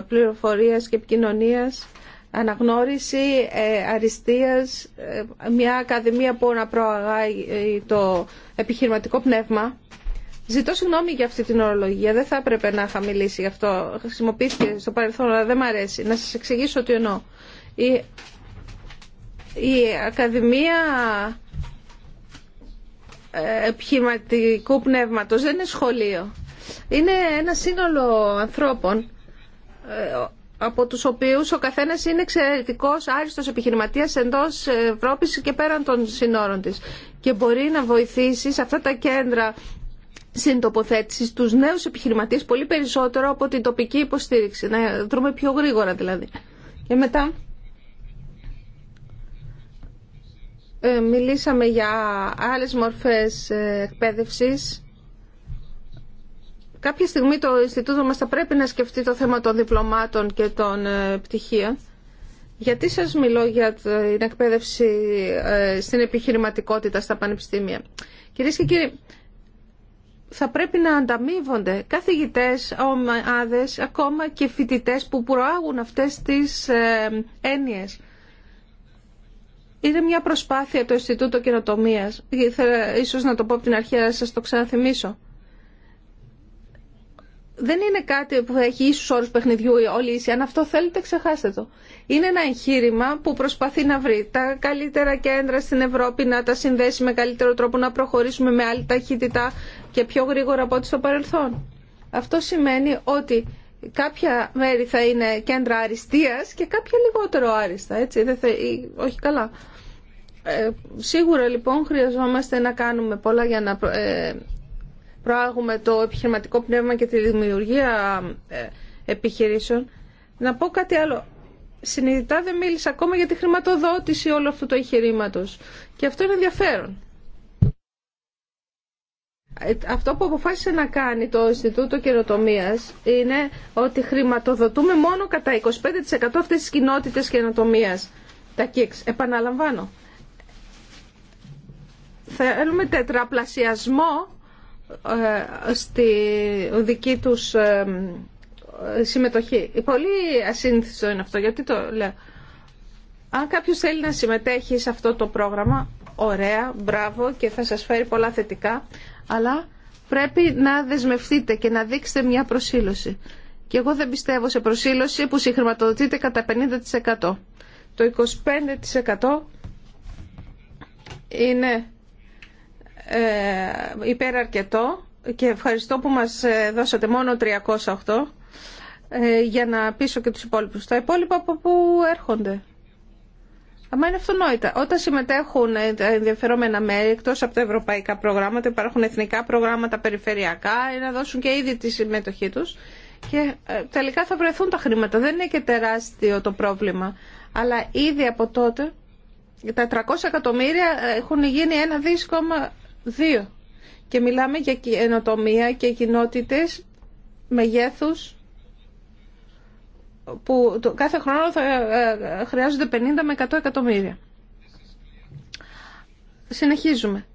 B: πληροφορίας και επικοινωνίας, αναγνώριση ε, αριστείας, ε, μια ακαδημία που να προαγάγει το επιχειρηματικό πνεύμα. Ζητώ συγγνώμη για αυτή την ορολογία. Δεν θα έπρεπε να είχα μιλήσει γι' αυτό. Χρησιμοποιήθηκε στο παρελθόν, αλλά δεν μ' αρέσει. Να σας εξηγήσω τι εννοώ. Η, η Ακαδημία Επιχειρηματικού Πνεύματος δεν είναι σχολείο είναι ένα σύνολο ανθρώπων ε, από τους οποίους ο καθένας είναι εξαιρετικός, άριστος επιχειρηματίας εντός Ευρώπης και πέραν των συνόρων της και μπορεί να βοηθήσει σε αυτά τα κέντρα συντοποθέτησης τους νέους επιχειρηματίες πολύ περισσότερο από την τοπική υποστήριξη, να δρούμε πιο γρήγορα δηλαδή. Και μετά ε, μιλήσαμε για άλλες μορφές ε, εκπαίδευσης Κάποια στιγμή το Ινστιτούτο μας θα πρέπει να σκεφτεί το θέμα των διπλωμάτων και των ε, πτυχίων. Γιατί σας μιλώ για την εκπαίδευση ε, στην επιχειρηματικότητα στα πανεπιστήμια. Κυρίες και κύριοι, θα πρέπει να ανταμείβονται καθηγητές, ομάδες, ακόμα και φοιτητές που προάγουν αυτές τις ε, έννοιες. Είναι μια προσπάθεια το Ινστιτούτο Καινοτομίας. Ήθελα ίσως να το πω από την αρχή αλλά σας το ξαναθυμίσω δεν είναι κάτι που θα έχει ίσους όρους παιχνιδιού όλοι ίσοι. Αν αυτό θέλετε ξεχάστε το. Είναι ένα εγχείρημα που προσπαθεί να βρει τα καλύτερα κέντρα στην Ευρώπη, να τα συνδέσει με καλύτερο τρόπο, να προχωρήσουμε με άλλη ταχύτητα και πιο γρήγορα από ό,τι στο παρελθόν. Αυτό σημαίνει ότι κάποια μέρη θα είναι κέντρα αριστείας και κάποια λιγότερο άριστα, έτσι, δεν όχι καλά. Ε, σίγουρα λοιπόν χρειαζόμαστε να κάνουμε πολλά για να ε, προάγουμε το επιχειρηματικό πνεύμα και τη δημιουργία ε, επιχειρήσεων. Να πω κάτι άλλο. Συνειδητά δεν μίλησα ακόμα για τη χρηματοδότηση όλου αυτού του εγχειρήματο. Και αυτό είναι ενδιαφέρον. Ε, αυτό που αποφάσισε να κάνει το Ινστιτούτο Καινοτομία είναι ότι χρηματοδοτούμε μόνο κατά 25% αυτέ τι κοινότητε καινοτομία. Τα ΚΙΚΣ. Επαναλαμβάνω. Θέλουμε τετραπλασιασμό ε, στη δική τους ε, συμμετοχή. Πολύ ασύνθιστο είναι αυτό, γιατί το λέω. Αν κάποιο θέλει να συμμετέχει σε αυτό το πρόγραμμα, ωραία, μπράβο και θα σας φέρει πολλά θετικά, αλλά πρέπει να δεσμευτείτε και να δείξετε μια προσήλωση. Και εγώ δεν πιστεύω σε προσήλωση που συγχρηματοδοτείται κατά 50%. Το 25% είναι ε, υπέρ αρκετό και ευχαριστώ που μας ε, δώσατε μόνο 308 ε, για να πείσω και τους υπόλοιπους. Τα υπόλοιπα από πού έρχονται. Αλλά είναι αυτονόητα. Όταν συμμετέχουν ενδιαφερόμενα μέρη εκτό από τα ευρωπαϊκά προγράμματα, υπάρχουν εθνικά προγράμματα περιφερειακά, να δώσουν και ήδη τη συμμετοχή του και τελικά θα βρεθούν τα χρήματα. Δεν είναι και τεράστιο το πρόβλημα. Αλλά ήδη από τότε τα 300 εκατομμύρια έχουν γίνει ένα δίσκομα δύο. Και μιλάμε για ενοτομία και κοινότητες μεγέθους που κάθε χρόνο θα ε, ε, χρειάζονται 50 με 100 εκατομμύρια. Συνεχίζουμε.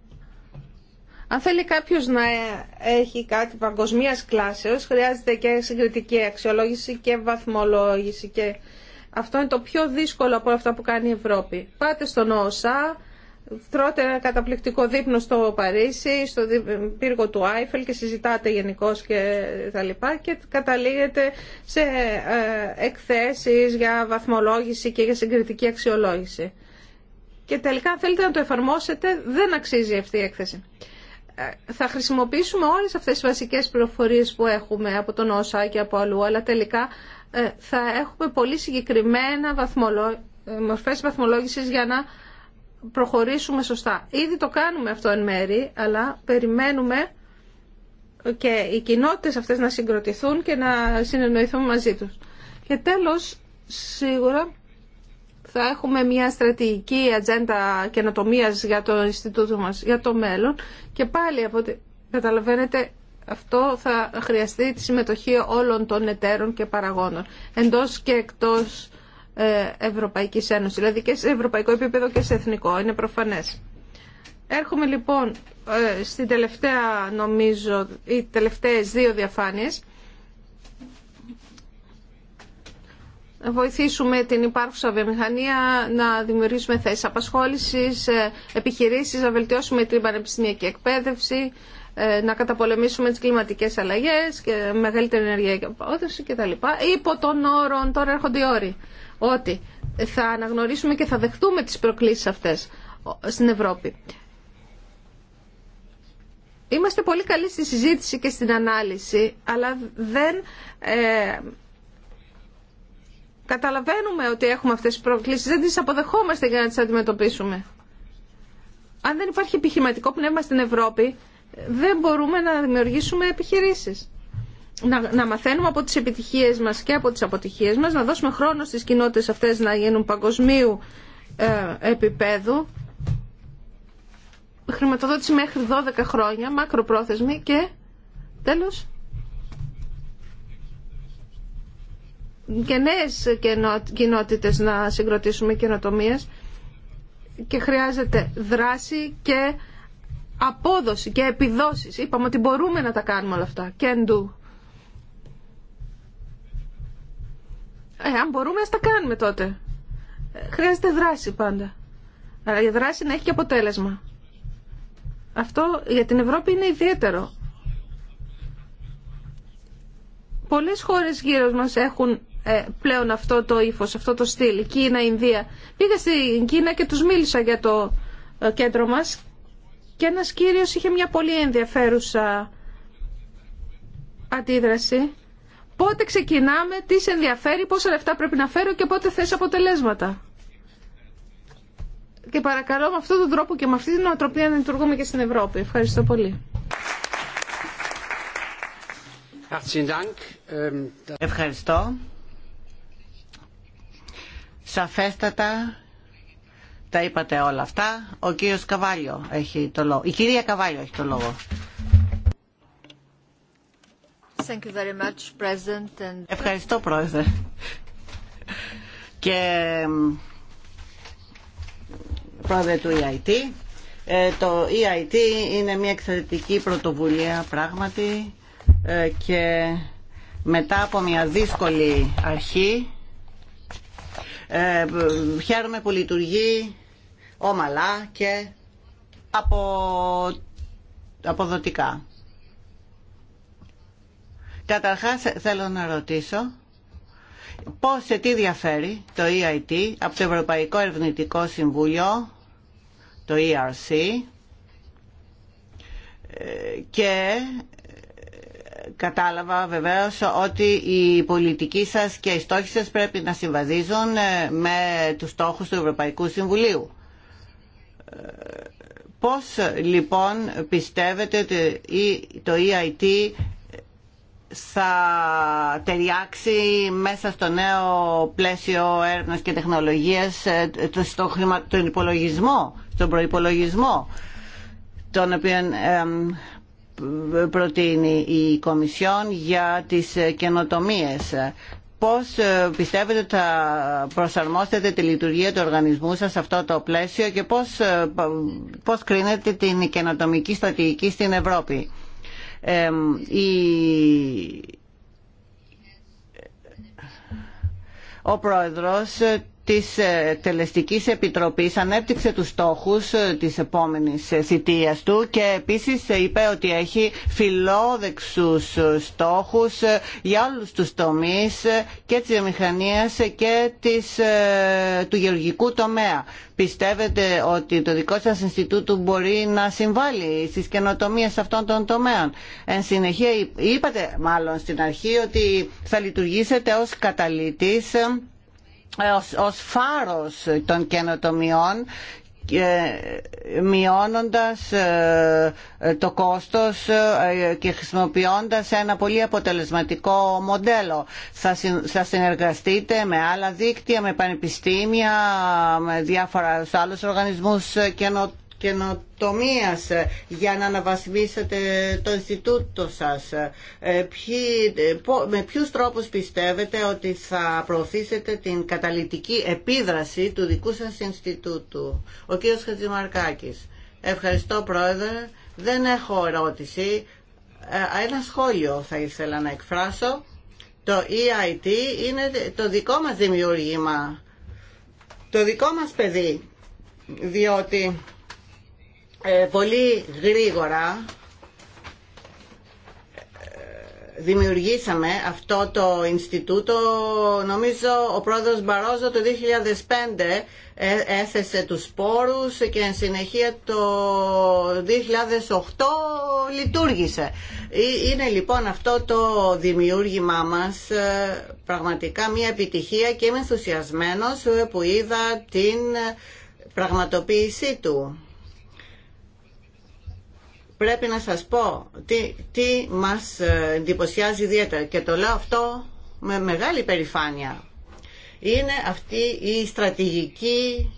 B: Αν θέλει κάποιο να ε, έχει κάτι παγκοσμίας κλάσεως χρειάζεται και συγκριτική αξιολόγηση και βαθμολόγηση. Και αυτό είναι το πιο δύσκολο από όλα αυτά που κάνει η Ευρώπη. Πάτε στον ΩΣΑ, τρώτε ένα καταπληκτικό δείπνο στο Παρίσι, στο πύργο του Άιφελ και συζητάτε γενικώ και τα λοιπά και καταλήγετε σε ε, εκθέσεις για βαθμολόγηση και για συγκριτική αξιολόγηση. Και τελικά αν θέλετε να το εφαρμόσετε δεν αξίζει αυτή η έκθεση. Ε, θα χρησιμοποιήσουμε όλες αυτές τις βασικές πληροφορίες που έχουμε από τον ΩΣΑ και από αλλού, αλλά τελικά ε, θα έχουμε πολύ συγκεκριμένα βαθμολο... μορφές για να προχωρήσουμε σωστά. Ήδη το κάνουμε αυτό εν μέρη, αλλά περιμένουμε και οι κοινότητες αυτές να συγκροτηθούν και να συνεννοηθούμε μαζί τους. Και τέλος, σίγουρα θα έχουμε μια στρατηγική ατζέντα καινοτομία για το Ινστιτούτο μας, για το μέλλον και πάλι από ό,τι καταλαβαίνετε αυτό θα χρειαστεί τη συμμετοχή όλων των εταίρων και παραγόνων εντός και εκτός ε, Ευρωπαϊκής Ένωσης, δηλαδή και σε ευρωπαϊκό επίπεδο και σε εθνικό, είναι προφανές. Έρχομαι λοιπόν ε, στην τελευταία νομίζω, οι τελευταίες δύο διαφάνειες. βοηθήσουμε την υπάρχουσα βιομηχανία να δημιουργήσουμε θέσεις απασχόλησης, ε, επιχειρήσεις, να βελτιώσουμε την πανεπιστημιακή εκπαίδευση, να καταπολεμήσουμε τις κλιματικές αλλαγές και μεγαλύτερη ενεργειακή απόδοση κτλ. Υπό των όρων τώρα έρχονται οι όροι ότι θα αναγνωρίσουμε και θα δεχτούμε τις προκλήσεις αυτές στην Ευρώπη. Είμαστε πολύ καλοί στη συζήτηση και στην ανάλυση, αλλά δεν ε, καταλαβαίνουμε ότι έχουμε αυτές τις προκλήσεις, δεν τις αποδεχόμαστε για να τις αντιμετωπίσουμε. Αν δεν υπάρχει επιχειρηματικό πνεύμα στην Ευρώπη, δεν μπορούμε να δημιουργήσουμε επιχειρήσεις να, να μαθαίνουμε από τις επιτυχίες μας και από τις αποτυχίες μας, να δώσουμε χρόνο στις κοινότητες αυτές να γίνουν παγκοσμίου ε, επίπεδου, χρηματοδότηση μέχρι 12 χρόνια, μακροπρόθεσμη και τέλος και νέες κοινότητες να συγκροτήσουμε καινοτομίε και χρειάζεται δράση και απόδοση και επιδόσεις. Είπαμε ότι μπορούμε να τα κάνουμε όλα αυτά. Can do. Ε, αν μπορούμε, ας τα κάνουμε τότε. Ε, χρειάζεται δράση πάντα. Αλλά η δράση να έχει και αποτέλεσμα. Αυτό για την Ευρώπη είναι ιδιαίτερο. Πολλές χώρες γύρω μας έχουν ε, πλέον αυτό το ύφος, αυτό το στυλ. Η Κίνα, η Ινδία. Πήγα στην Κίνα και τους μίλησα για το ε, κέντρο μας και ένας κύριος είχε μια πολύ ενδιαφέρουσα αντίδραση πότε ξεκινάμε, τι σε ενδιαφέρει, πόσα λεφτά πρέπει να φέρω και πότε θες αποτελέσματα. Και παρακαλώ με αυτόν τον τρόπο και με αυτή την οτροπία να λειτουργούμε και στην Ευρώπη. Ευχαριστώ
C: πολύ.
D: Ähm,
A: Ευχαριστώ. Σαφέστατα τα είπατε όλα αυτά. Ο κύριος Καβάλιο έχει το λόγο. Η κυρία Καβάλιο έχει το λόγο. Ευχαριστώ Πρόεδρε. Και Πρόεδρε του EIT. Ε, το EIT είναι μια εξαιρετική πρωτοβουλία πράγματι ε, και μετά από μια δύσκολη αρχή ε, χαίρομαι που λειτουργεί ομαλά και απο, αποδοτικά. Καταρχάς θέλω να ρωτήσω πώς σε τι διαφέρει το EIT από το Ευρωπαϊκό Ερευνητικό Συμβούλιο, το ERC και κατάλαβα βεβαίως ότι η πολιτική σας και οι στόχοι σας πρέπει να συμβαδίζουν ε, με τους στόχους του Ευρωπαϊκού Συμβουλίου. Ε, πώς λοιπόν πιστεύετε ότι το EIT θα ταιριάξει μέσα στο νέο πλαίσιο έρευνας και τεχνολογίας ε, στο χρημα... υπολογισμό, στον προϋπολογισμό τον οποίο προτείνει η Κομισιόν για τις ε, καινοτομίες. Πώς ε, πιστεύετε ότι θα προσαρμόσετε τη λειτουργία του οργανισμού σας σε αυτό το πλαίσιο και πώς, πώς κρίνετε την καινοτομική στρατηγική στην Ευρώπη ο πρόεδρος της ε, Τελεστικής Επιτροπής ανέπτυξε τους στόχους ε, της επόμενης ε, θητείας του και επίσης είπε ότι έχει φιλόδεξους στόχους για όλους τους τομείς και της βιομηχανίας και της, του γεωργικού τομέα. Πιστεύετε ότι το δικό σας Ινστιτούτο μπορεί να συμβάλλει στις καινοτομίες αυτών των τομέων. Εν συνεχεία είπατε μάλλον στην αρχή ότι θα λειτουργήσετε ως καταλήτης ε, ως, φάρος των καινοτομιών ε, μειώνοντας ε, το κόστος και χρησιμοποιώντας ένα πολύ αποτελεσματικό μοντέλο. Θα συνεργαστείτε με άλλα δίκτυα, με πανεπιστήμια, με διάφορα άλλους οργανισμούς καινοτομία ε, για να αναβαθμίσετε το Ινστιτούτο σας. Ε, ε, με ποιου τρόπου πιστεύετε ότι θα προωθήσετε την καταλητική επίδραση του δικού σας Ινστιτούτου. Ο κ. Χατζημαρκάκης. Ευχαριστώ πρόεδρε. Δεν έχω ερώτηση. Ένα σχόλιο θα ήθελα να εκφράσω. Το EIT είναι το δικό μας δημιούργημα, το δικό μας παιδί, διότι ε, πολύ γρήγορα ε, δημιουργήσαμε αυτό το Ινστιτούτο. Νομίζω ο πρόεδρος Μπαρόζο το 2005 ε, έθεσε τους πόρους και εν συνεχεία το 2008 λειτουργήσε. Είναι λοιπόν αυτό το δημιούργημά μας πραγματικά μια επιτυχία και είμαι ενθουσιασμένος που είδα την πραγματοποίησή του πρέπει να σας πω τι, τι μας ε, εντυπωσιάζει ιδιαίτερα και το λέω αυτό με μεγάλη περηφάνεια. Είναι αυτή η στρατηγική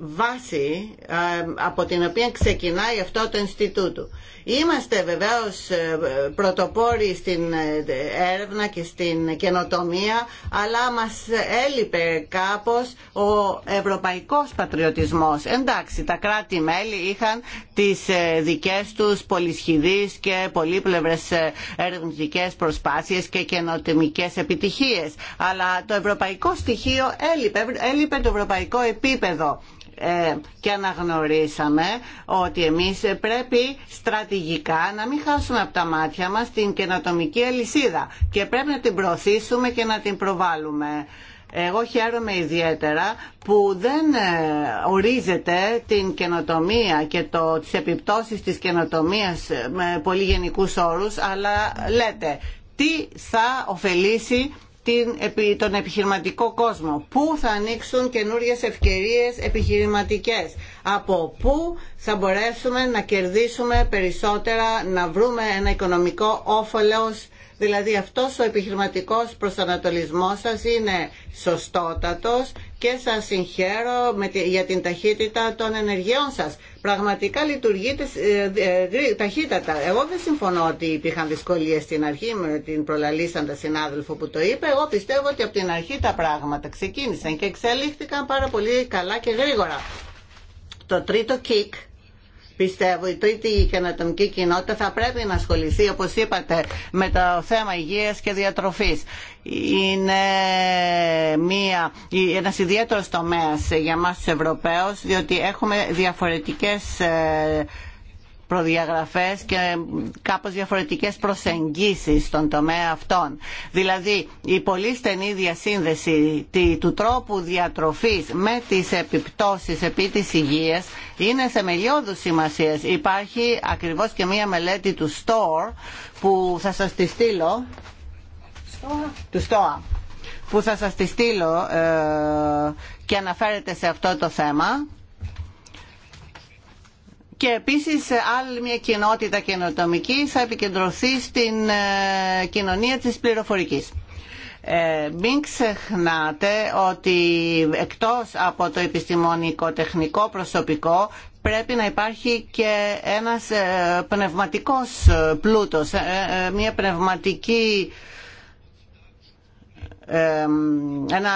A: βάση ε, από την οποία ξεκινάει αυτό το Ινστιτούτο. Είμαστε βεβαίως ε, πρωτοπόροι στην ε, έρευνα και στην καινοτομία, αλλά μας έλειπε κάπως ο ευρωπαϊκός πατριωτισμός. Εντάξει, τα κράτη-μέλη είχαν τις δικές τους πολυσχηδείς και πολύπλευρες ερευνητικές προσπάθειες και καινοτομικές επιτυχίες. Αλλά το ευρωπαϊκό στοιχείο έλειπε, έλειπε το ευρωπαϊκό επίπεδο ε, και αναγνωρίσαμε ότι εμείς πρέπει στρατηγικά να μην χάσουμε από τα μάτια μας την καινοτομική αλυσίδα και πρέπει να την προωθήσουμε και να την προβάλλουμε. Εγώ χαίρομαι ιδιαίτερα που δεν ε, ορίζεται την καινοτομία και το, τις επιπτώσεις της καινοτομίας ε, με πολύ γενικούς όρους, αλλά λέτε τι θα ωφελήσει τον επιχειρηματικό κόσμο. Πού θα ανοίξουν καινούριες ευκαιρίες επιχειρηματικές. Από πού θα μπορέσουμε να κερδίσουμε περισσότερα, να βρούμε ένα οικονομικό όφελος. Δηλαδή αυτός ο επιχειρηματικός προσανατολισμός σας είναι σωστότατος και σας συγχαίρω για την ταχύτητα των ενεργειών σας πραγματικά λειτουργείται ε, ε, ταχύτατα. Εγώ δεν συμφωνώ ότι υπήρχαν δυσκολίε στην αρχή με την προλαλήσαντα συνάδελφο που το είπε. Εγώ πιστεύω ότι από την αρχή τα πράγματα ξεκίνησαν και εξελίχθηκαν πάρα πολύ καλά και γρήγορα. Το τρίτο κικ Πιστεύω η τρίτη καινοτομική κοινότητα θα πρέπει να ασχοληθεί, όπως είπατε, με το θέμα υγείας και διατροφής. Είναι μία, ένας ιδιαίτερος τομέας για μας τους Ευρωπαίους, διότι έχουμε διαφορετικές ε, προδιαγραφές και κάπως διαφορετικές προσεγγίσεις στον τομέα αυτών. Δηλαδή η πολύ στενή διασύνδεση του τρόπου διατροφής με τις επιπτώσεις επί της υγείας είναι θεμελιώδους σημασίας. Υπάρχει ακριβώς και μία μελέτη του STORE που θα σας τη στείλω. Στοα. Του που θα σας τη στείλω ε, και αναφέρεται σε αυτό το θέμα και επίσης άλλη μια κοινότητα καινοτομική θα επικεντρωθεί στην ε, κοινωνία της πληροφορικής. Ε, μην ξεχνάτε ότι εκτός από το επιστημονικό-τεχνικό προσωπικό πρέπει να υπάρχει και ένας ε, πνευματικός πλούτος, μια πνευματική ένα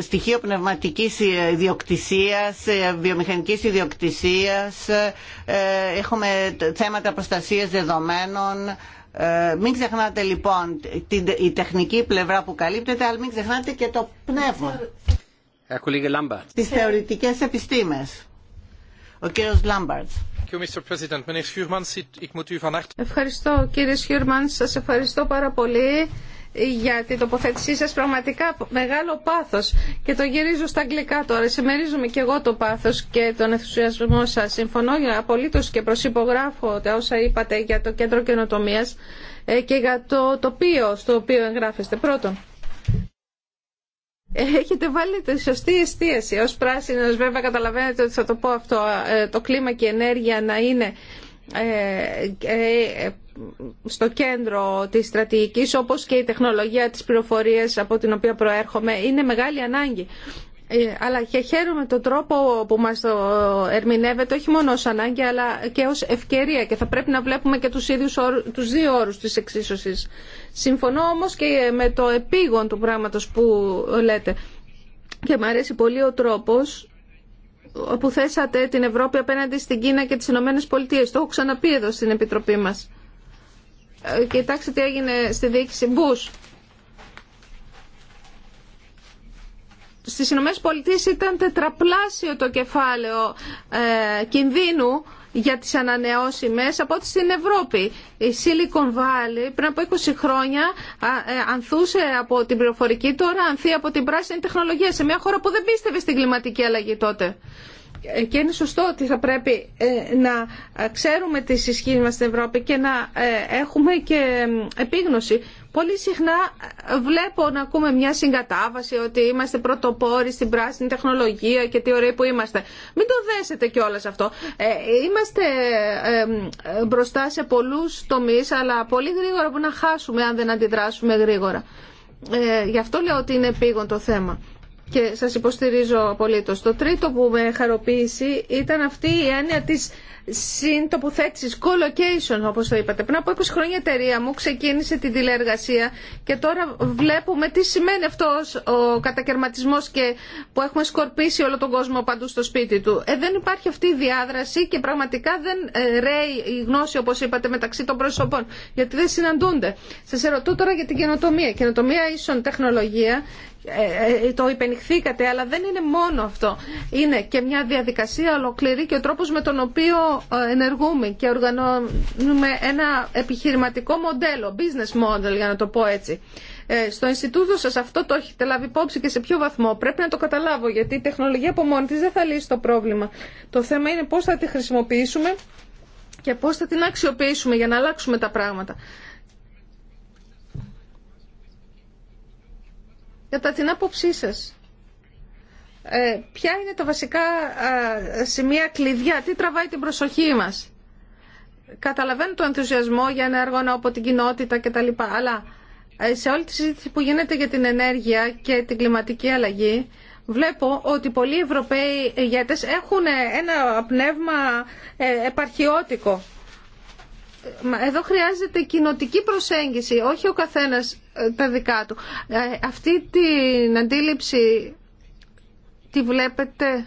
A: στοιχείο πνευματικής ιδιοκτησίας, βιομηχανικής ιδιοκτησίας, ε, έχουμε θέματα προστασίας δεδομένων. Ε, μην ξεχνάτε λοιπόν η τεχνική πλευρά που καλύπτεται, αλλά μην ξεχνάτε και το πνεύμα. Τις θεωρητικές επιστήμες. Ο κύριος Λάμπαρτς.
B: Ευχαριστώ κύριε Σιούρμαν σας ευχαριστώ πάρα πολύ για την τοποθέτησή σας πραγματικά μεγάλο πάθος και το γυρίζω στα αγγλικά τώρα. Συμμερίζομαι και εγώ το πάθος και τον ενθουσιασμό σας. Συμφωνώ απολύτως και προσυπογράφω τα όσα είπατε για το κέντρο καινοτομίας ε, και για το τοπίο στο οποίο εγγράφεστε. Πρώτον, Έχετε βάλει τη σωστή εστίαση. Ως πράσινος βέβαια καταλαβαίνετε ότι θα το πω αυτό, ε, το κλίμα και η ενέργεια να είναι ε, στο κέντρο της στρατηγικής όπως και η τεχνολογία της πληροφορίας από την οποία προέρχομαι είναι μεγάλη ανάγκη. Ε, αλλά και χαίρομαι τον τρόπο που μας το ερμηνεύεται όχι μόνο ως ανάγκη αλλά και ως ευκαιρία και θα πρέπει να βλέπουμε και τους, ίδιους τους δύο όρους της εξίσωσης. Συμφωνώ όμως και με το επίγον του πράγματος που λέτε και μου αρέσει πολύ ο τρόπος που θέσατε την Ευρώπη απέναντι στην Κίνα και τις Ηνωμένες Πολιτείες. Το έχω ξαναπεί εδώ στην Επιτροπή μας. Ε, κοιτάξτε τι έγινε στη διοίκηση Μπούς. Στις Ηνωμένες Πολιτείες ήταν τετραπλάσιο το κεφάλαιο ε, κινδύνου για τις ανανεώσιμες από ό,τι στην Ευρώπη. Η Silicon Valley πριν από 20 χρόνια ε, ανθούσε από την πληροφορική, τώρα ανθεί από την πράσινη τεχνολογία σε μια χώρα που δεν πίστευε στην κλιματική αλλαγή τότε. Και είναι σωστό ότι θα πρέπει ε, να ξέρουμε τις ισχύει μας στην Ευρώπη και να ε, έχουμε και επίγνωση. Πολύ συχνά ε, βλέπω να ακούμε μια συγκατάβαση ότι είμαστε πρωτοπόροι στην πράσινη τεχνολογία και τι ωραίοι που είμαστε. Μην το δέσετε κιόλα αυτό. Είμαστε μπροστά σε πολλούς τομείς, αλλά πολύ γρήγορα που να χάσουμε αν δεν αντιδράσουμε γρήγορα. Γι' αυτό λέω ότι είναι επίγον το θέμα και σας υποστηρίζω απολύτως. Το τρίτο που με χαροποίησε ήταν αυτή η έννοια της συντοποθέτησης, co-location όπως το είπατε. Πριν από 20 χρόνια η εταιρεία μου ξεκίνησε την τηλεεργασία και τώρα βλέπουμε τι σημαίνει αυτός ο κατακαιρματισμός και που έχουμε σκορπίσει όλο τον κόσμο παντού στο σπίτι του. Ε, δεν υπάρχει αυτή η διάδραση και πραγματικά δεν ε, ρέει η γνώση όπως είπατε μεταξύ των προσωπών γιατί δεν συναντούνται. Σας ερωτώ τώρα για την καινοτομία. Καινοτομία ίσον τεχνολογία ε, ε, ε, το υπενηχθήκατε, αλλά δεν είναι μόνο αυτό. Είναι και μια διαδικασία ολοκληρή και ο τρόπος με τον οποίο ενεργούμε και οργανώνουμε ένα επιχειρηματικό μοντέλο, business model για να το πω έτσι. Στο Ινστιτούτο σας αυτό το έχετε λάβει υπόψη και σε ποιο βαθμό. Πρέπει να το καταλάβω γιατί η τεχνολογία από μόνη της δεν θα λύσει το πρόβλημα. Το θέμα είναι πώς θα τη χρησιμοποιήσουμε και πώς θα την αξιοποιήσουμε για να αλλάξουμε τα πράγματα. κατά την άποψή σας, ε, ποια είναι τα βασικά σημεία κλειδιά, τι τραβάει την προσοχή μας. Καταλαβαίνω το ενθουσιασμό για ένα έργο από την κοινότητα κτλ. Αλλά ε, σε όλη τη συζήτηση που γίνεται για την ενέργεια και την κλιματική αλλαγή, βλέπω ότι πολλοί Ευρωπαίοι ηγέτες έχουν ένα πνεύμα ε, επαρχιώτικο εδώ χρειάζεται κοινοτική προσέγγιση, όχι ο καθένας ε, τα δικά του. Ε, αυτή την αντίληψη τη βλέπετε.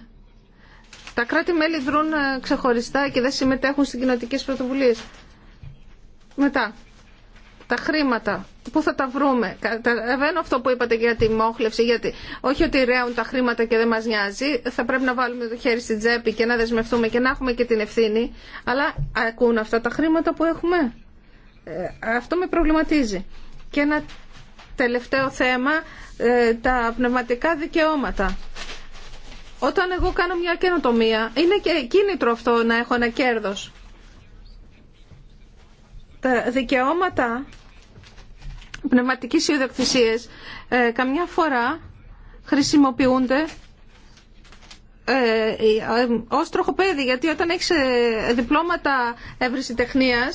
B: Τα κράτη-μέλη δρούν ε, ξεχωριστά και δεν συμμετέχουν στις κοινοτικές πρωτοβουλίες. Μετά, τα χρήματα. Πού θα τα βρούμε. Καταλαβαίνω αυτό που είπατε για τη μόχλευση, γιατί όχι ότι ρέουν τα χρήματα και δεν μας νοιάζει. Θα πρέπει να βάλουμε το χέρι στην τσέπη και να δεσμευτούμε και να έχουμε και την ευθύνη. Αλλά ακούν αυτά τα χρήματα που έχουμε. αυτό με προβληματίζει. Και ένα τελευταίο θέμα, τα πνευματικά δικαιώματα. Όταν εγώ κάνω μια καινοτομία, είναι και κίνητρο αυτό να έχω ένα κέρδος. Τα δικαιώματα πνευματικής ιδιοκτησίας ε, καμιά φορά χρησιμοποιούνται ε, ε, ως τροχοπέδι, γιατί όταν έχεις διπλώματα τεχνία,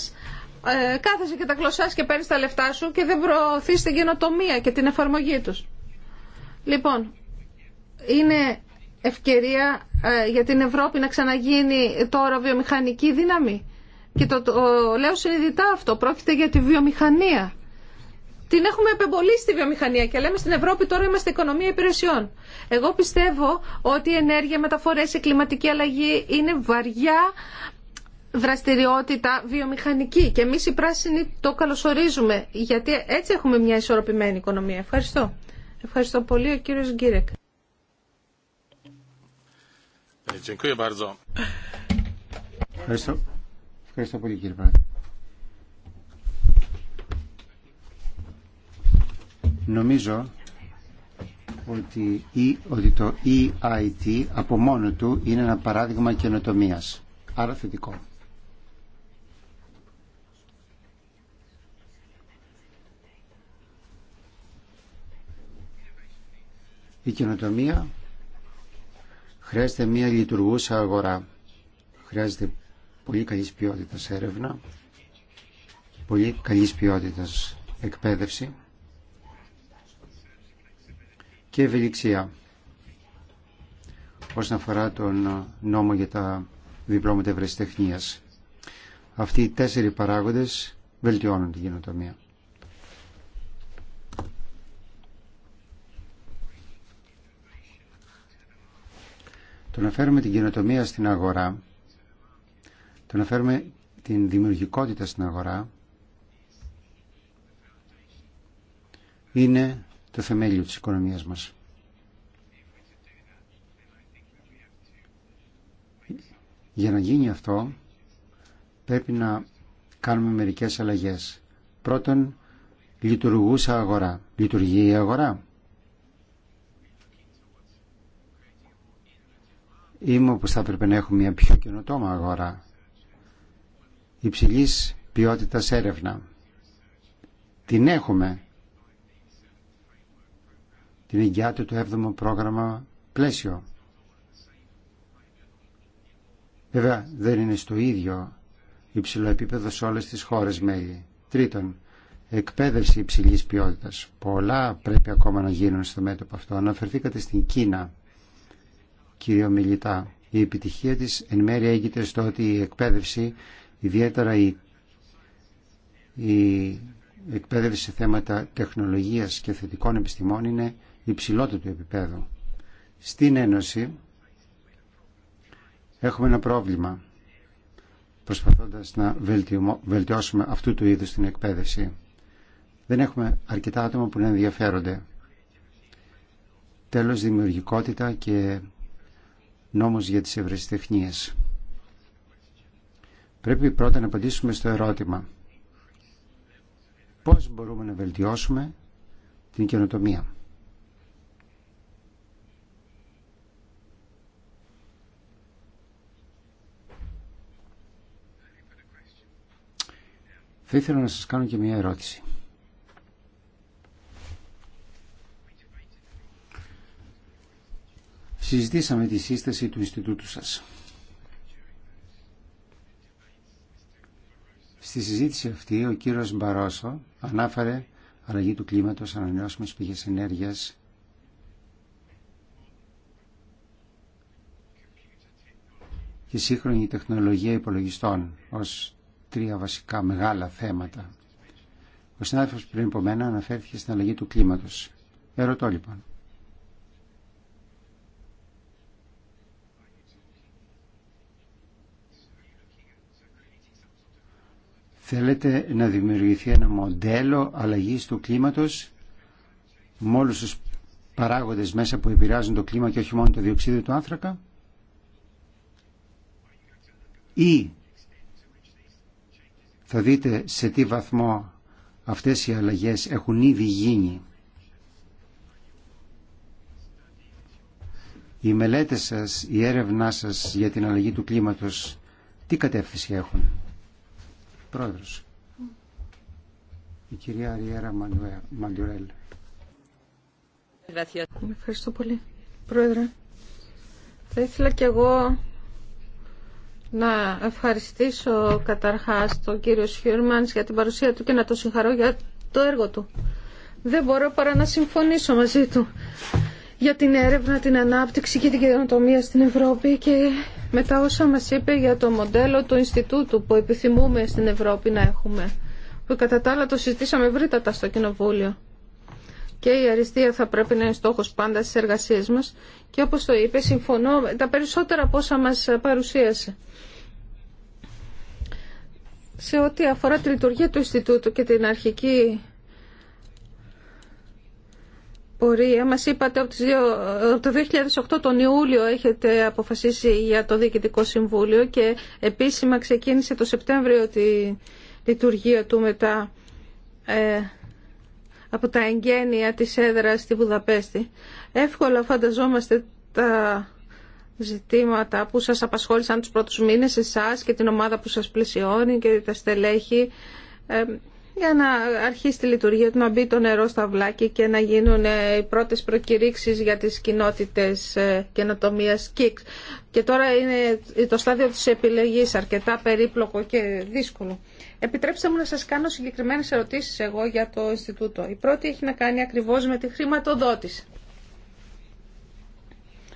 B: κάθεσαι και τα γλωσσάς και παίρνεις τα λεφτά σου και δεν προωθείς την καινοτομία και την εφαρμογή τους. Λοιπόν, είναι ευκαιρία για την Ευρώπη να ξαναγίνει τώρα βιομηχανική δύναμη και το, λέω συνειδητά αυτό, πρόκειται για τη βιομηχανία. Την έχουμε επεμπολίσει τη βιομηχανία και λέμε στην Ευρώπη τώρα είμαστε οικονομία υπηρεσιών. Εγώ πιστεύω ότι η ενέργεια, μεταφορές, η κλιματική αλλαγή είναι βαριά δραστηριότητα βιομηχανική και εμεί οι πράσινοι το καλωσορίζουμε γιατί έτσι έχουμε μια ισορροπημένη οικονομία. Ευχαριστώ. Ευχαριστώ πολύ ο κύριος Γκίρεκ.
D: Ε, Ευχαριστώ. Ευχαριστώ πολύ κύριε Πρόεδρε. Νομίζω ότι, ότι το EIT από μόνο του είναι ένα παράδειγμα καινοτομίας. Άρα θετικό. Η καινοτομία χρειάζεται μια λειτουργούσα αγορά. Χρειάζεται πολύ καλή ποιότητα έρευνα, πολύ καλή ποιότητα. εκπαίδευση και ευελιξία όσον αφορά τον νόμο για τα διπλώματα ευρεσιτεχνία. Αυτοί οι τέσσερι παράγοντε βελτιώνουν την κοινοτομία. Το να φέρουμε την κοινοτομία στην αγορά το να φέρουμε την δημιουργικότητα στην αγορά είναι το θεμέλιο της οικονομίας μας. Για να γίνει αυτό πρέπει να κάνουμε μερικές αλλαγές. Πρώτον, λειτουργούσα αγορά. Λειτουργεί η αγορά. Είμαι όπως θα έπρεπε να έχουμε μια πιο καινοτόμα αγορά υψηλής ποιότητας έρευνα. Την έχουμε. Την εγγυάται το 7ο πρόγραμμα πλαίσιο. Βέβαια δεν είναι στο ίδιο υψηλό επίπεδο σε όλες τις χώρες μέλη. Τρίτον, εκπαίδευση υψηλής ποιότητας. Πολλά πρέπει ακόμα να γίνουν στο μέτωπο αυτό. Αναφερθήκατε στην Κίνα, κύριο Μιλιτά. Η επιτυχία της εν μέρει έγινε στο ότι η εκπαίδευση Ιδιαίτερα η, η εκπαίδευση σε θέματα τεχνολογίας και θετικών επιστημών είναι υψηλότερο του επίπεδου. Στην Ένωση έχουμε ένα πρόβλημα προσπαθώντας να βελτιώσουμε αυτού του είδους την εκπαίδευση. Δεν έχουμε αρκετά άτομα που να ενδιαφέρονται. Τέλος, δημιουργικότητα και νόμος για τις ευρεσιτεχνίες. Πρέπει πρώτα να απαντήσουμε στο ερώτημα πώς μπορούμε να βελτιώσουμε την καινοτομία. Θα ήθελα να σας κάνω και μια ερώτηση. Συζητήσαμε τη σύσταση του Ινστιτούτου σας. Στη συζήτηση αυτή ο κύριος Μπαρόσο ανάφερε αλλαγή του κλίματος, ανανεώσιμες πηγές ενέργειας, και σύγχρονη τεχνολογία υπολογιστών ως τρία βασικά μεγάλα θέματα. Ο συνάδελφος πριν από μένα αναφέρθηκε στην αλλαγή του κλίματος. Ερωτώ λοιπόν, Θέλετε να δημιουργηθεί ένα μοντέλο αλλαγής του κλίματος με όλους τους παράγοντες μέσα που επηρεάζουν το κλίμα και όχι μόνο το διοξείδιο του άνθρακα ή θα δείτε σε τι βαθμό αυτές οι αλλαγές έχουν ήδη γίνει. Οι μελέτες σας, η έρευνά σας για την αλλαγή του κλίματος, τι κατεύθυνση έχουν. Πρόεδρος. Η κυρία Ριέρα Μαντουρέλ.
B: Ευχαριστώ πολύ. Πρόεδρε, θα ήθελα κι εγώ να ευχαριστήσω καταρχάς τον κύριο Σιούρμανς για την παρουσία του και να το συγχαρώ για το έργο του. Δεν μπορώ παρά να συμφωνήσω μαζί του για την έρευνα, την ανάπτυξη και την καινοτομία στην Ευρώπη και μετά όσα μας είπε για το μοντέλο του Ινστιτούτου που επιθυμούμε στην Ευρώπη να έχουμε που κατά τα άλλα το συζητήσαμε ευρύτατα στο Κοινοβούλιο και η αριστεία θα πρέπει να είναι στόχος πάντα στις εργασίες μας και όπως το είπε συμφωνώ με τα περισσότερα από όσα μας παρουσίασε. Σε ό,τι αφορά τη λειτουργία του Ινστιτούτου και την αρχική πορεία. Μας είπατε από το 2008 τον Ιούλιο έχετε αποφασίσει για το Διοικητικό Συμβούλιο και επίσημα ξεκίνησε το Σεπτέμβριο τη λειτουργία του μετά ε, από τα εγγένεια της έδρας στη Βουδαπέστη. Εύκολα φανταζόμαστε τα ζητήματα που σας απασχόλησαν τους πρώτους μήνες εσάς και την ομάδα που σας πλησιώνει και τα στελέχη. Ε, για να αρχίσει τη λειτουργία του, να μπει το νερό στα βλάκια και να γίνουν ε, οι πρώτες προκηρύξεις για τις κοινότητες ε, καινοτομία ΚΙΚ. Και τώρα είναι το στάδιο της επιλογής αρκετά περίπλοκο και δύσκολο. Επιτρέψτε μου να σας κάνω συγκεκριμένες ερωτήσεις εγώ για το Ινστιτούτο. Η πρώτη έχει να κάνει ακριβώς με τη χρηματοδότηση.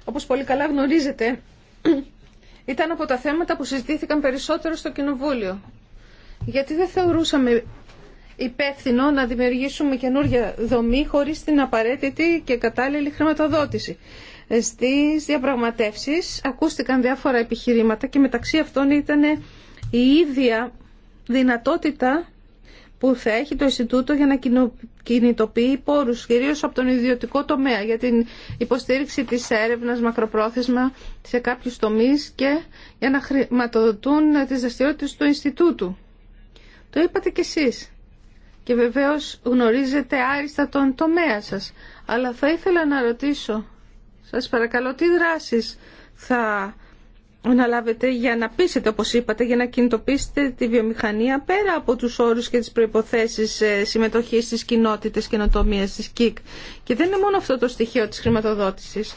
B: Όπως πολύ καλά γνωρίζετε, ήταν από τα θέματα που συζητήθηκαν περισσότερο στο Κοινοβούλιο. Γιατί δεν θεωρούσαμε υπεύθυνο να δημιουργήσουμε καινούργια δομή χωρίς την απαραίτητη και κατάλληλη χρηματοδότηση. Στις διαπραγματεύσεις ακούστηκαν διάφορα επιχειρήματα και μεταξύ αυτών ήταν η ίδια δυνατότητα που θα έχει το Ινστιτούτο για να κινητοποιεί πόρους, κυρίως από τον ιδιωτικό τομέα, για την υποστήριξη της έρευνας μακροπρόθεσμα σε κάποιους τομείς και για να χρηματοδοτούν τις δραστηριότητες του Ινστιτούτου. Το είπατε κι εσείς και βεβαίως γνωρίζετε άριστα τον τομέα σας. Αλλά θα ήθελα να ρωτήσω, σας παρακαλώ, τι δράσεις θα αναλάβετε για να πείσετε, όπως είπατε, για να κινητοποιήσετε τη βιομηχανία πέρα από τους όρους και τις προϋποθέσεις ε, συμμετοχής στις κοινότητες καινοτομίας της ΚΙΚ. Και δεν είναι μόνο αυτό το στοιχείο της χρηματοδότησης.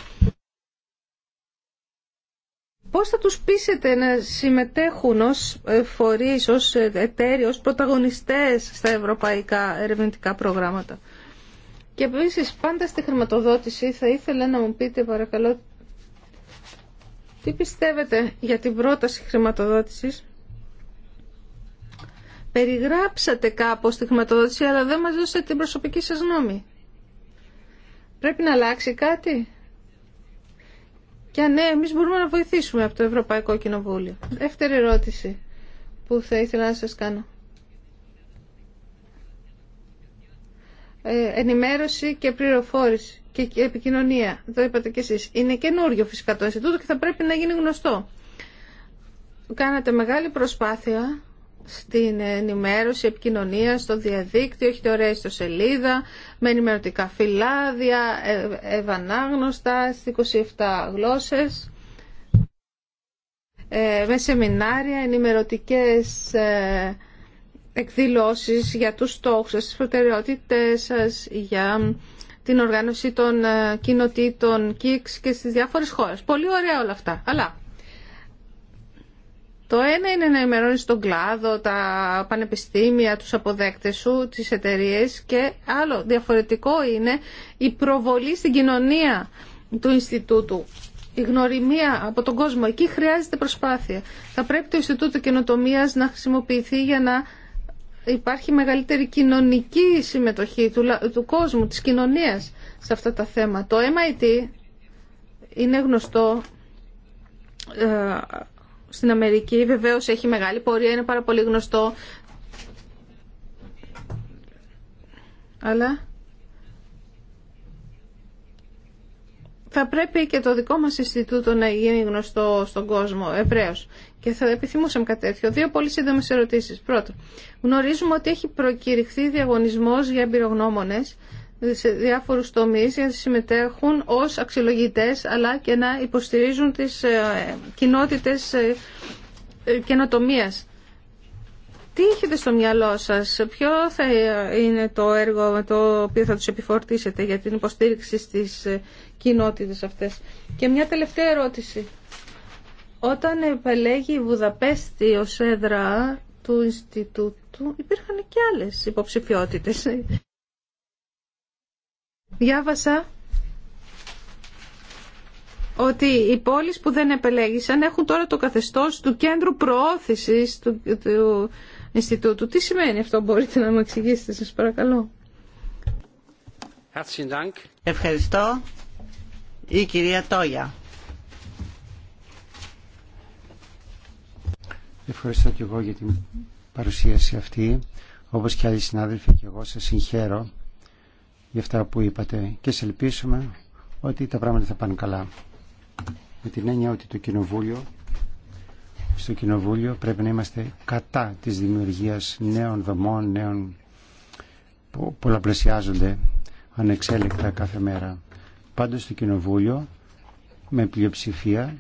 B: Πώς θα τους πείσετε να συμμετέχουν ως ε, φορείς, ως ε, εταίροι, ως πρωταγωνιστές στα ευρωπαϊκά ερευνητικά προγράμματα. Και επίση πάντα στη χρηματοδότηση θα ήθελα να μου πείτε παρακαλώ τι πιστεύετε για την πρόταση χρηματοδότησης. Περιγράψατε κάπως τη χρηματοδότηση αλλά δεν μας δώσετε την προσωπική σας γνώμη. Πρέπει να αλλάξει κάτι και αν ναι, εμείς μπορούμε να βοηθήσουμε από το Ευρωπαϊκό Κοινοβούλιο. Δεύτερη ερώτηση που θα ήθελα να σας κάνω. Ε, ενημέρωση και πληροφόρηση και επικοινωνία. Το είπατε κι εσείς. Είναι καινούριο φυσικά το Ινστιτούτο και θα πρέπει να γίνει γνωστό. Κάνατε μεγάλη προσπάθεια στην ενημέρωση, επικοινωνία, στο διαδίκτυο, έχετε ωραία ιστοσελίδα, με ενημερωτικά φυλάδια, ε, ευανάγνωστα στις 27 γλώσσες, ε, με σεμινάρια, ενημερωτικές ε, εκδηλώσεις για τους στόχους σας, τις προτεραιότητες σας, για την οργάνωση των κοινοτήτων, ΚΙΚΣ και στις διάφορες χώρες. Πολύ ωραία όλα αυτά. Αλλά το ένα είναι να ενημερώνει τον κλάδο, τα πανεπιστήμια, τους αποδέκτες σου, τις εταιρείε και άλλο διαφορετικό είναι η προβολή στην κοινωνία του Ινστιτούτου. Η γνωριμία από τον κόσμο. Εκεί χρειάζεται προσπάθεια. Θα πρέπει το Ινστιτούτο Καινοτομία να χρησιμοποιηθεί για να υπάρχει μεγαλύτερη κοινωνική συμμετοχή του, κόσμου, της κοινωνίας σε αυτά τα θέματα. Το MIT είναι γνωστό ε, στην Αμερική βεβαίως έχει μεγάλη πορεία, είναι πάρα πολύ γνωστό. Αλλά θα πρέπει και το δικό μας Ινστιτούτο να γίνει γνωστό στον κόσμο ευρέως. Και θα επιθυμούσαμε κάτι τέτοιο. Δύο πολύ σύντομε ερωτήσει. πρώτο γνωρίζουμε ότι έχει προκηρυχθεί διαγωνισμό για εμπειρογνώμονε σε διάφορους τομείς για να συμμετέχουν ως αξιολογητές αλλά και να υποστηρίζουν τις ε, κοινότητες ε, ε, καινοτομίας. Τι έχετε στο μυαλό σας, ποιο θα είναι το έργο με το οποίο θα τους επιφορτήσετε για την υποστήριξη στις κοινότητες αυτές. Και μια τελευταία ερώτηση. Όταν επελέγει η Βουδαπέστη ως έδρα του Ινστιτούτου, υπήρχαν και άλλες υποψηφιότητες διάβασα ότι οι πόλεις που δεν επελέγησαν έχουν τώρα το καθεστώς του κέντρου προώθησης του, του Ινστιτούτου. Τι σημαίνει αυτό, μπορείτε να μου εξηγήσετε, σας παρακαλώ.
D: Ευχαριστώ.
A: Η κυρία Τόγια.
D: Ευχαριστώ και εγώ για την παρουσίαση αυτή. Όπως και άλλοι συνάδελφοι και εγώ σας συγχαίρω για αυτά που είπατε και σε ελπίσουμε ότι τα πράγματα θα πάνε καλά. Με την έννοια ότι το Κοινοβούλιο, στο Κοινοβούλιο πρέπει να είμαστε κατά της δημιουργίας νέων δομών, νέων που πολλαπλασιάζονται ανεξέλεκτα κάθε μέρα. Πάντως το Κοινοβούλιο με πλειοψηφία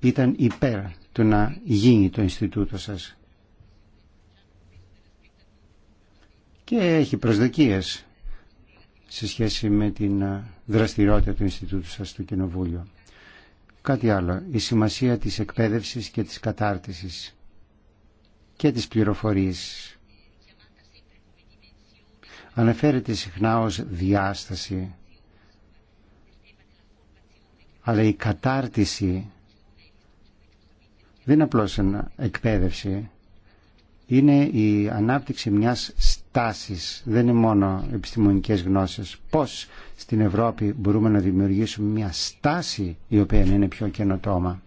D: ήταν υπέρ του να γίνει το Ινστιτούτο σας. Και έχει προσδοκίες σε σχέση με την ε, δραστηριότητα του Ινστιτούτου σας στο Κοινοβούλιο. Κάτι άλλο, η σημασία της εκπαίδευσης και της κατάρτισης και της πληροφορίας. Αναφέρεται συχνά ως διάσταση, αλλά η κατάρτιση δεν είναι απλώς εκπαίδευση, είναι η ανάπτυξη μιας τάσεις, δεν είναι μόνο επιστημονικές γνώσεις. Πώς στην Ευρώπη μπορούμε να δημιουργήσουμε μια στάση η οποία να είναι πιο καινοτόμα.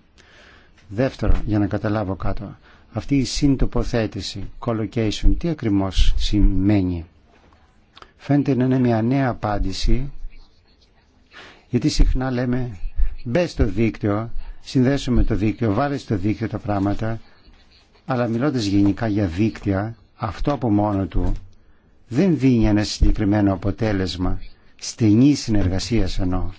D: Δεύτερο, για να καταλάβω κάτω, αυτή η συντοποθέτηση, collocation, τι ακριβώς σημαίνει. Φαίνεται να είναι μια νέα απάντηση, γιατί συχνά λέμε μπε στο δίκτυο, συνδέσουμε το δίκτυο, βάλε στο δίκτυο τα πράγματα, αλλά μιλώντας γενικά για δίκτυα, αυτό από μόνο του δεν δίνει ένα συγκεκριμένο αποτέλεσμα στενή συνεργασία εννοώ.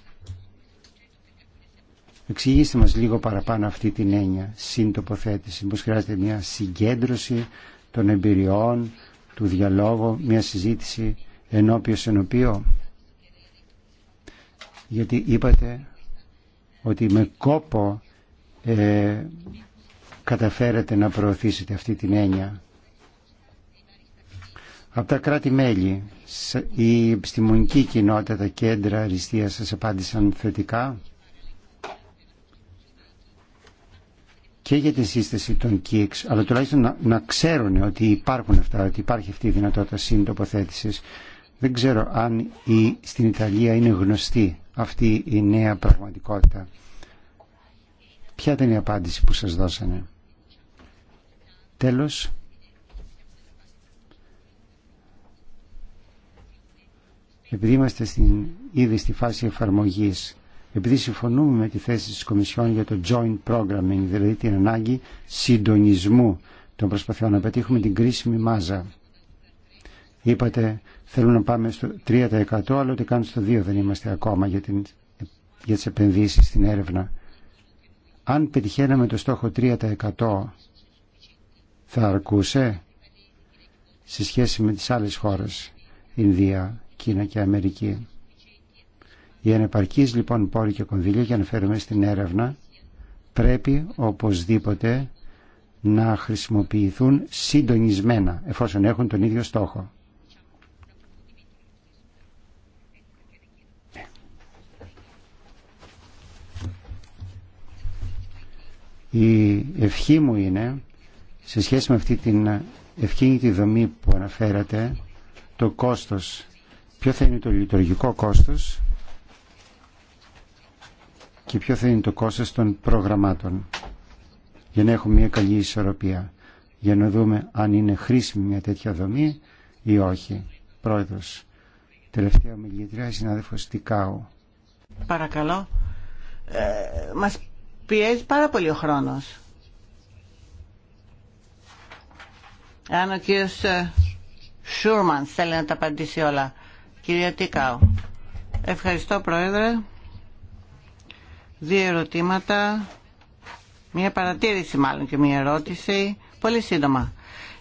D: Εξηγήστε μας λίγο παραπάνω αυτή την έννοια, συντοποθέτηση, πως χρειάζεται μια συγκέντρωση των εμπειριών, του διαλόγου, μια συζήτηση ενώπιο σε Γιατί είπατε ότι με κόπο ε, να προωθήσετε αυτή την έννοια. Από τα κράτη-μέλη, η επιστημονική κοινότητα, τα κέντρα αριστεία σας απάντησαν θετικά και για τη σύσταση των ΚΙΚΣ, αλλά τουλάχιστον να, ξέρουν ότι υπάρχουν αυτά, ότι υπάρχει αυτή η δυνατότητα συντοποθέτηση. Δεν ξέρω αν η, στην Ιταλία είναι γνωστή αυτή η νέα πραγματικότητα. Ποια ήταν η απάντηση που σας δώσανε. Τέλος, επειδή είμαστε στην, ήδη στη φάση εφαρμογής, επειδή συμφωνούμε με τη θέση της Κομισιόν για το joint programming, δηλαδή την ανάγκη συντονισμού των προσπαθειών να πετύχουμε την κρίσιμη μάζα. Είπατε θέλουμε να πάμε στο 3% αλλά ότι καν στο 2% δεν είμαστε ακόμα για, την, για τις επενδύσεις στην έρευνα. Αν πετυχαίναμε το στόχο 3% θα αρκούσε σε σχέση με τις άλλες χώρες Ινδία, Κίνα και Αμερική. Οι ανεπαρκείς λοιπόν πόροι και κονδύλια για να φέρουμε στην έρευνα πρέπει οπωσδήποτε να χρησιμοποιηθούν συντονισμένα εφόσον έχουν τον ίδιο στόχο. Η ευχή μου είναι, σε σχέση με αυτή την ευκίνητη δομή που αναφέρατε, το κόστος ποιο θα είναι το λειτουργικό κόστος και ποιο θα είναι το κόστος των προγραμμάτων για να έχουμε μια καλή ισορροπία για να δούμε αν είναι χρήσιμη μια τέτοια δομή ή όχι. Πρόεδρος, τελευταία ομιλητρία, συνάδελφος Τικάου.
A: Παρακαλώ. Ε, μας πιέζει πάρα πολύ ο χρόνος. Αν ο κύριος ε, Σούρμαν θέλει να τα απαντήσει όλα. Κυρία Τικάου. Ευχαριστώ Πρόεδρε. Δύο ερωτήματα. Μία παρατήρηση μάλλον και μία ερώτηση. Πολύ σύντομα.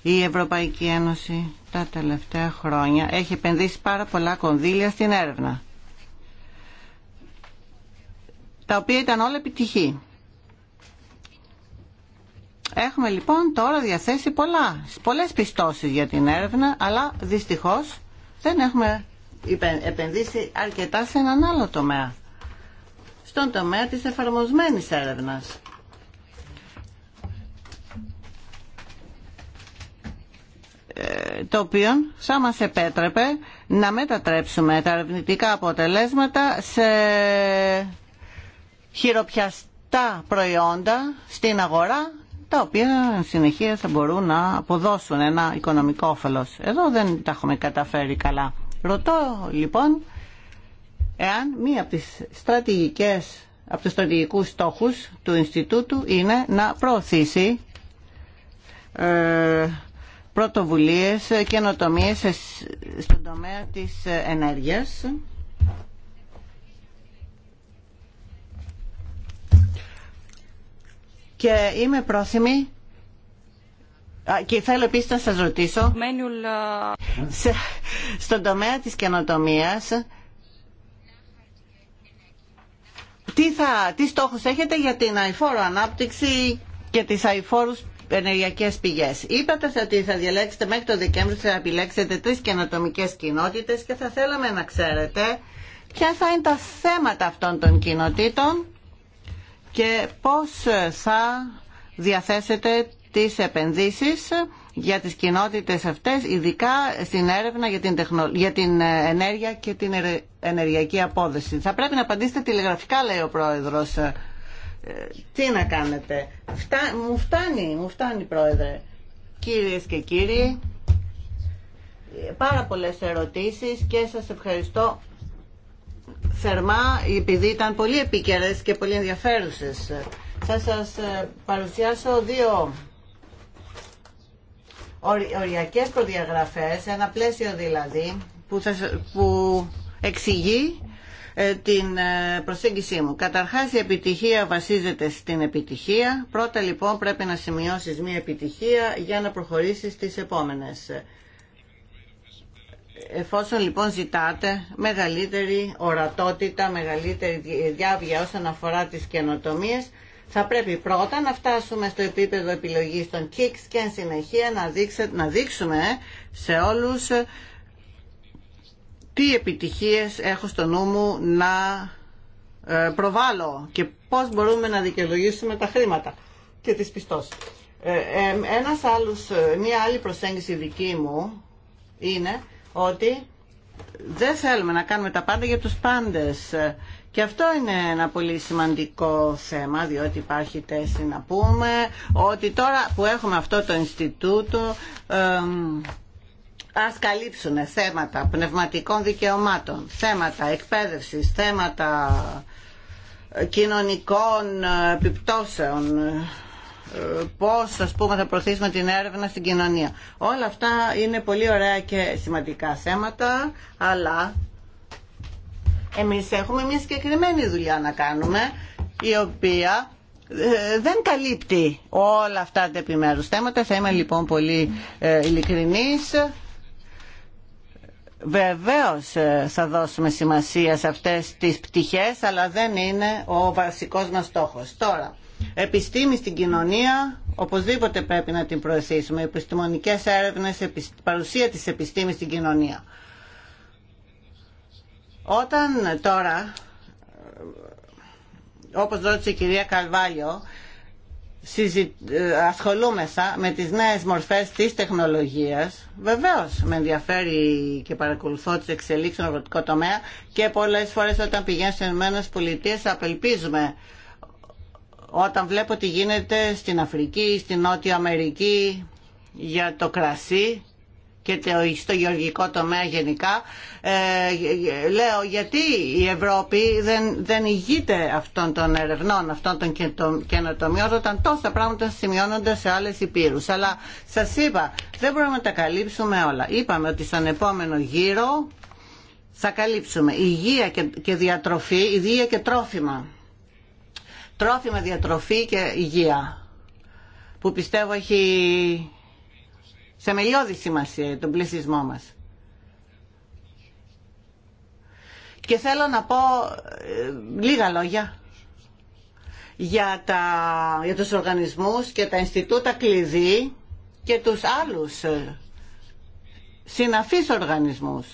A: Η Ευρωπαϊκή Ένωση τα τελευταία χρόνια έχει επενδύσει πάρα πολλά κονδύλια στην έρευνα. Τα οποία ήταν όλα επιτυχή. Έχουμε λοιπόν τώρα διαθέσει πολλά, πολλές πιστώσεις για την έρευνα, αλλά δυστυχώς δεν έχουμε επενδύσει αρκετά σε έναν άλλο τομέα. Στον τομέα της εφαρμοσμένης έρευνας. Ε, το οποίο θα μας επέτρεπε να μετατρέψουμε τα ερευνητικά αποτελέσματα σε χειροπιαστά προϊόντα στην αγορά τα οποία συνεχεία θα μπορούν να αποδώσουν ένα οικονομικό όφελος. Εδώ δεν τα έχουμε καταφέρει καλά. Ρωτώ λοιπόν εάν μία από τις στρατηγικές από τους στρατηγικούς στόχους του Ινστιτούτου είναι να προωθήσει ε, πρωτοβουλίες ε, και ενοτομίες στον τομέα της ε, ενέργειας. Και είμαι πρόθυμη και θέλω επίσης να σας ρωτήσω στον τομέα της καινοτομίας τι, θα, τι στόχους έχετε για την αηφόρο ανάπτυξη και τις αηφόρους ενεργειακές πηγές. Είπατε ότι θα διαλέξετε μέχρι το Δεκέμβριο θα επιλέξετε τρεις καινοτομικές κοινότητες και θα θέλαμε να ξέρετε ποια θα είναι τα θέματα αυτών των κοινοτήτων και πώς θα διαθέσετε τις επενδύσεις για τις κοινότητες αυτές, ειδικά στην έρευνα για την, ενέργεια και την ενεργειακή απόδοση. Θα πρέπει να απαντήσετε τηλεγραφικά, λέει ο Πρόεδρος. Ε, τι να κάνετε. Μου φτάνει, μου φτάνει, Πρόεδρε. Κυρίες και κύριοι, πάρα πολλές ερωτήσεις και σας ευχαριστώ θερμά, επειδή ήταν πολύ επίκαιρες και πολύ ενδιαφέρουσες. Θα σας ε, παρουσιάσω δύο οριακές προδιαγραφές, ένα πλαίσιο δηλαδή που, θα, που εξηγεί ε, την ε, προσέγγιση μου. Καταρχάς η επιτυχία βασίζεται στην επιτυχία. Πρώτα λοιπόν πρέπει να σημειώσεις μία επιτυχία για να προχωρήσεις στις επόμενες. Εφόσον λοιπόν ζητάτε μεγαλύτερη ορατότητα, μεγαλύτερη διάβια όσον αφορά τις καινοτομίες, θα πρέπει πρώτα να φτάσουμε στο επίπεδο επιλογής των ΚΙΚΣ και εν συνεχεία να, δείξε, να δείξουμε σε όλους ε, τι επιτυχίες έχω στο νου μου να ε, προβάλλω και πώς μπορούμε να δικαιολογήσουμε τα χρήματα και τις πιστώσεις. Ε, ένας άλλος, μία άλλη προσέγγιση δική μου είναι ότι δεν θέλουμε να κάνουμε τα πάντα για τους πάντες. Και αυτό είναι ένα πολύ σημαντικό θέμα, διότι υπάρχει τέση να πούμε ότι τώρα που έχουμε αυτό το Ινστιτούτο ας καλύψουν θέματα πνευματικών δικαιωμάτων, θέματα εκπαίδευσης, θέματα ε, κοινωνικών ε, επιπτώσεων, ε, πώς ας πούμε θα προωθήσουμε την έρευνα στην κοινωνία. Όλα αυτά είναι πολύ ωραία και σημαντικά θέματα, αλλά εμείς έχουμε μια συγκεκριμένη δουλειά να κάνουμε, η οποία ε, δεν καλύπτει όλα αυτά τα επιμέρους θέματα. Θα είμαι λοιπόν πολύ ε, ειλικρινής. Βεβαίως ε, θα δώσουμε σημασία σε αυτές τις πτυχές, αλλά δεν είναι ο βασικός μας στόχος. Τώρα, επιστήμη στην κοινωνία, οπωσδήποτε πρέπει να την προωθήσουμε. Επιστημονικές έρευνες, παρουσία της επιστήμης στην κοινωνία. Όταν τώρα, όπως ρώτησε η κυρία Καλβάλιο, ε, ασχολούμεσα με τις νέες μορφές της τεχνολογίας βεβαίως με ενδιαφέρει και παρακολουθώ τις εξελίξεις στον αγροτικό τομέα και πολλές φορές όταν πηγαίνω στις ΗΠΑ απελπίζουμε όταν βλέπω τι γίνεται στην Αφρική, στην Νότια Αμερική για το κρασί και στο γεωργικό τομέα γενικά. Ε, λέω γιατί η Ευρώπη δεν, δεν ηγείται αυτών των ερευνών, αυτών των καινοτομιών όταν τόσα πράγματα σημειώνονται σε άλλες υπήρους. Αλλά σας είπα, δεν μπορούμε να τα καλύψουμε όλα. Είπαμε ότι στον επόμενο γύρο θα καλύψουμε υγεία και διατροφή, υγεία και τρόφιμα. Τρόφιμα, διατροφή και υγεία που πιστεύω έχει θεμελιώδη σημασία τον πληθυσμό μας. Και θέλω να πω ε, λίγα λόγια για, τα, για τους οργανισμούς και τα Ινστιτούτα Κλειδί και τους άλλους ε, συναφείς οργανισμούς.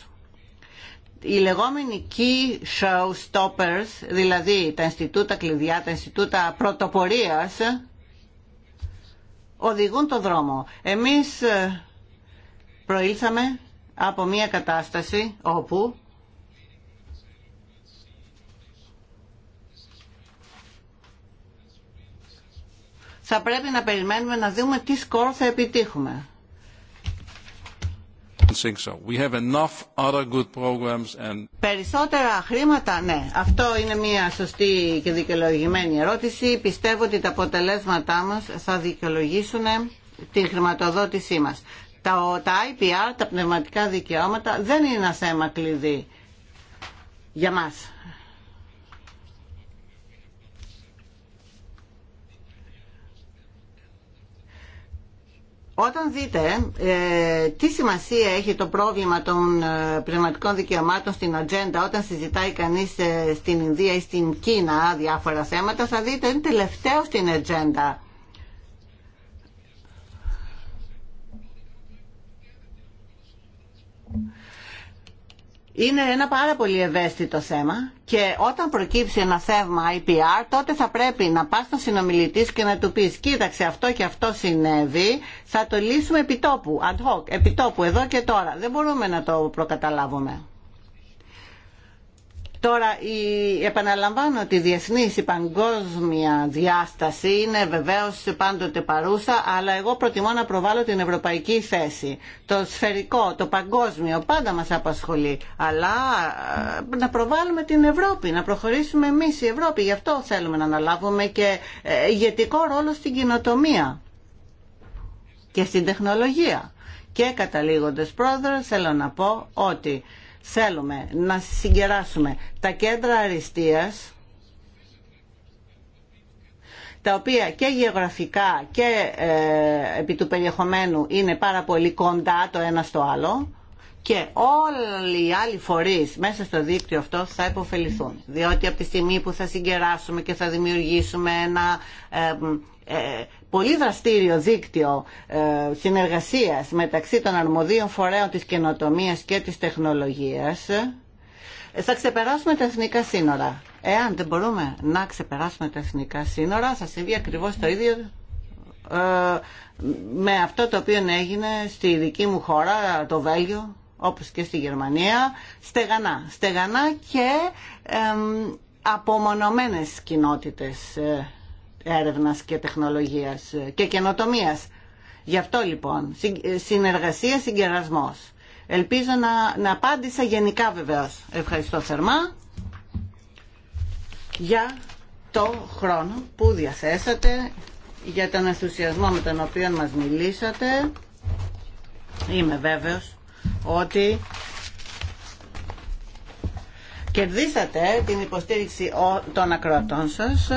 A: Οι λεγόμενοι key showstoppers, δηλαδή τα Ινστιτούτα Κλειδιά, τα Ινστιτούτα Πρωτοπορίας, οδηγούν το δρόμο. Εμείς ε, προήλθαμε από μια κατάσταση όπου θα πρέπει να περιμένουμε να δούμε τι σκορ θα επιτύχουμε. Περισσότερα χρήματα, ναι. Αυτό είναι μια σωστή και δικαιολογημένη ερώτηση. Πιστεύω ότι τα αποτελέσματά μας θα δικαιολογήσουν την χρηματοδότησή μας. Τα, IPR, τα πνευματικά δικαιώματα, δεν είναι ένα θέμα κλειδί για μας Όταν δείτε ε, τι σημασία έχει το πρόβλημα των ε, πνευματικών δικαιωμάτων στην ατζέντα όταν συζητάει κανείς ε, στην Ινδία ή στην Κίνα διάφορα θέματα θα δείτε είναι τελευταίο στην ατζέντα. είναι ένα πάρα πολύ ευαίσθητο θέμα και όταν προκύψει ένα θέμα IPR τότε θα πρέπει να πας στον συνομιλητή και να του πεις κοίταξε αυτό και αυτό συνέβη θα το λύσουμε επιτόπου, ad hoc, επιτόπου εδώ και τώρα δεν μπορούμε να το προκαταλάβουμε Τώρα, η, επαναλαμβάνω ότι η διεθνή η παγκόσμια διάσταση είναι βεβαίως πάντοτε παρούσα, αλλά εγώ προτιμώ να προβάλλω την ευρωπαϊκή θέση. Το σφαιρικό, το παγκόσμιο, πάντα μας απασχολεί. Αλλά ε, να προβάλλουμε την Ευρώπη, να προχωρήσουμε εμεί η Ευρώπη. Γι' αυτό θέλουμε να αναλάβουμε και ε, ηγετικό ρόλο στην κοινοτομία και στην τεχνολογία. Και καταλήγοντας πρόεδρε, θέλω να πω ότι Θέλουμε να συγκεράσουμε τα κέντρα αριστείας τα οποία και γεωγραφικά και ε, επί του περιεχομένου είναι πάρα πολύ κοντά το ένα στο άλλο και όλοι οι άλλοι φορείς μέσα στο δίκτυο αυτό θα υποφεληθούν. Διότι από τη στιγμή που θα συγκεράσουμε και θα δημιουργήσουμε ένα ε, ε, πολύ δραστήριο δίκτυο ε, συνεργασίας μεταξύ των αρμοδίων φορέων της καινοτομίας και της τεχνολογίας ε, θα ξεπεράσουμε τα εθνικά σύνορα. Εάν δεν μπορούμε να ξεπεράσουμε τα εθνικά σύνορα θα συμβεί ακριβώς το ίδιο ε, με αυτό το οποίο έγινε στη δική μου χώρα, το Βέλγιο, όπως και στη Γερμανία, στεγανά. Στεγανά και απομονωμένες κοινότητες έρευνας και τεχνολογίας ε, και καινοτομίας. Γι' αυτό λοιπόν, ε, συνεργασία, συγκερασμός. Ελπίζω να, να απάντησα γενικά βεβαίως. Ευχαριστώ θερμά για το χρόνο που διαθέσατε, για τον ενθουσιασμό με τον οποίο μας μιλήσατε. Είμαι βέβαιος ότι κερδίσατε την υποστήριξη των ακροατών σας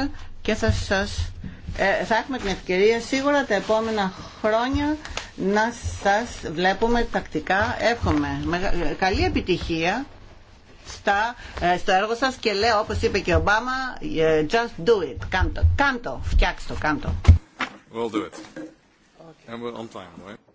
A: και θα σας ε, θα έχουμε την ευκαιρία σίγουρα τα επόμενα χρόνια να σας βλέπουμε τακτικά. Εύχομαι ε, καλή επιτυχία στα, ε, στο έργο σας και λέω όπως είπε και ο Ομπάμα just do it, κάντο, κάντο, φτιάξτε το, κάντο.
E: We'll do it. And we're on time,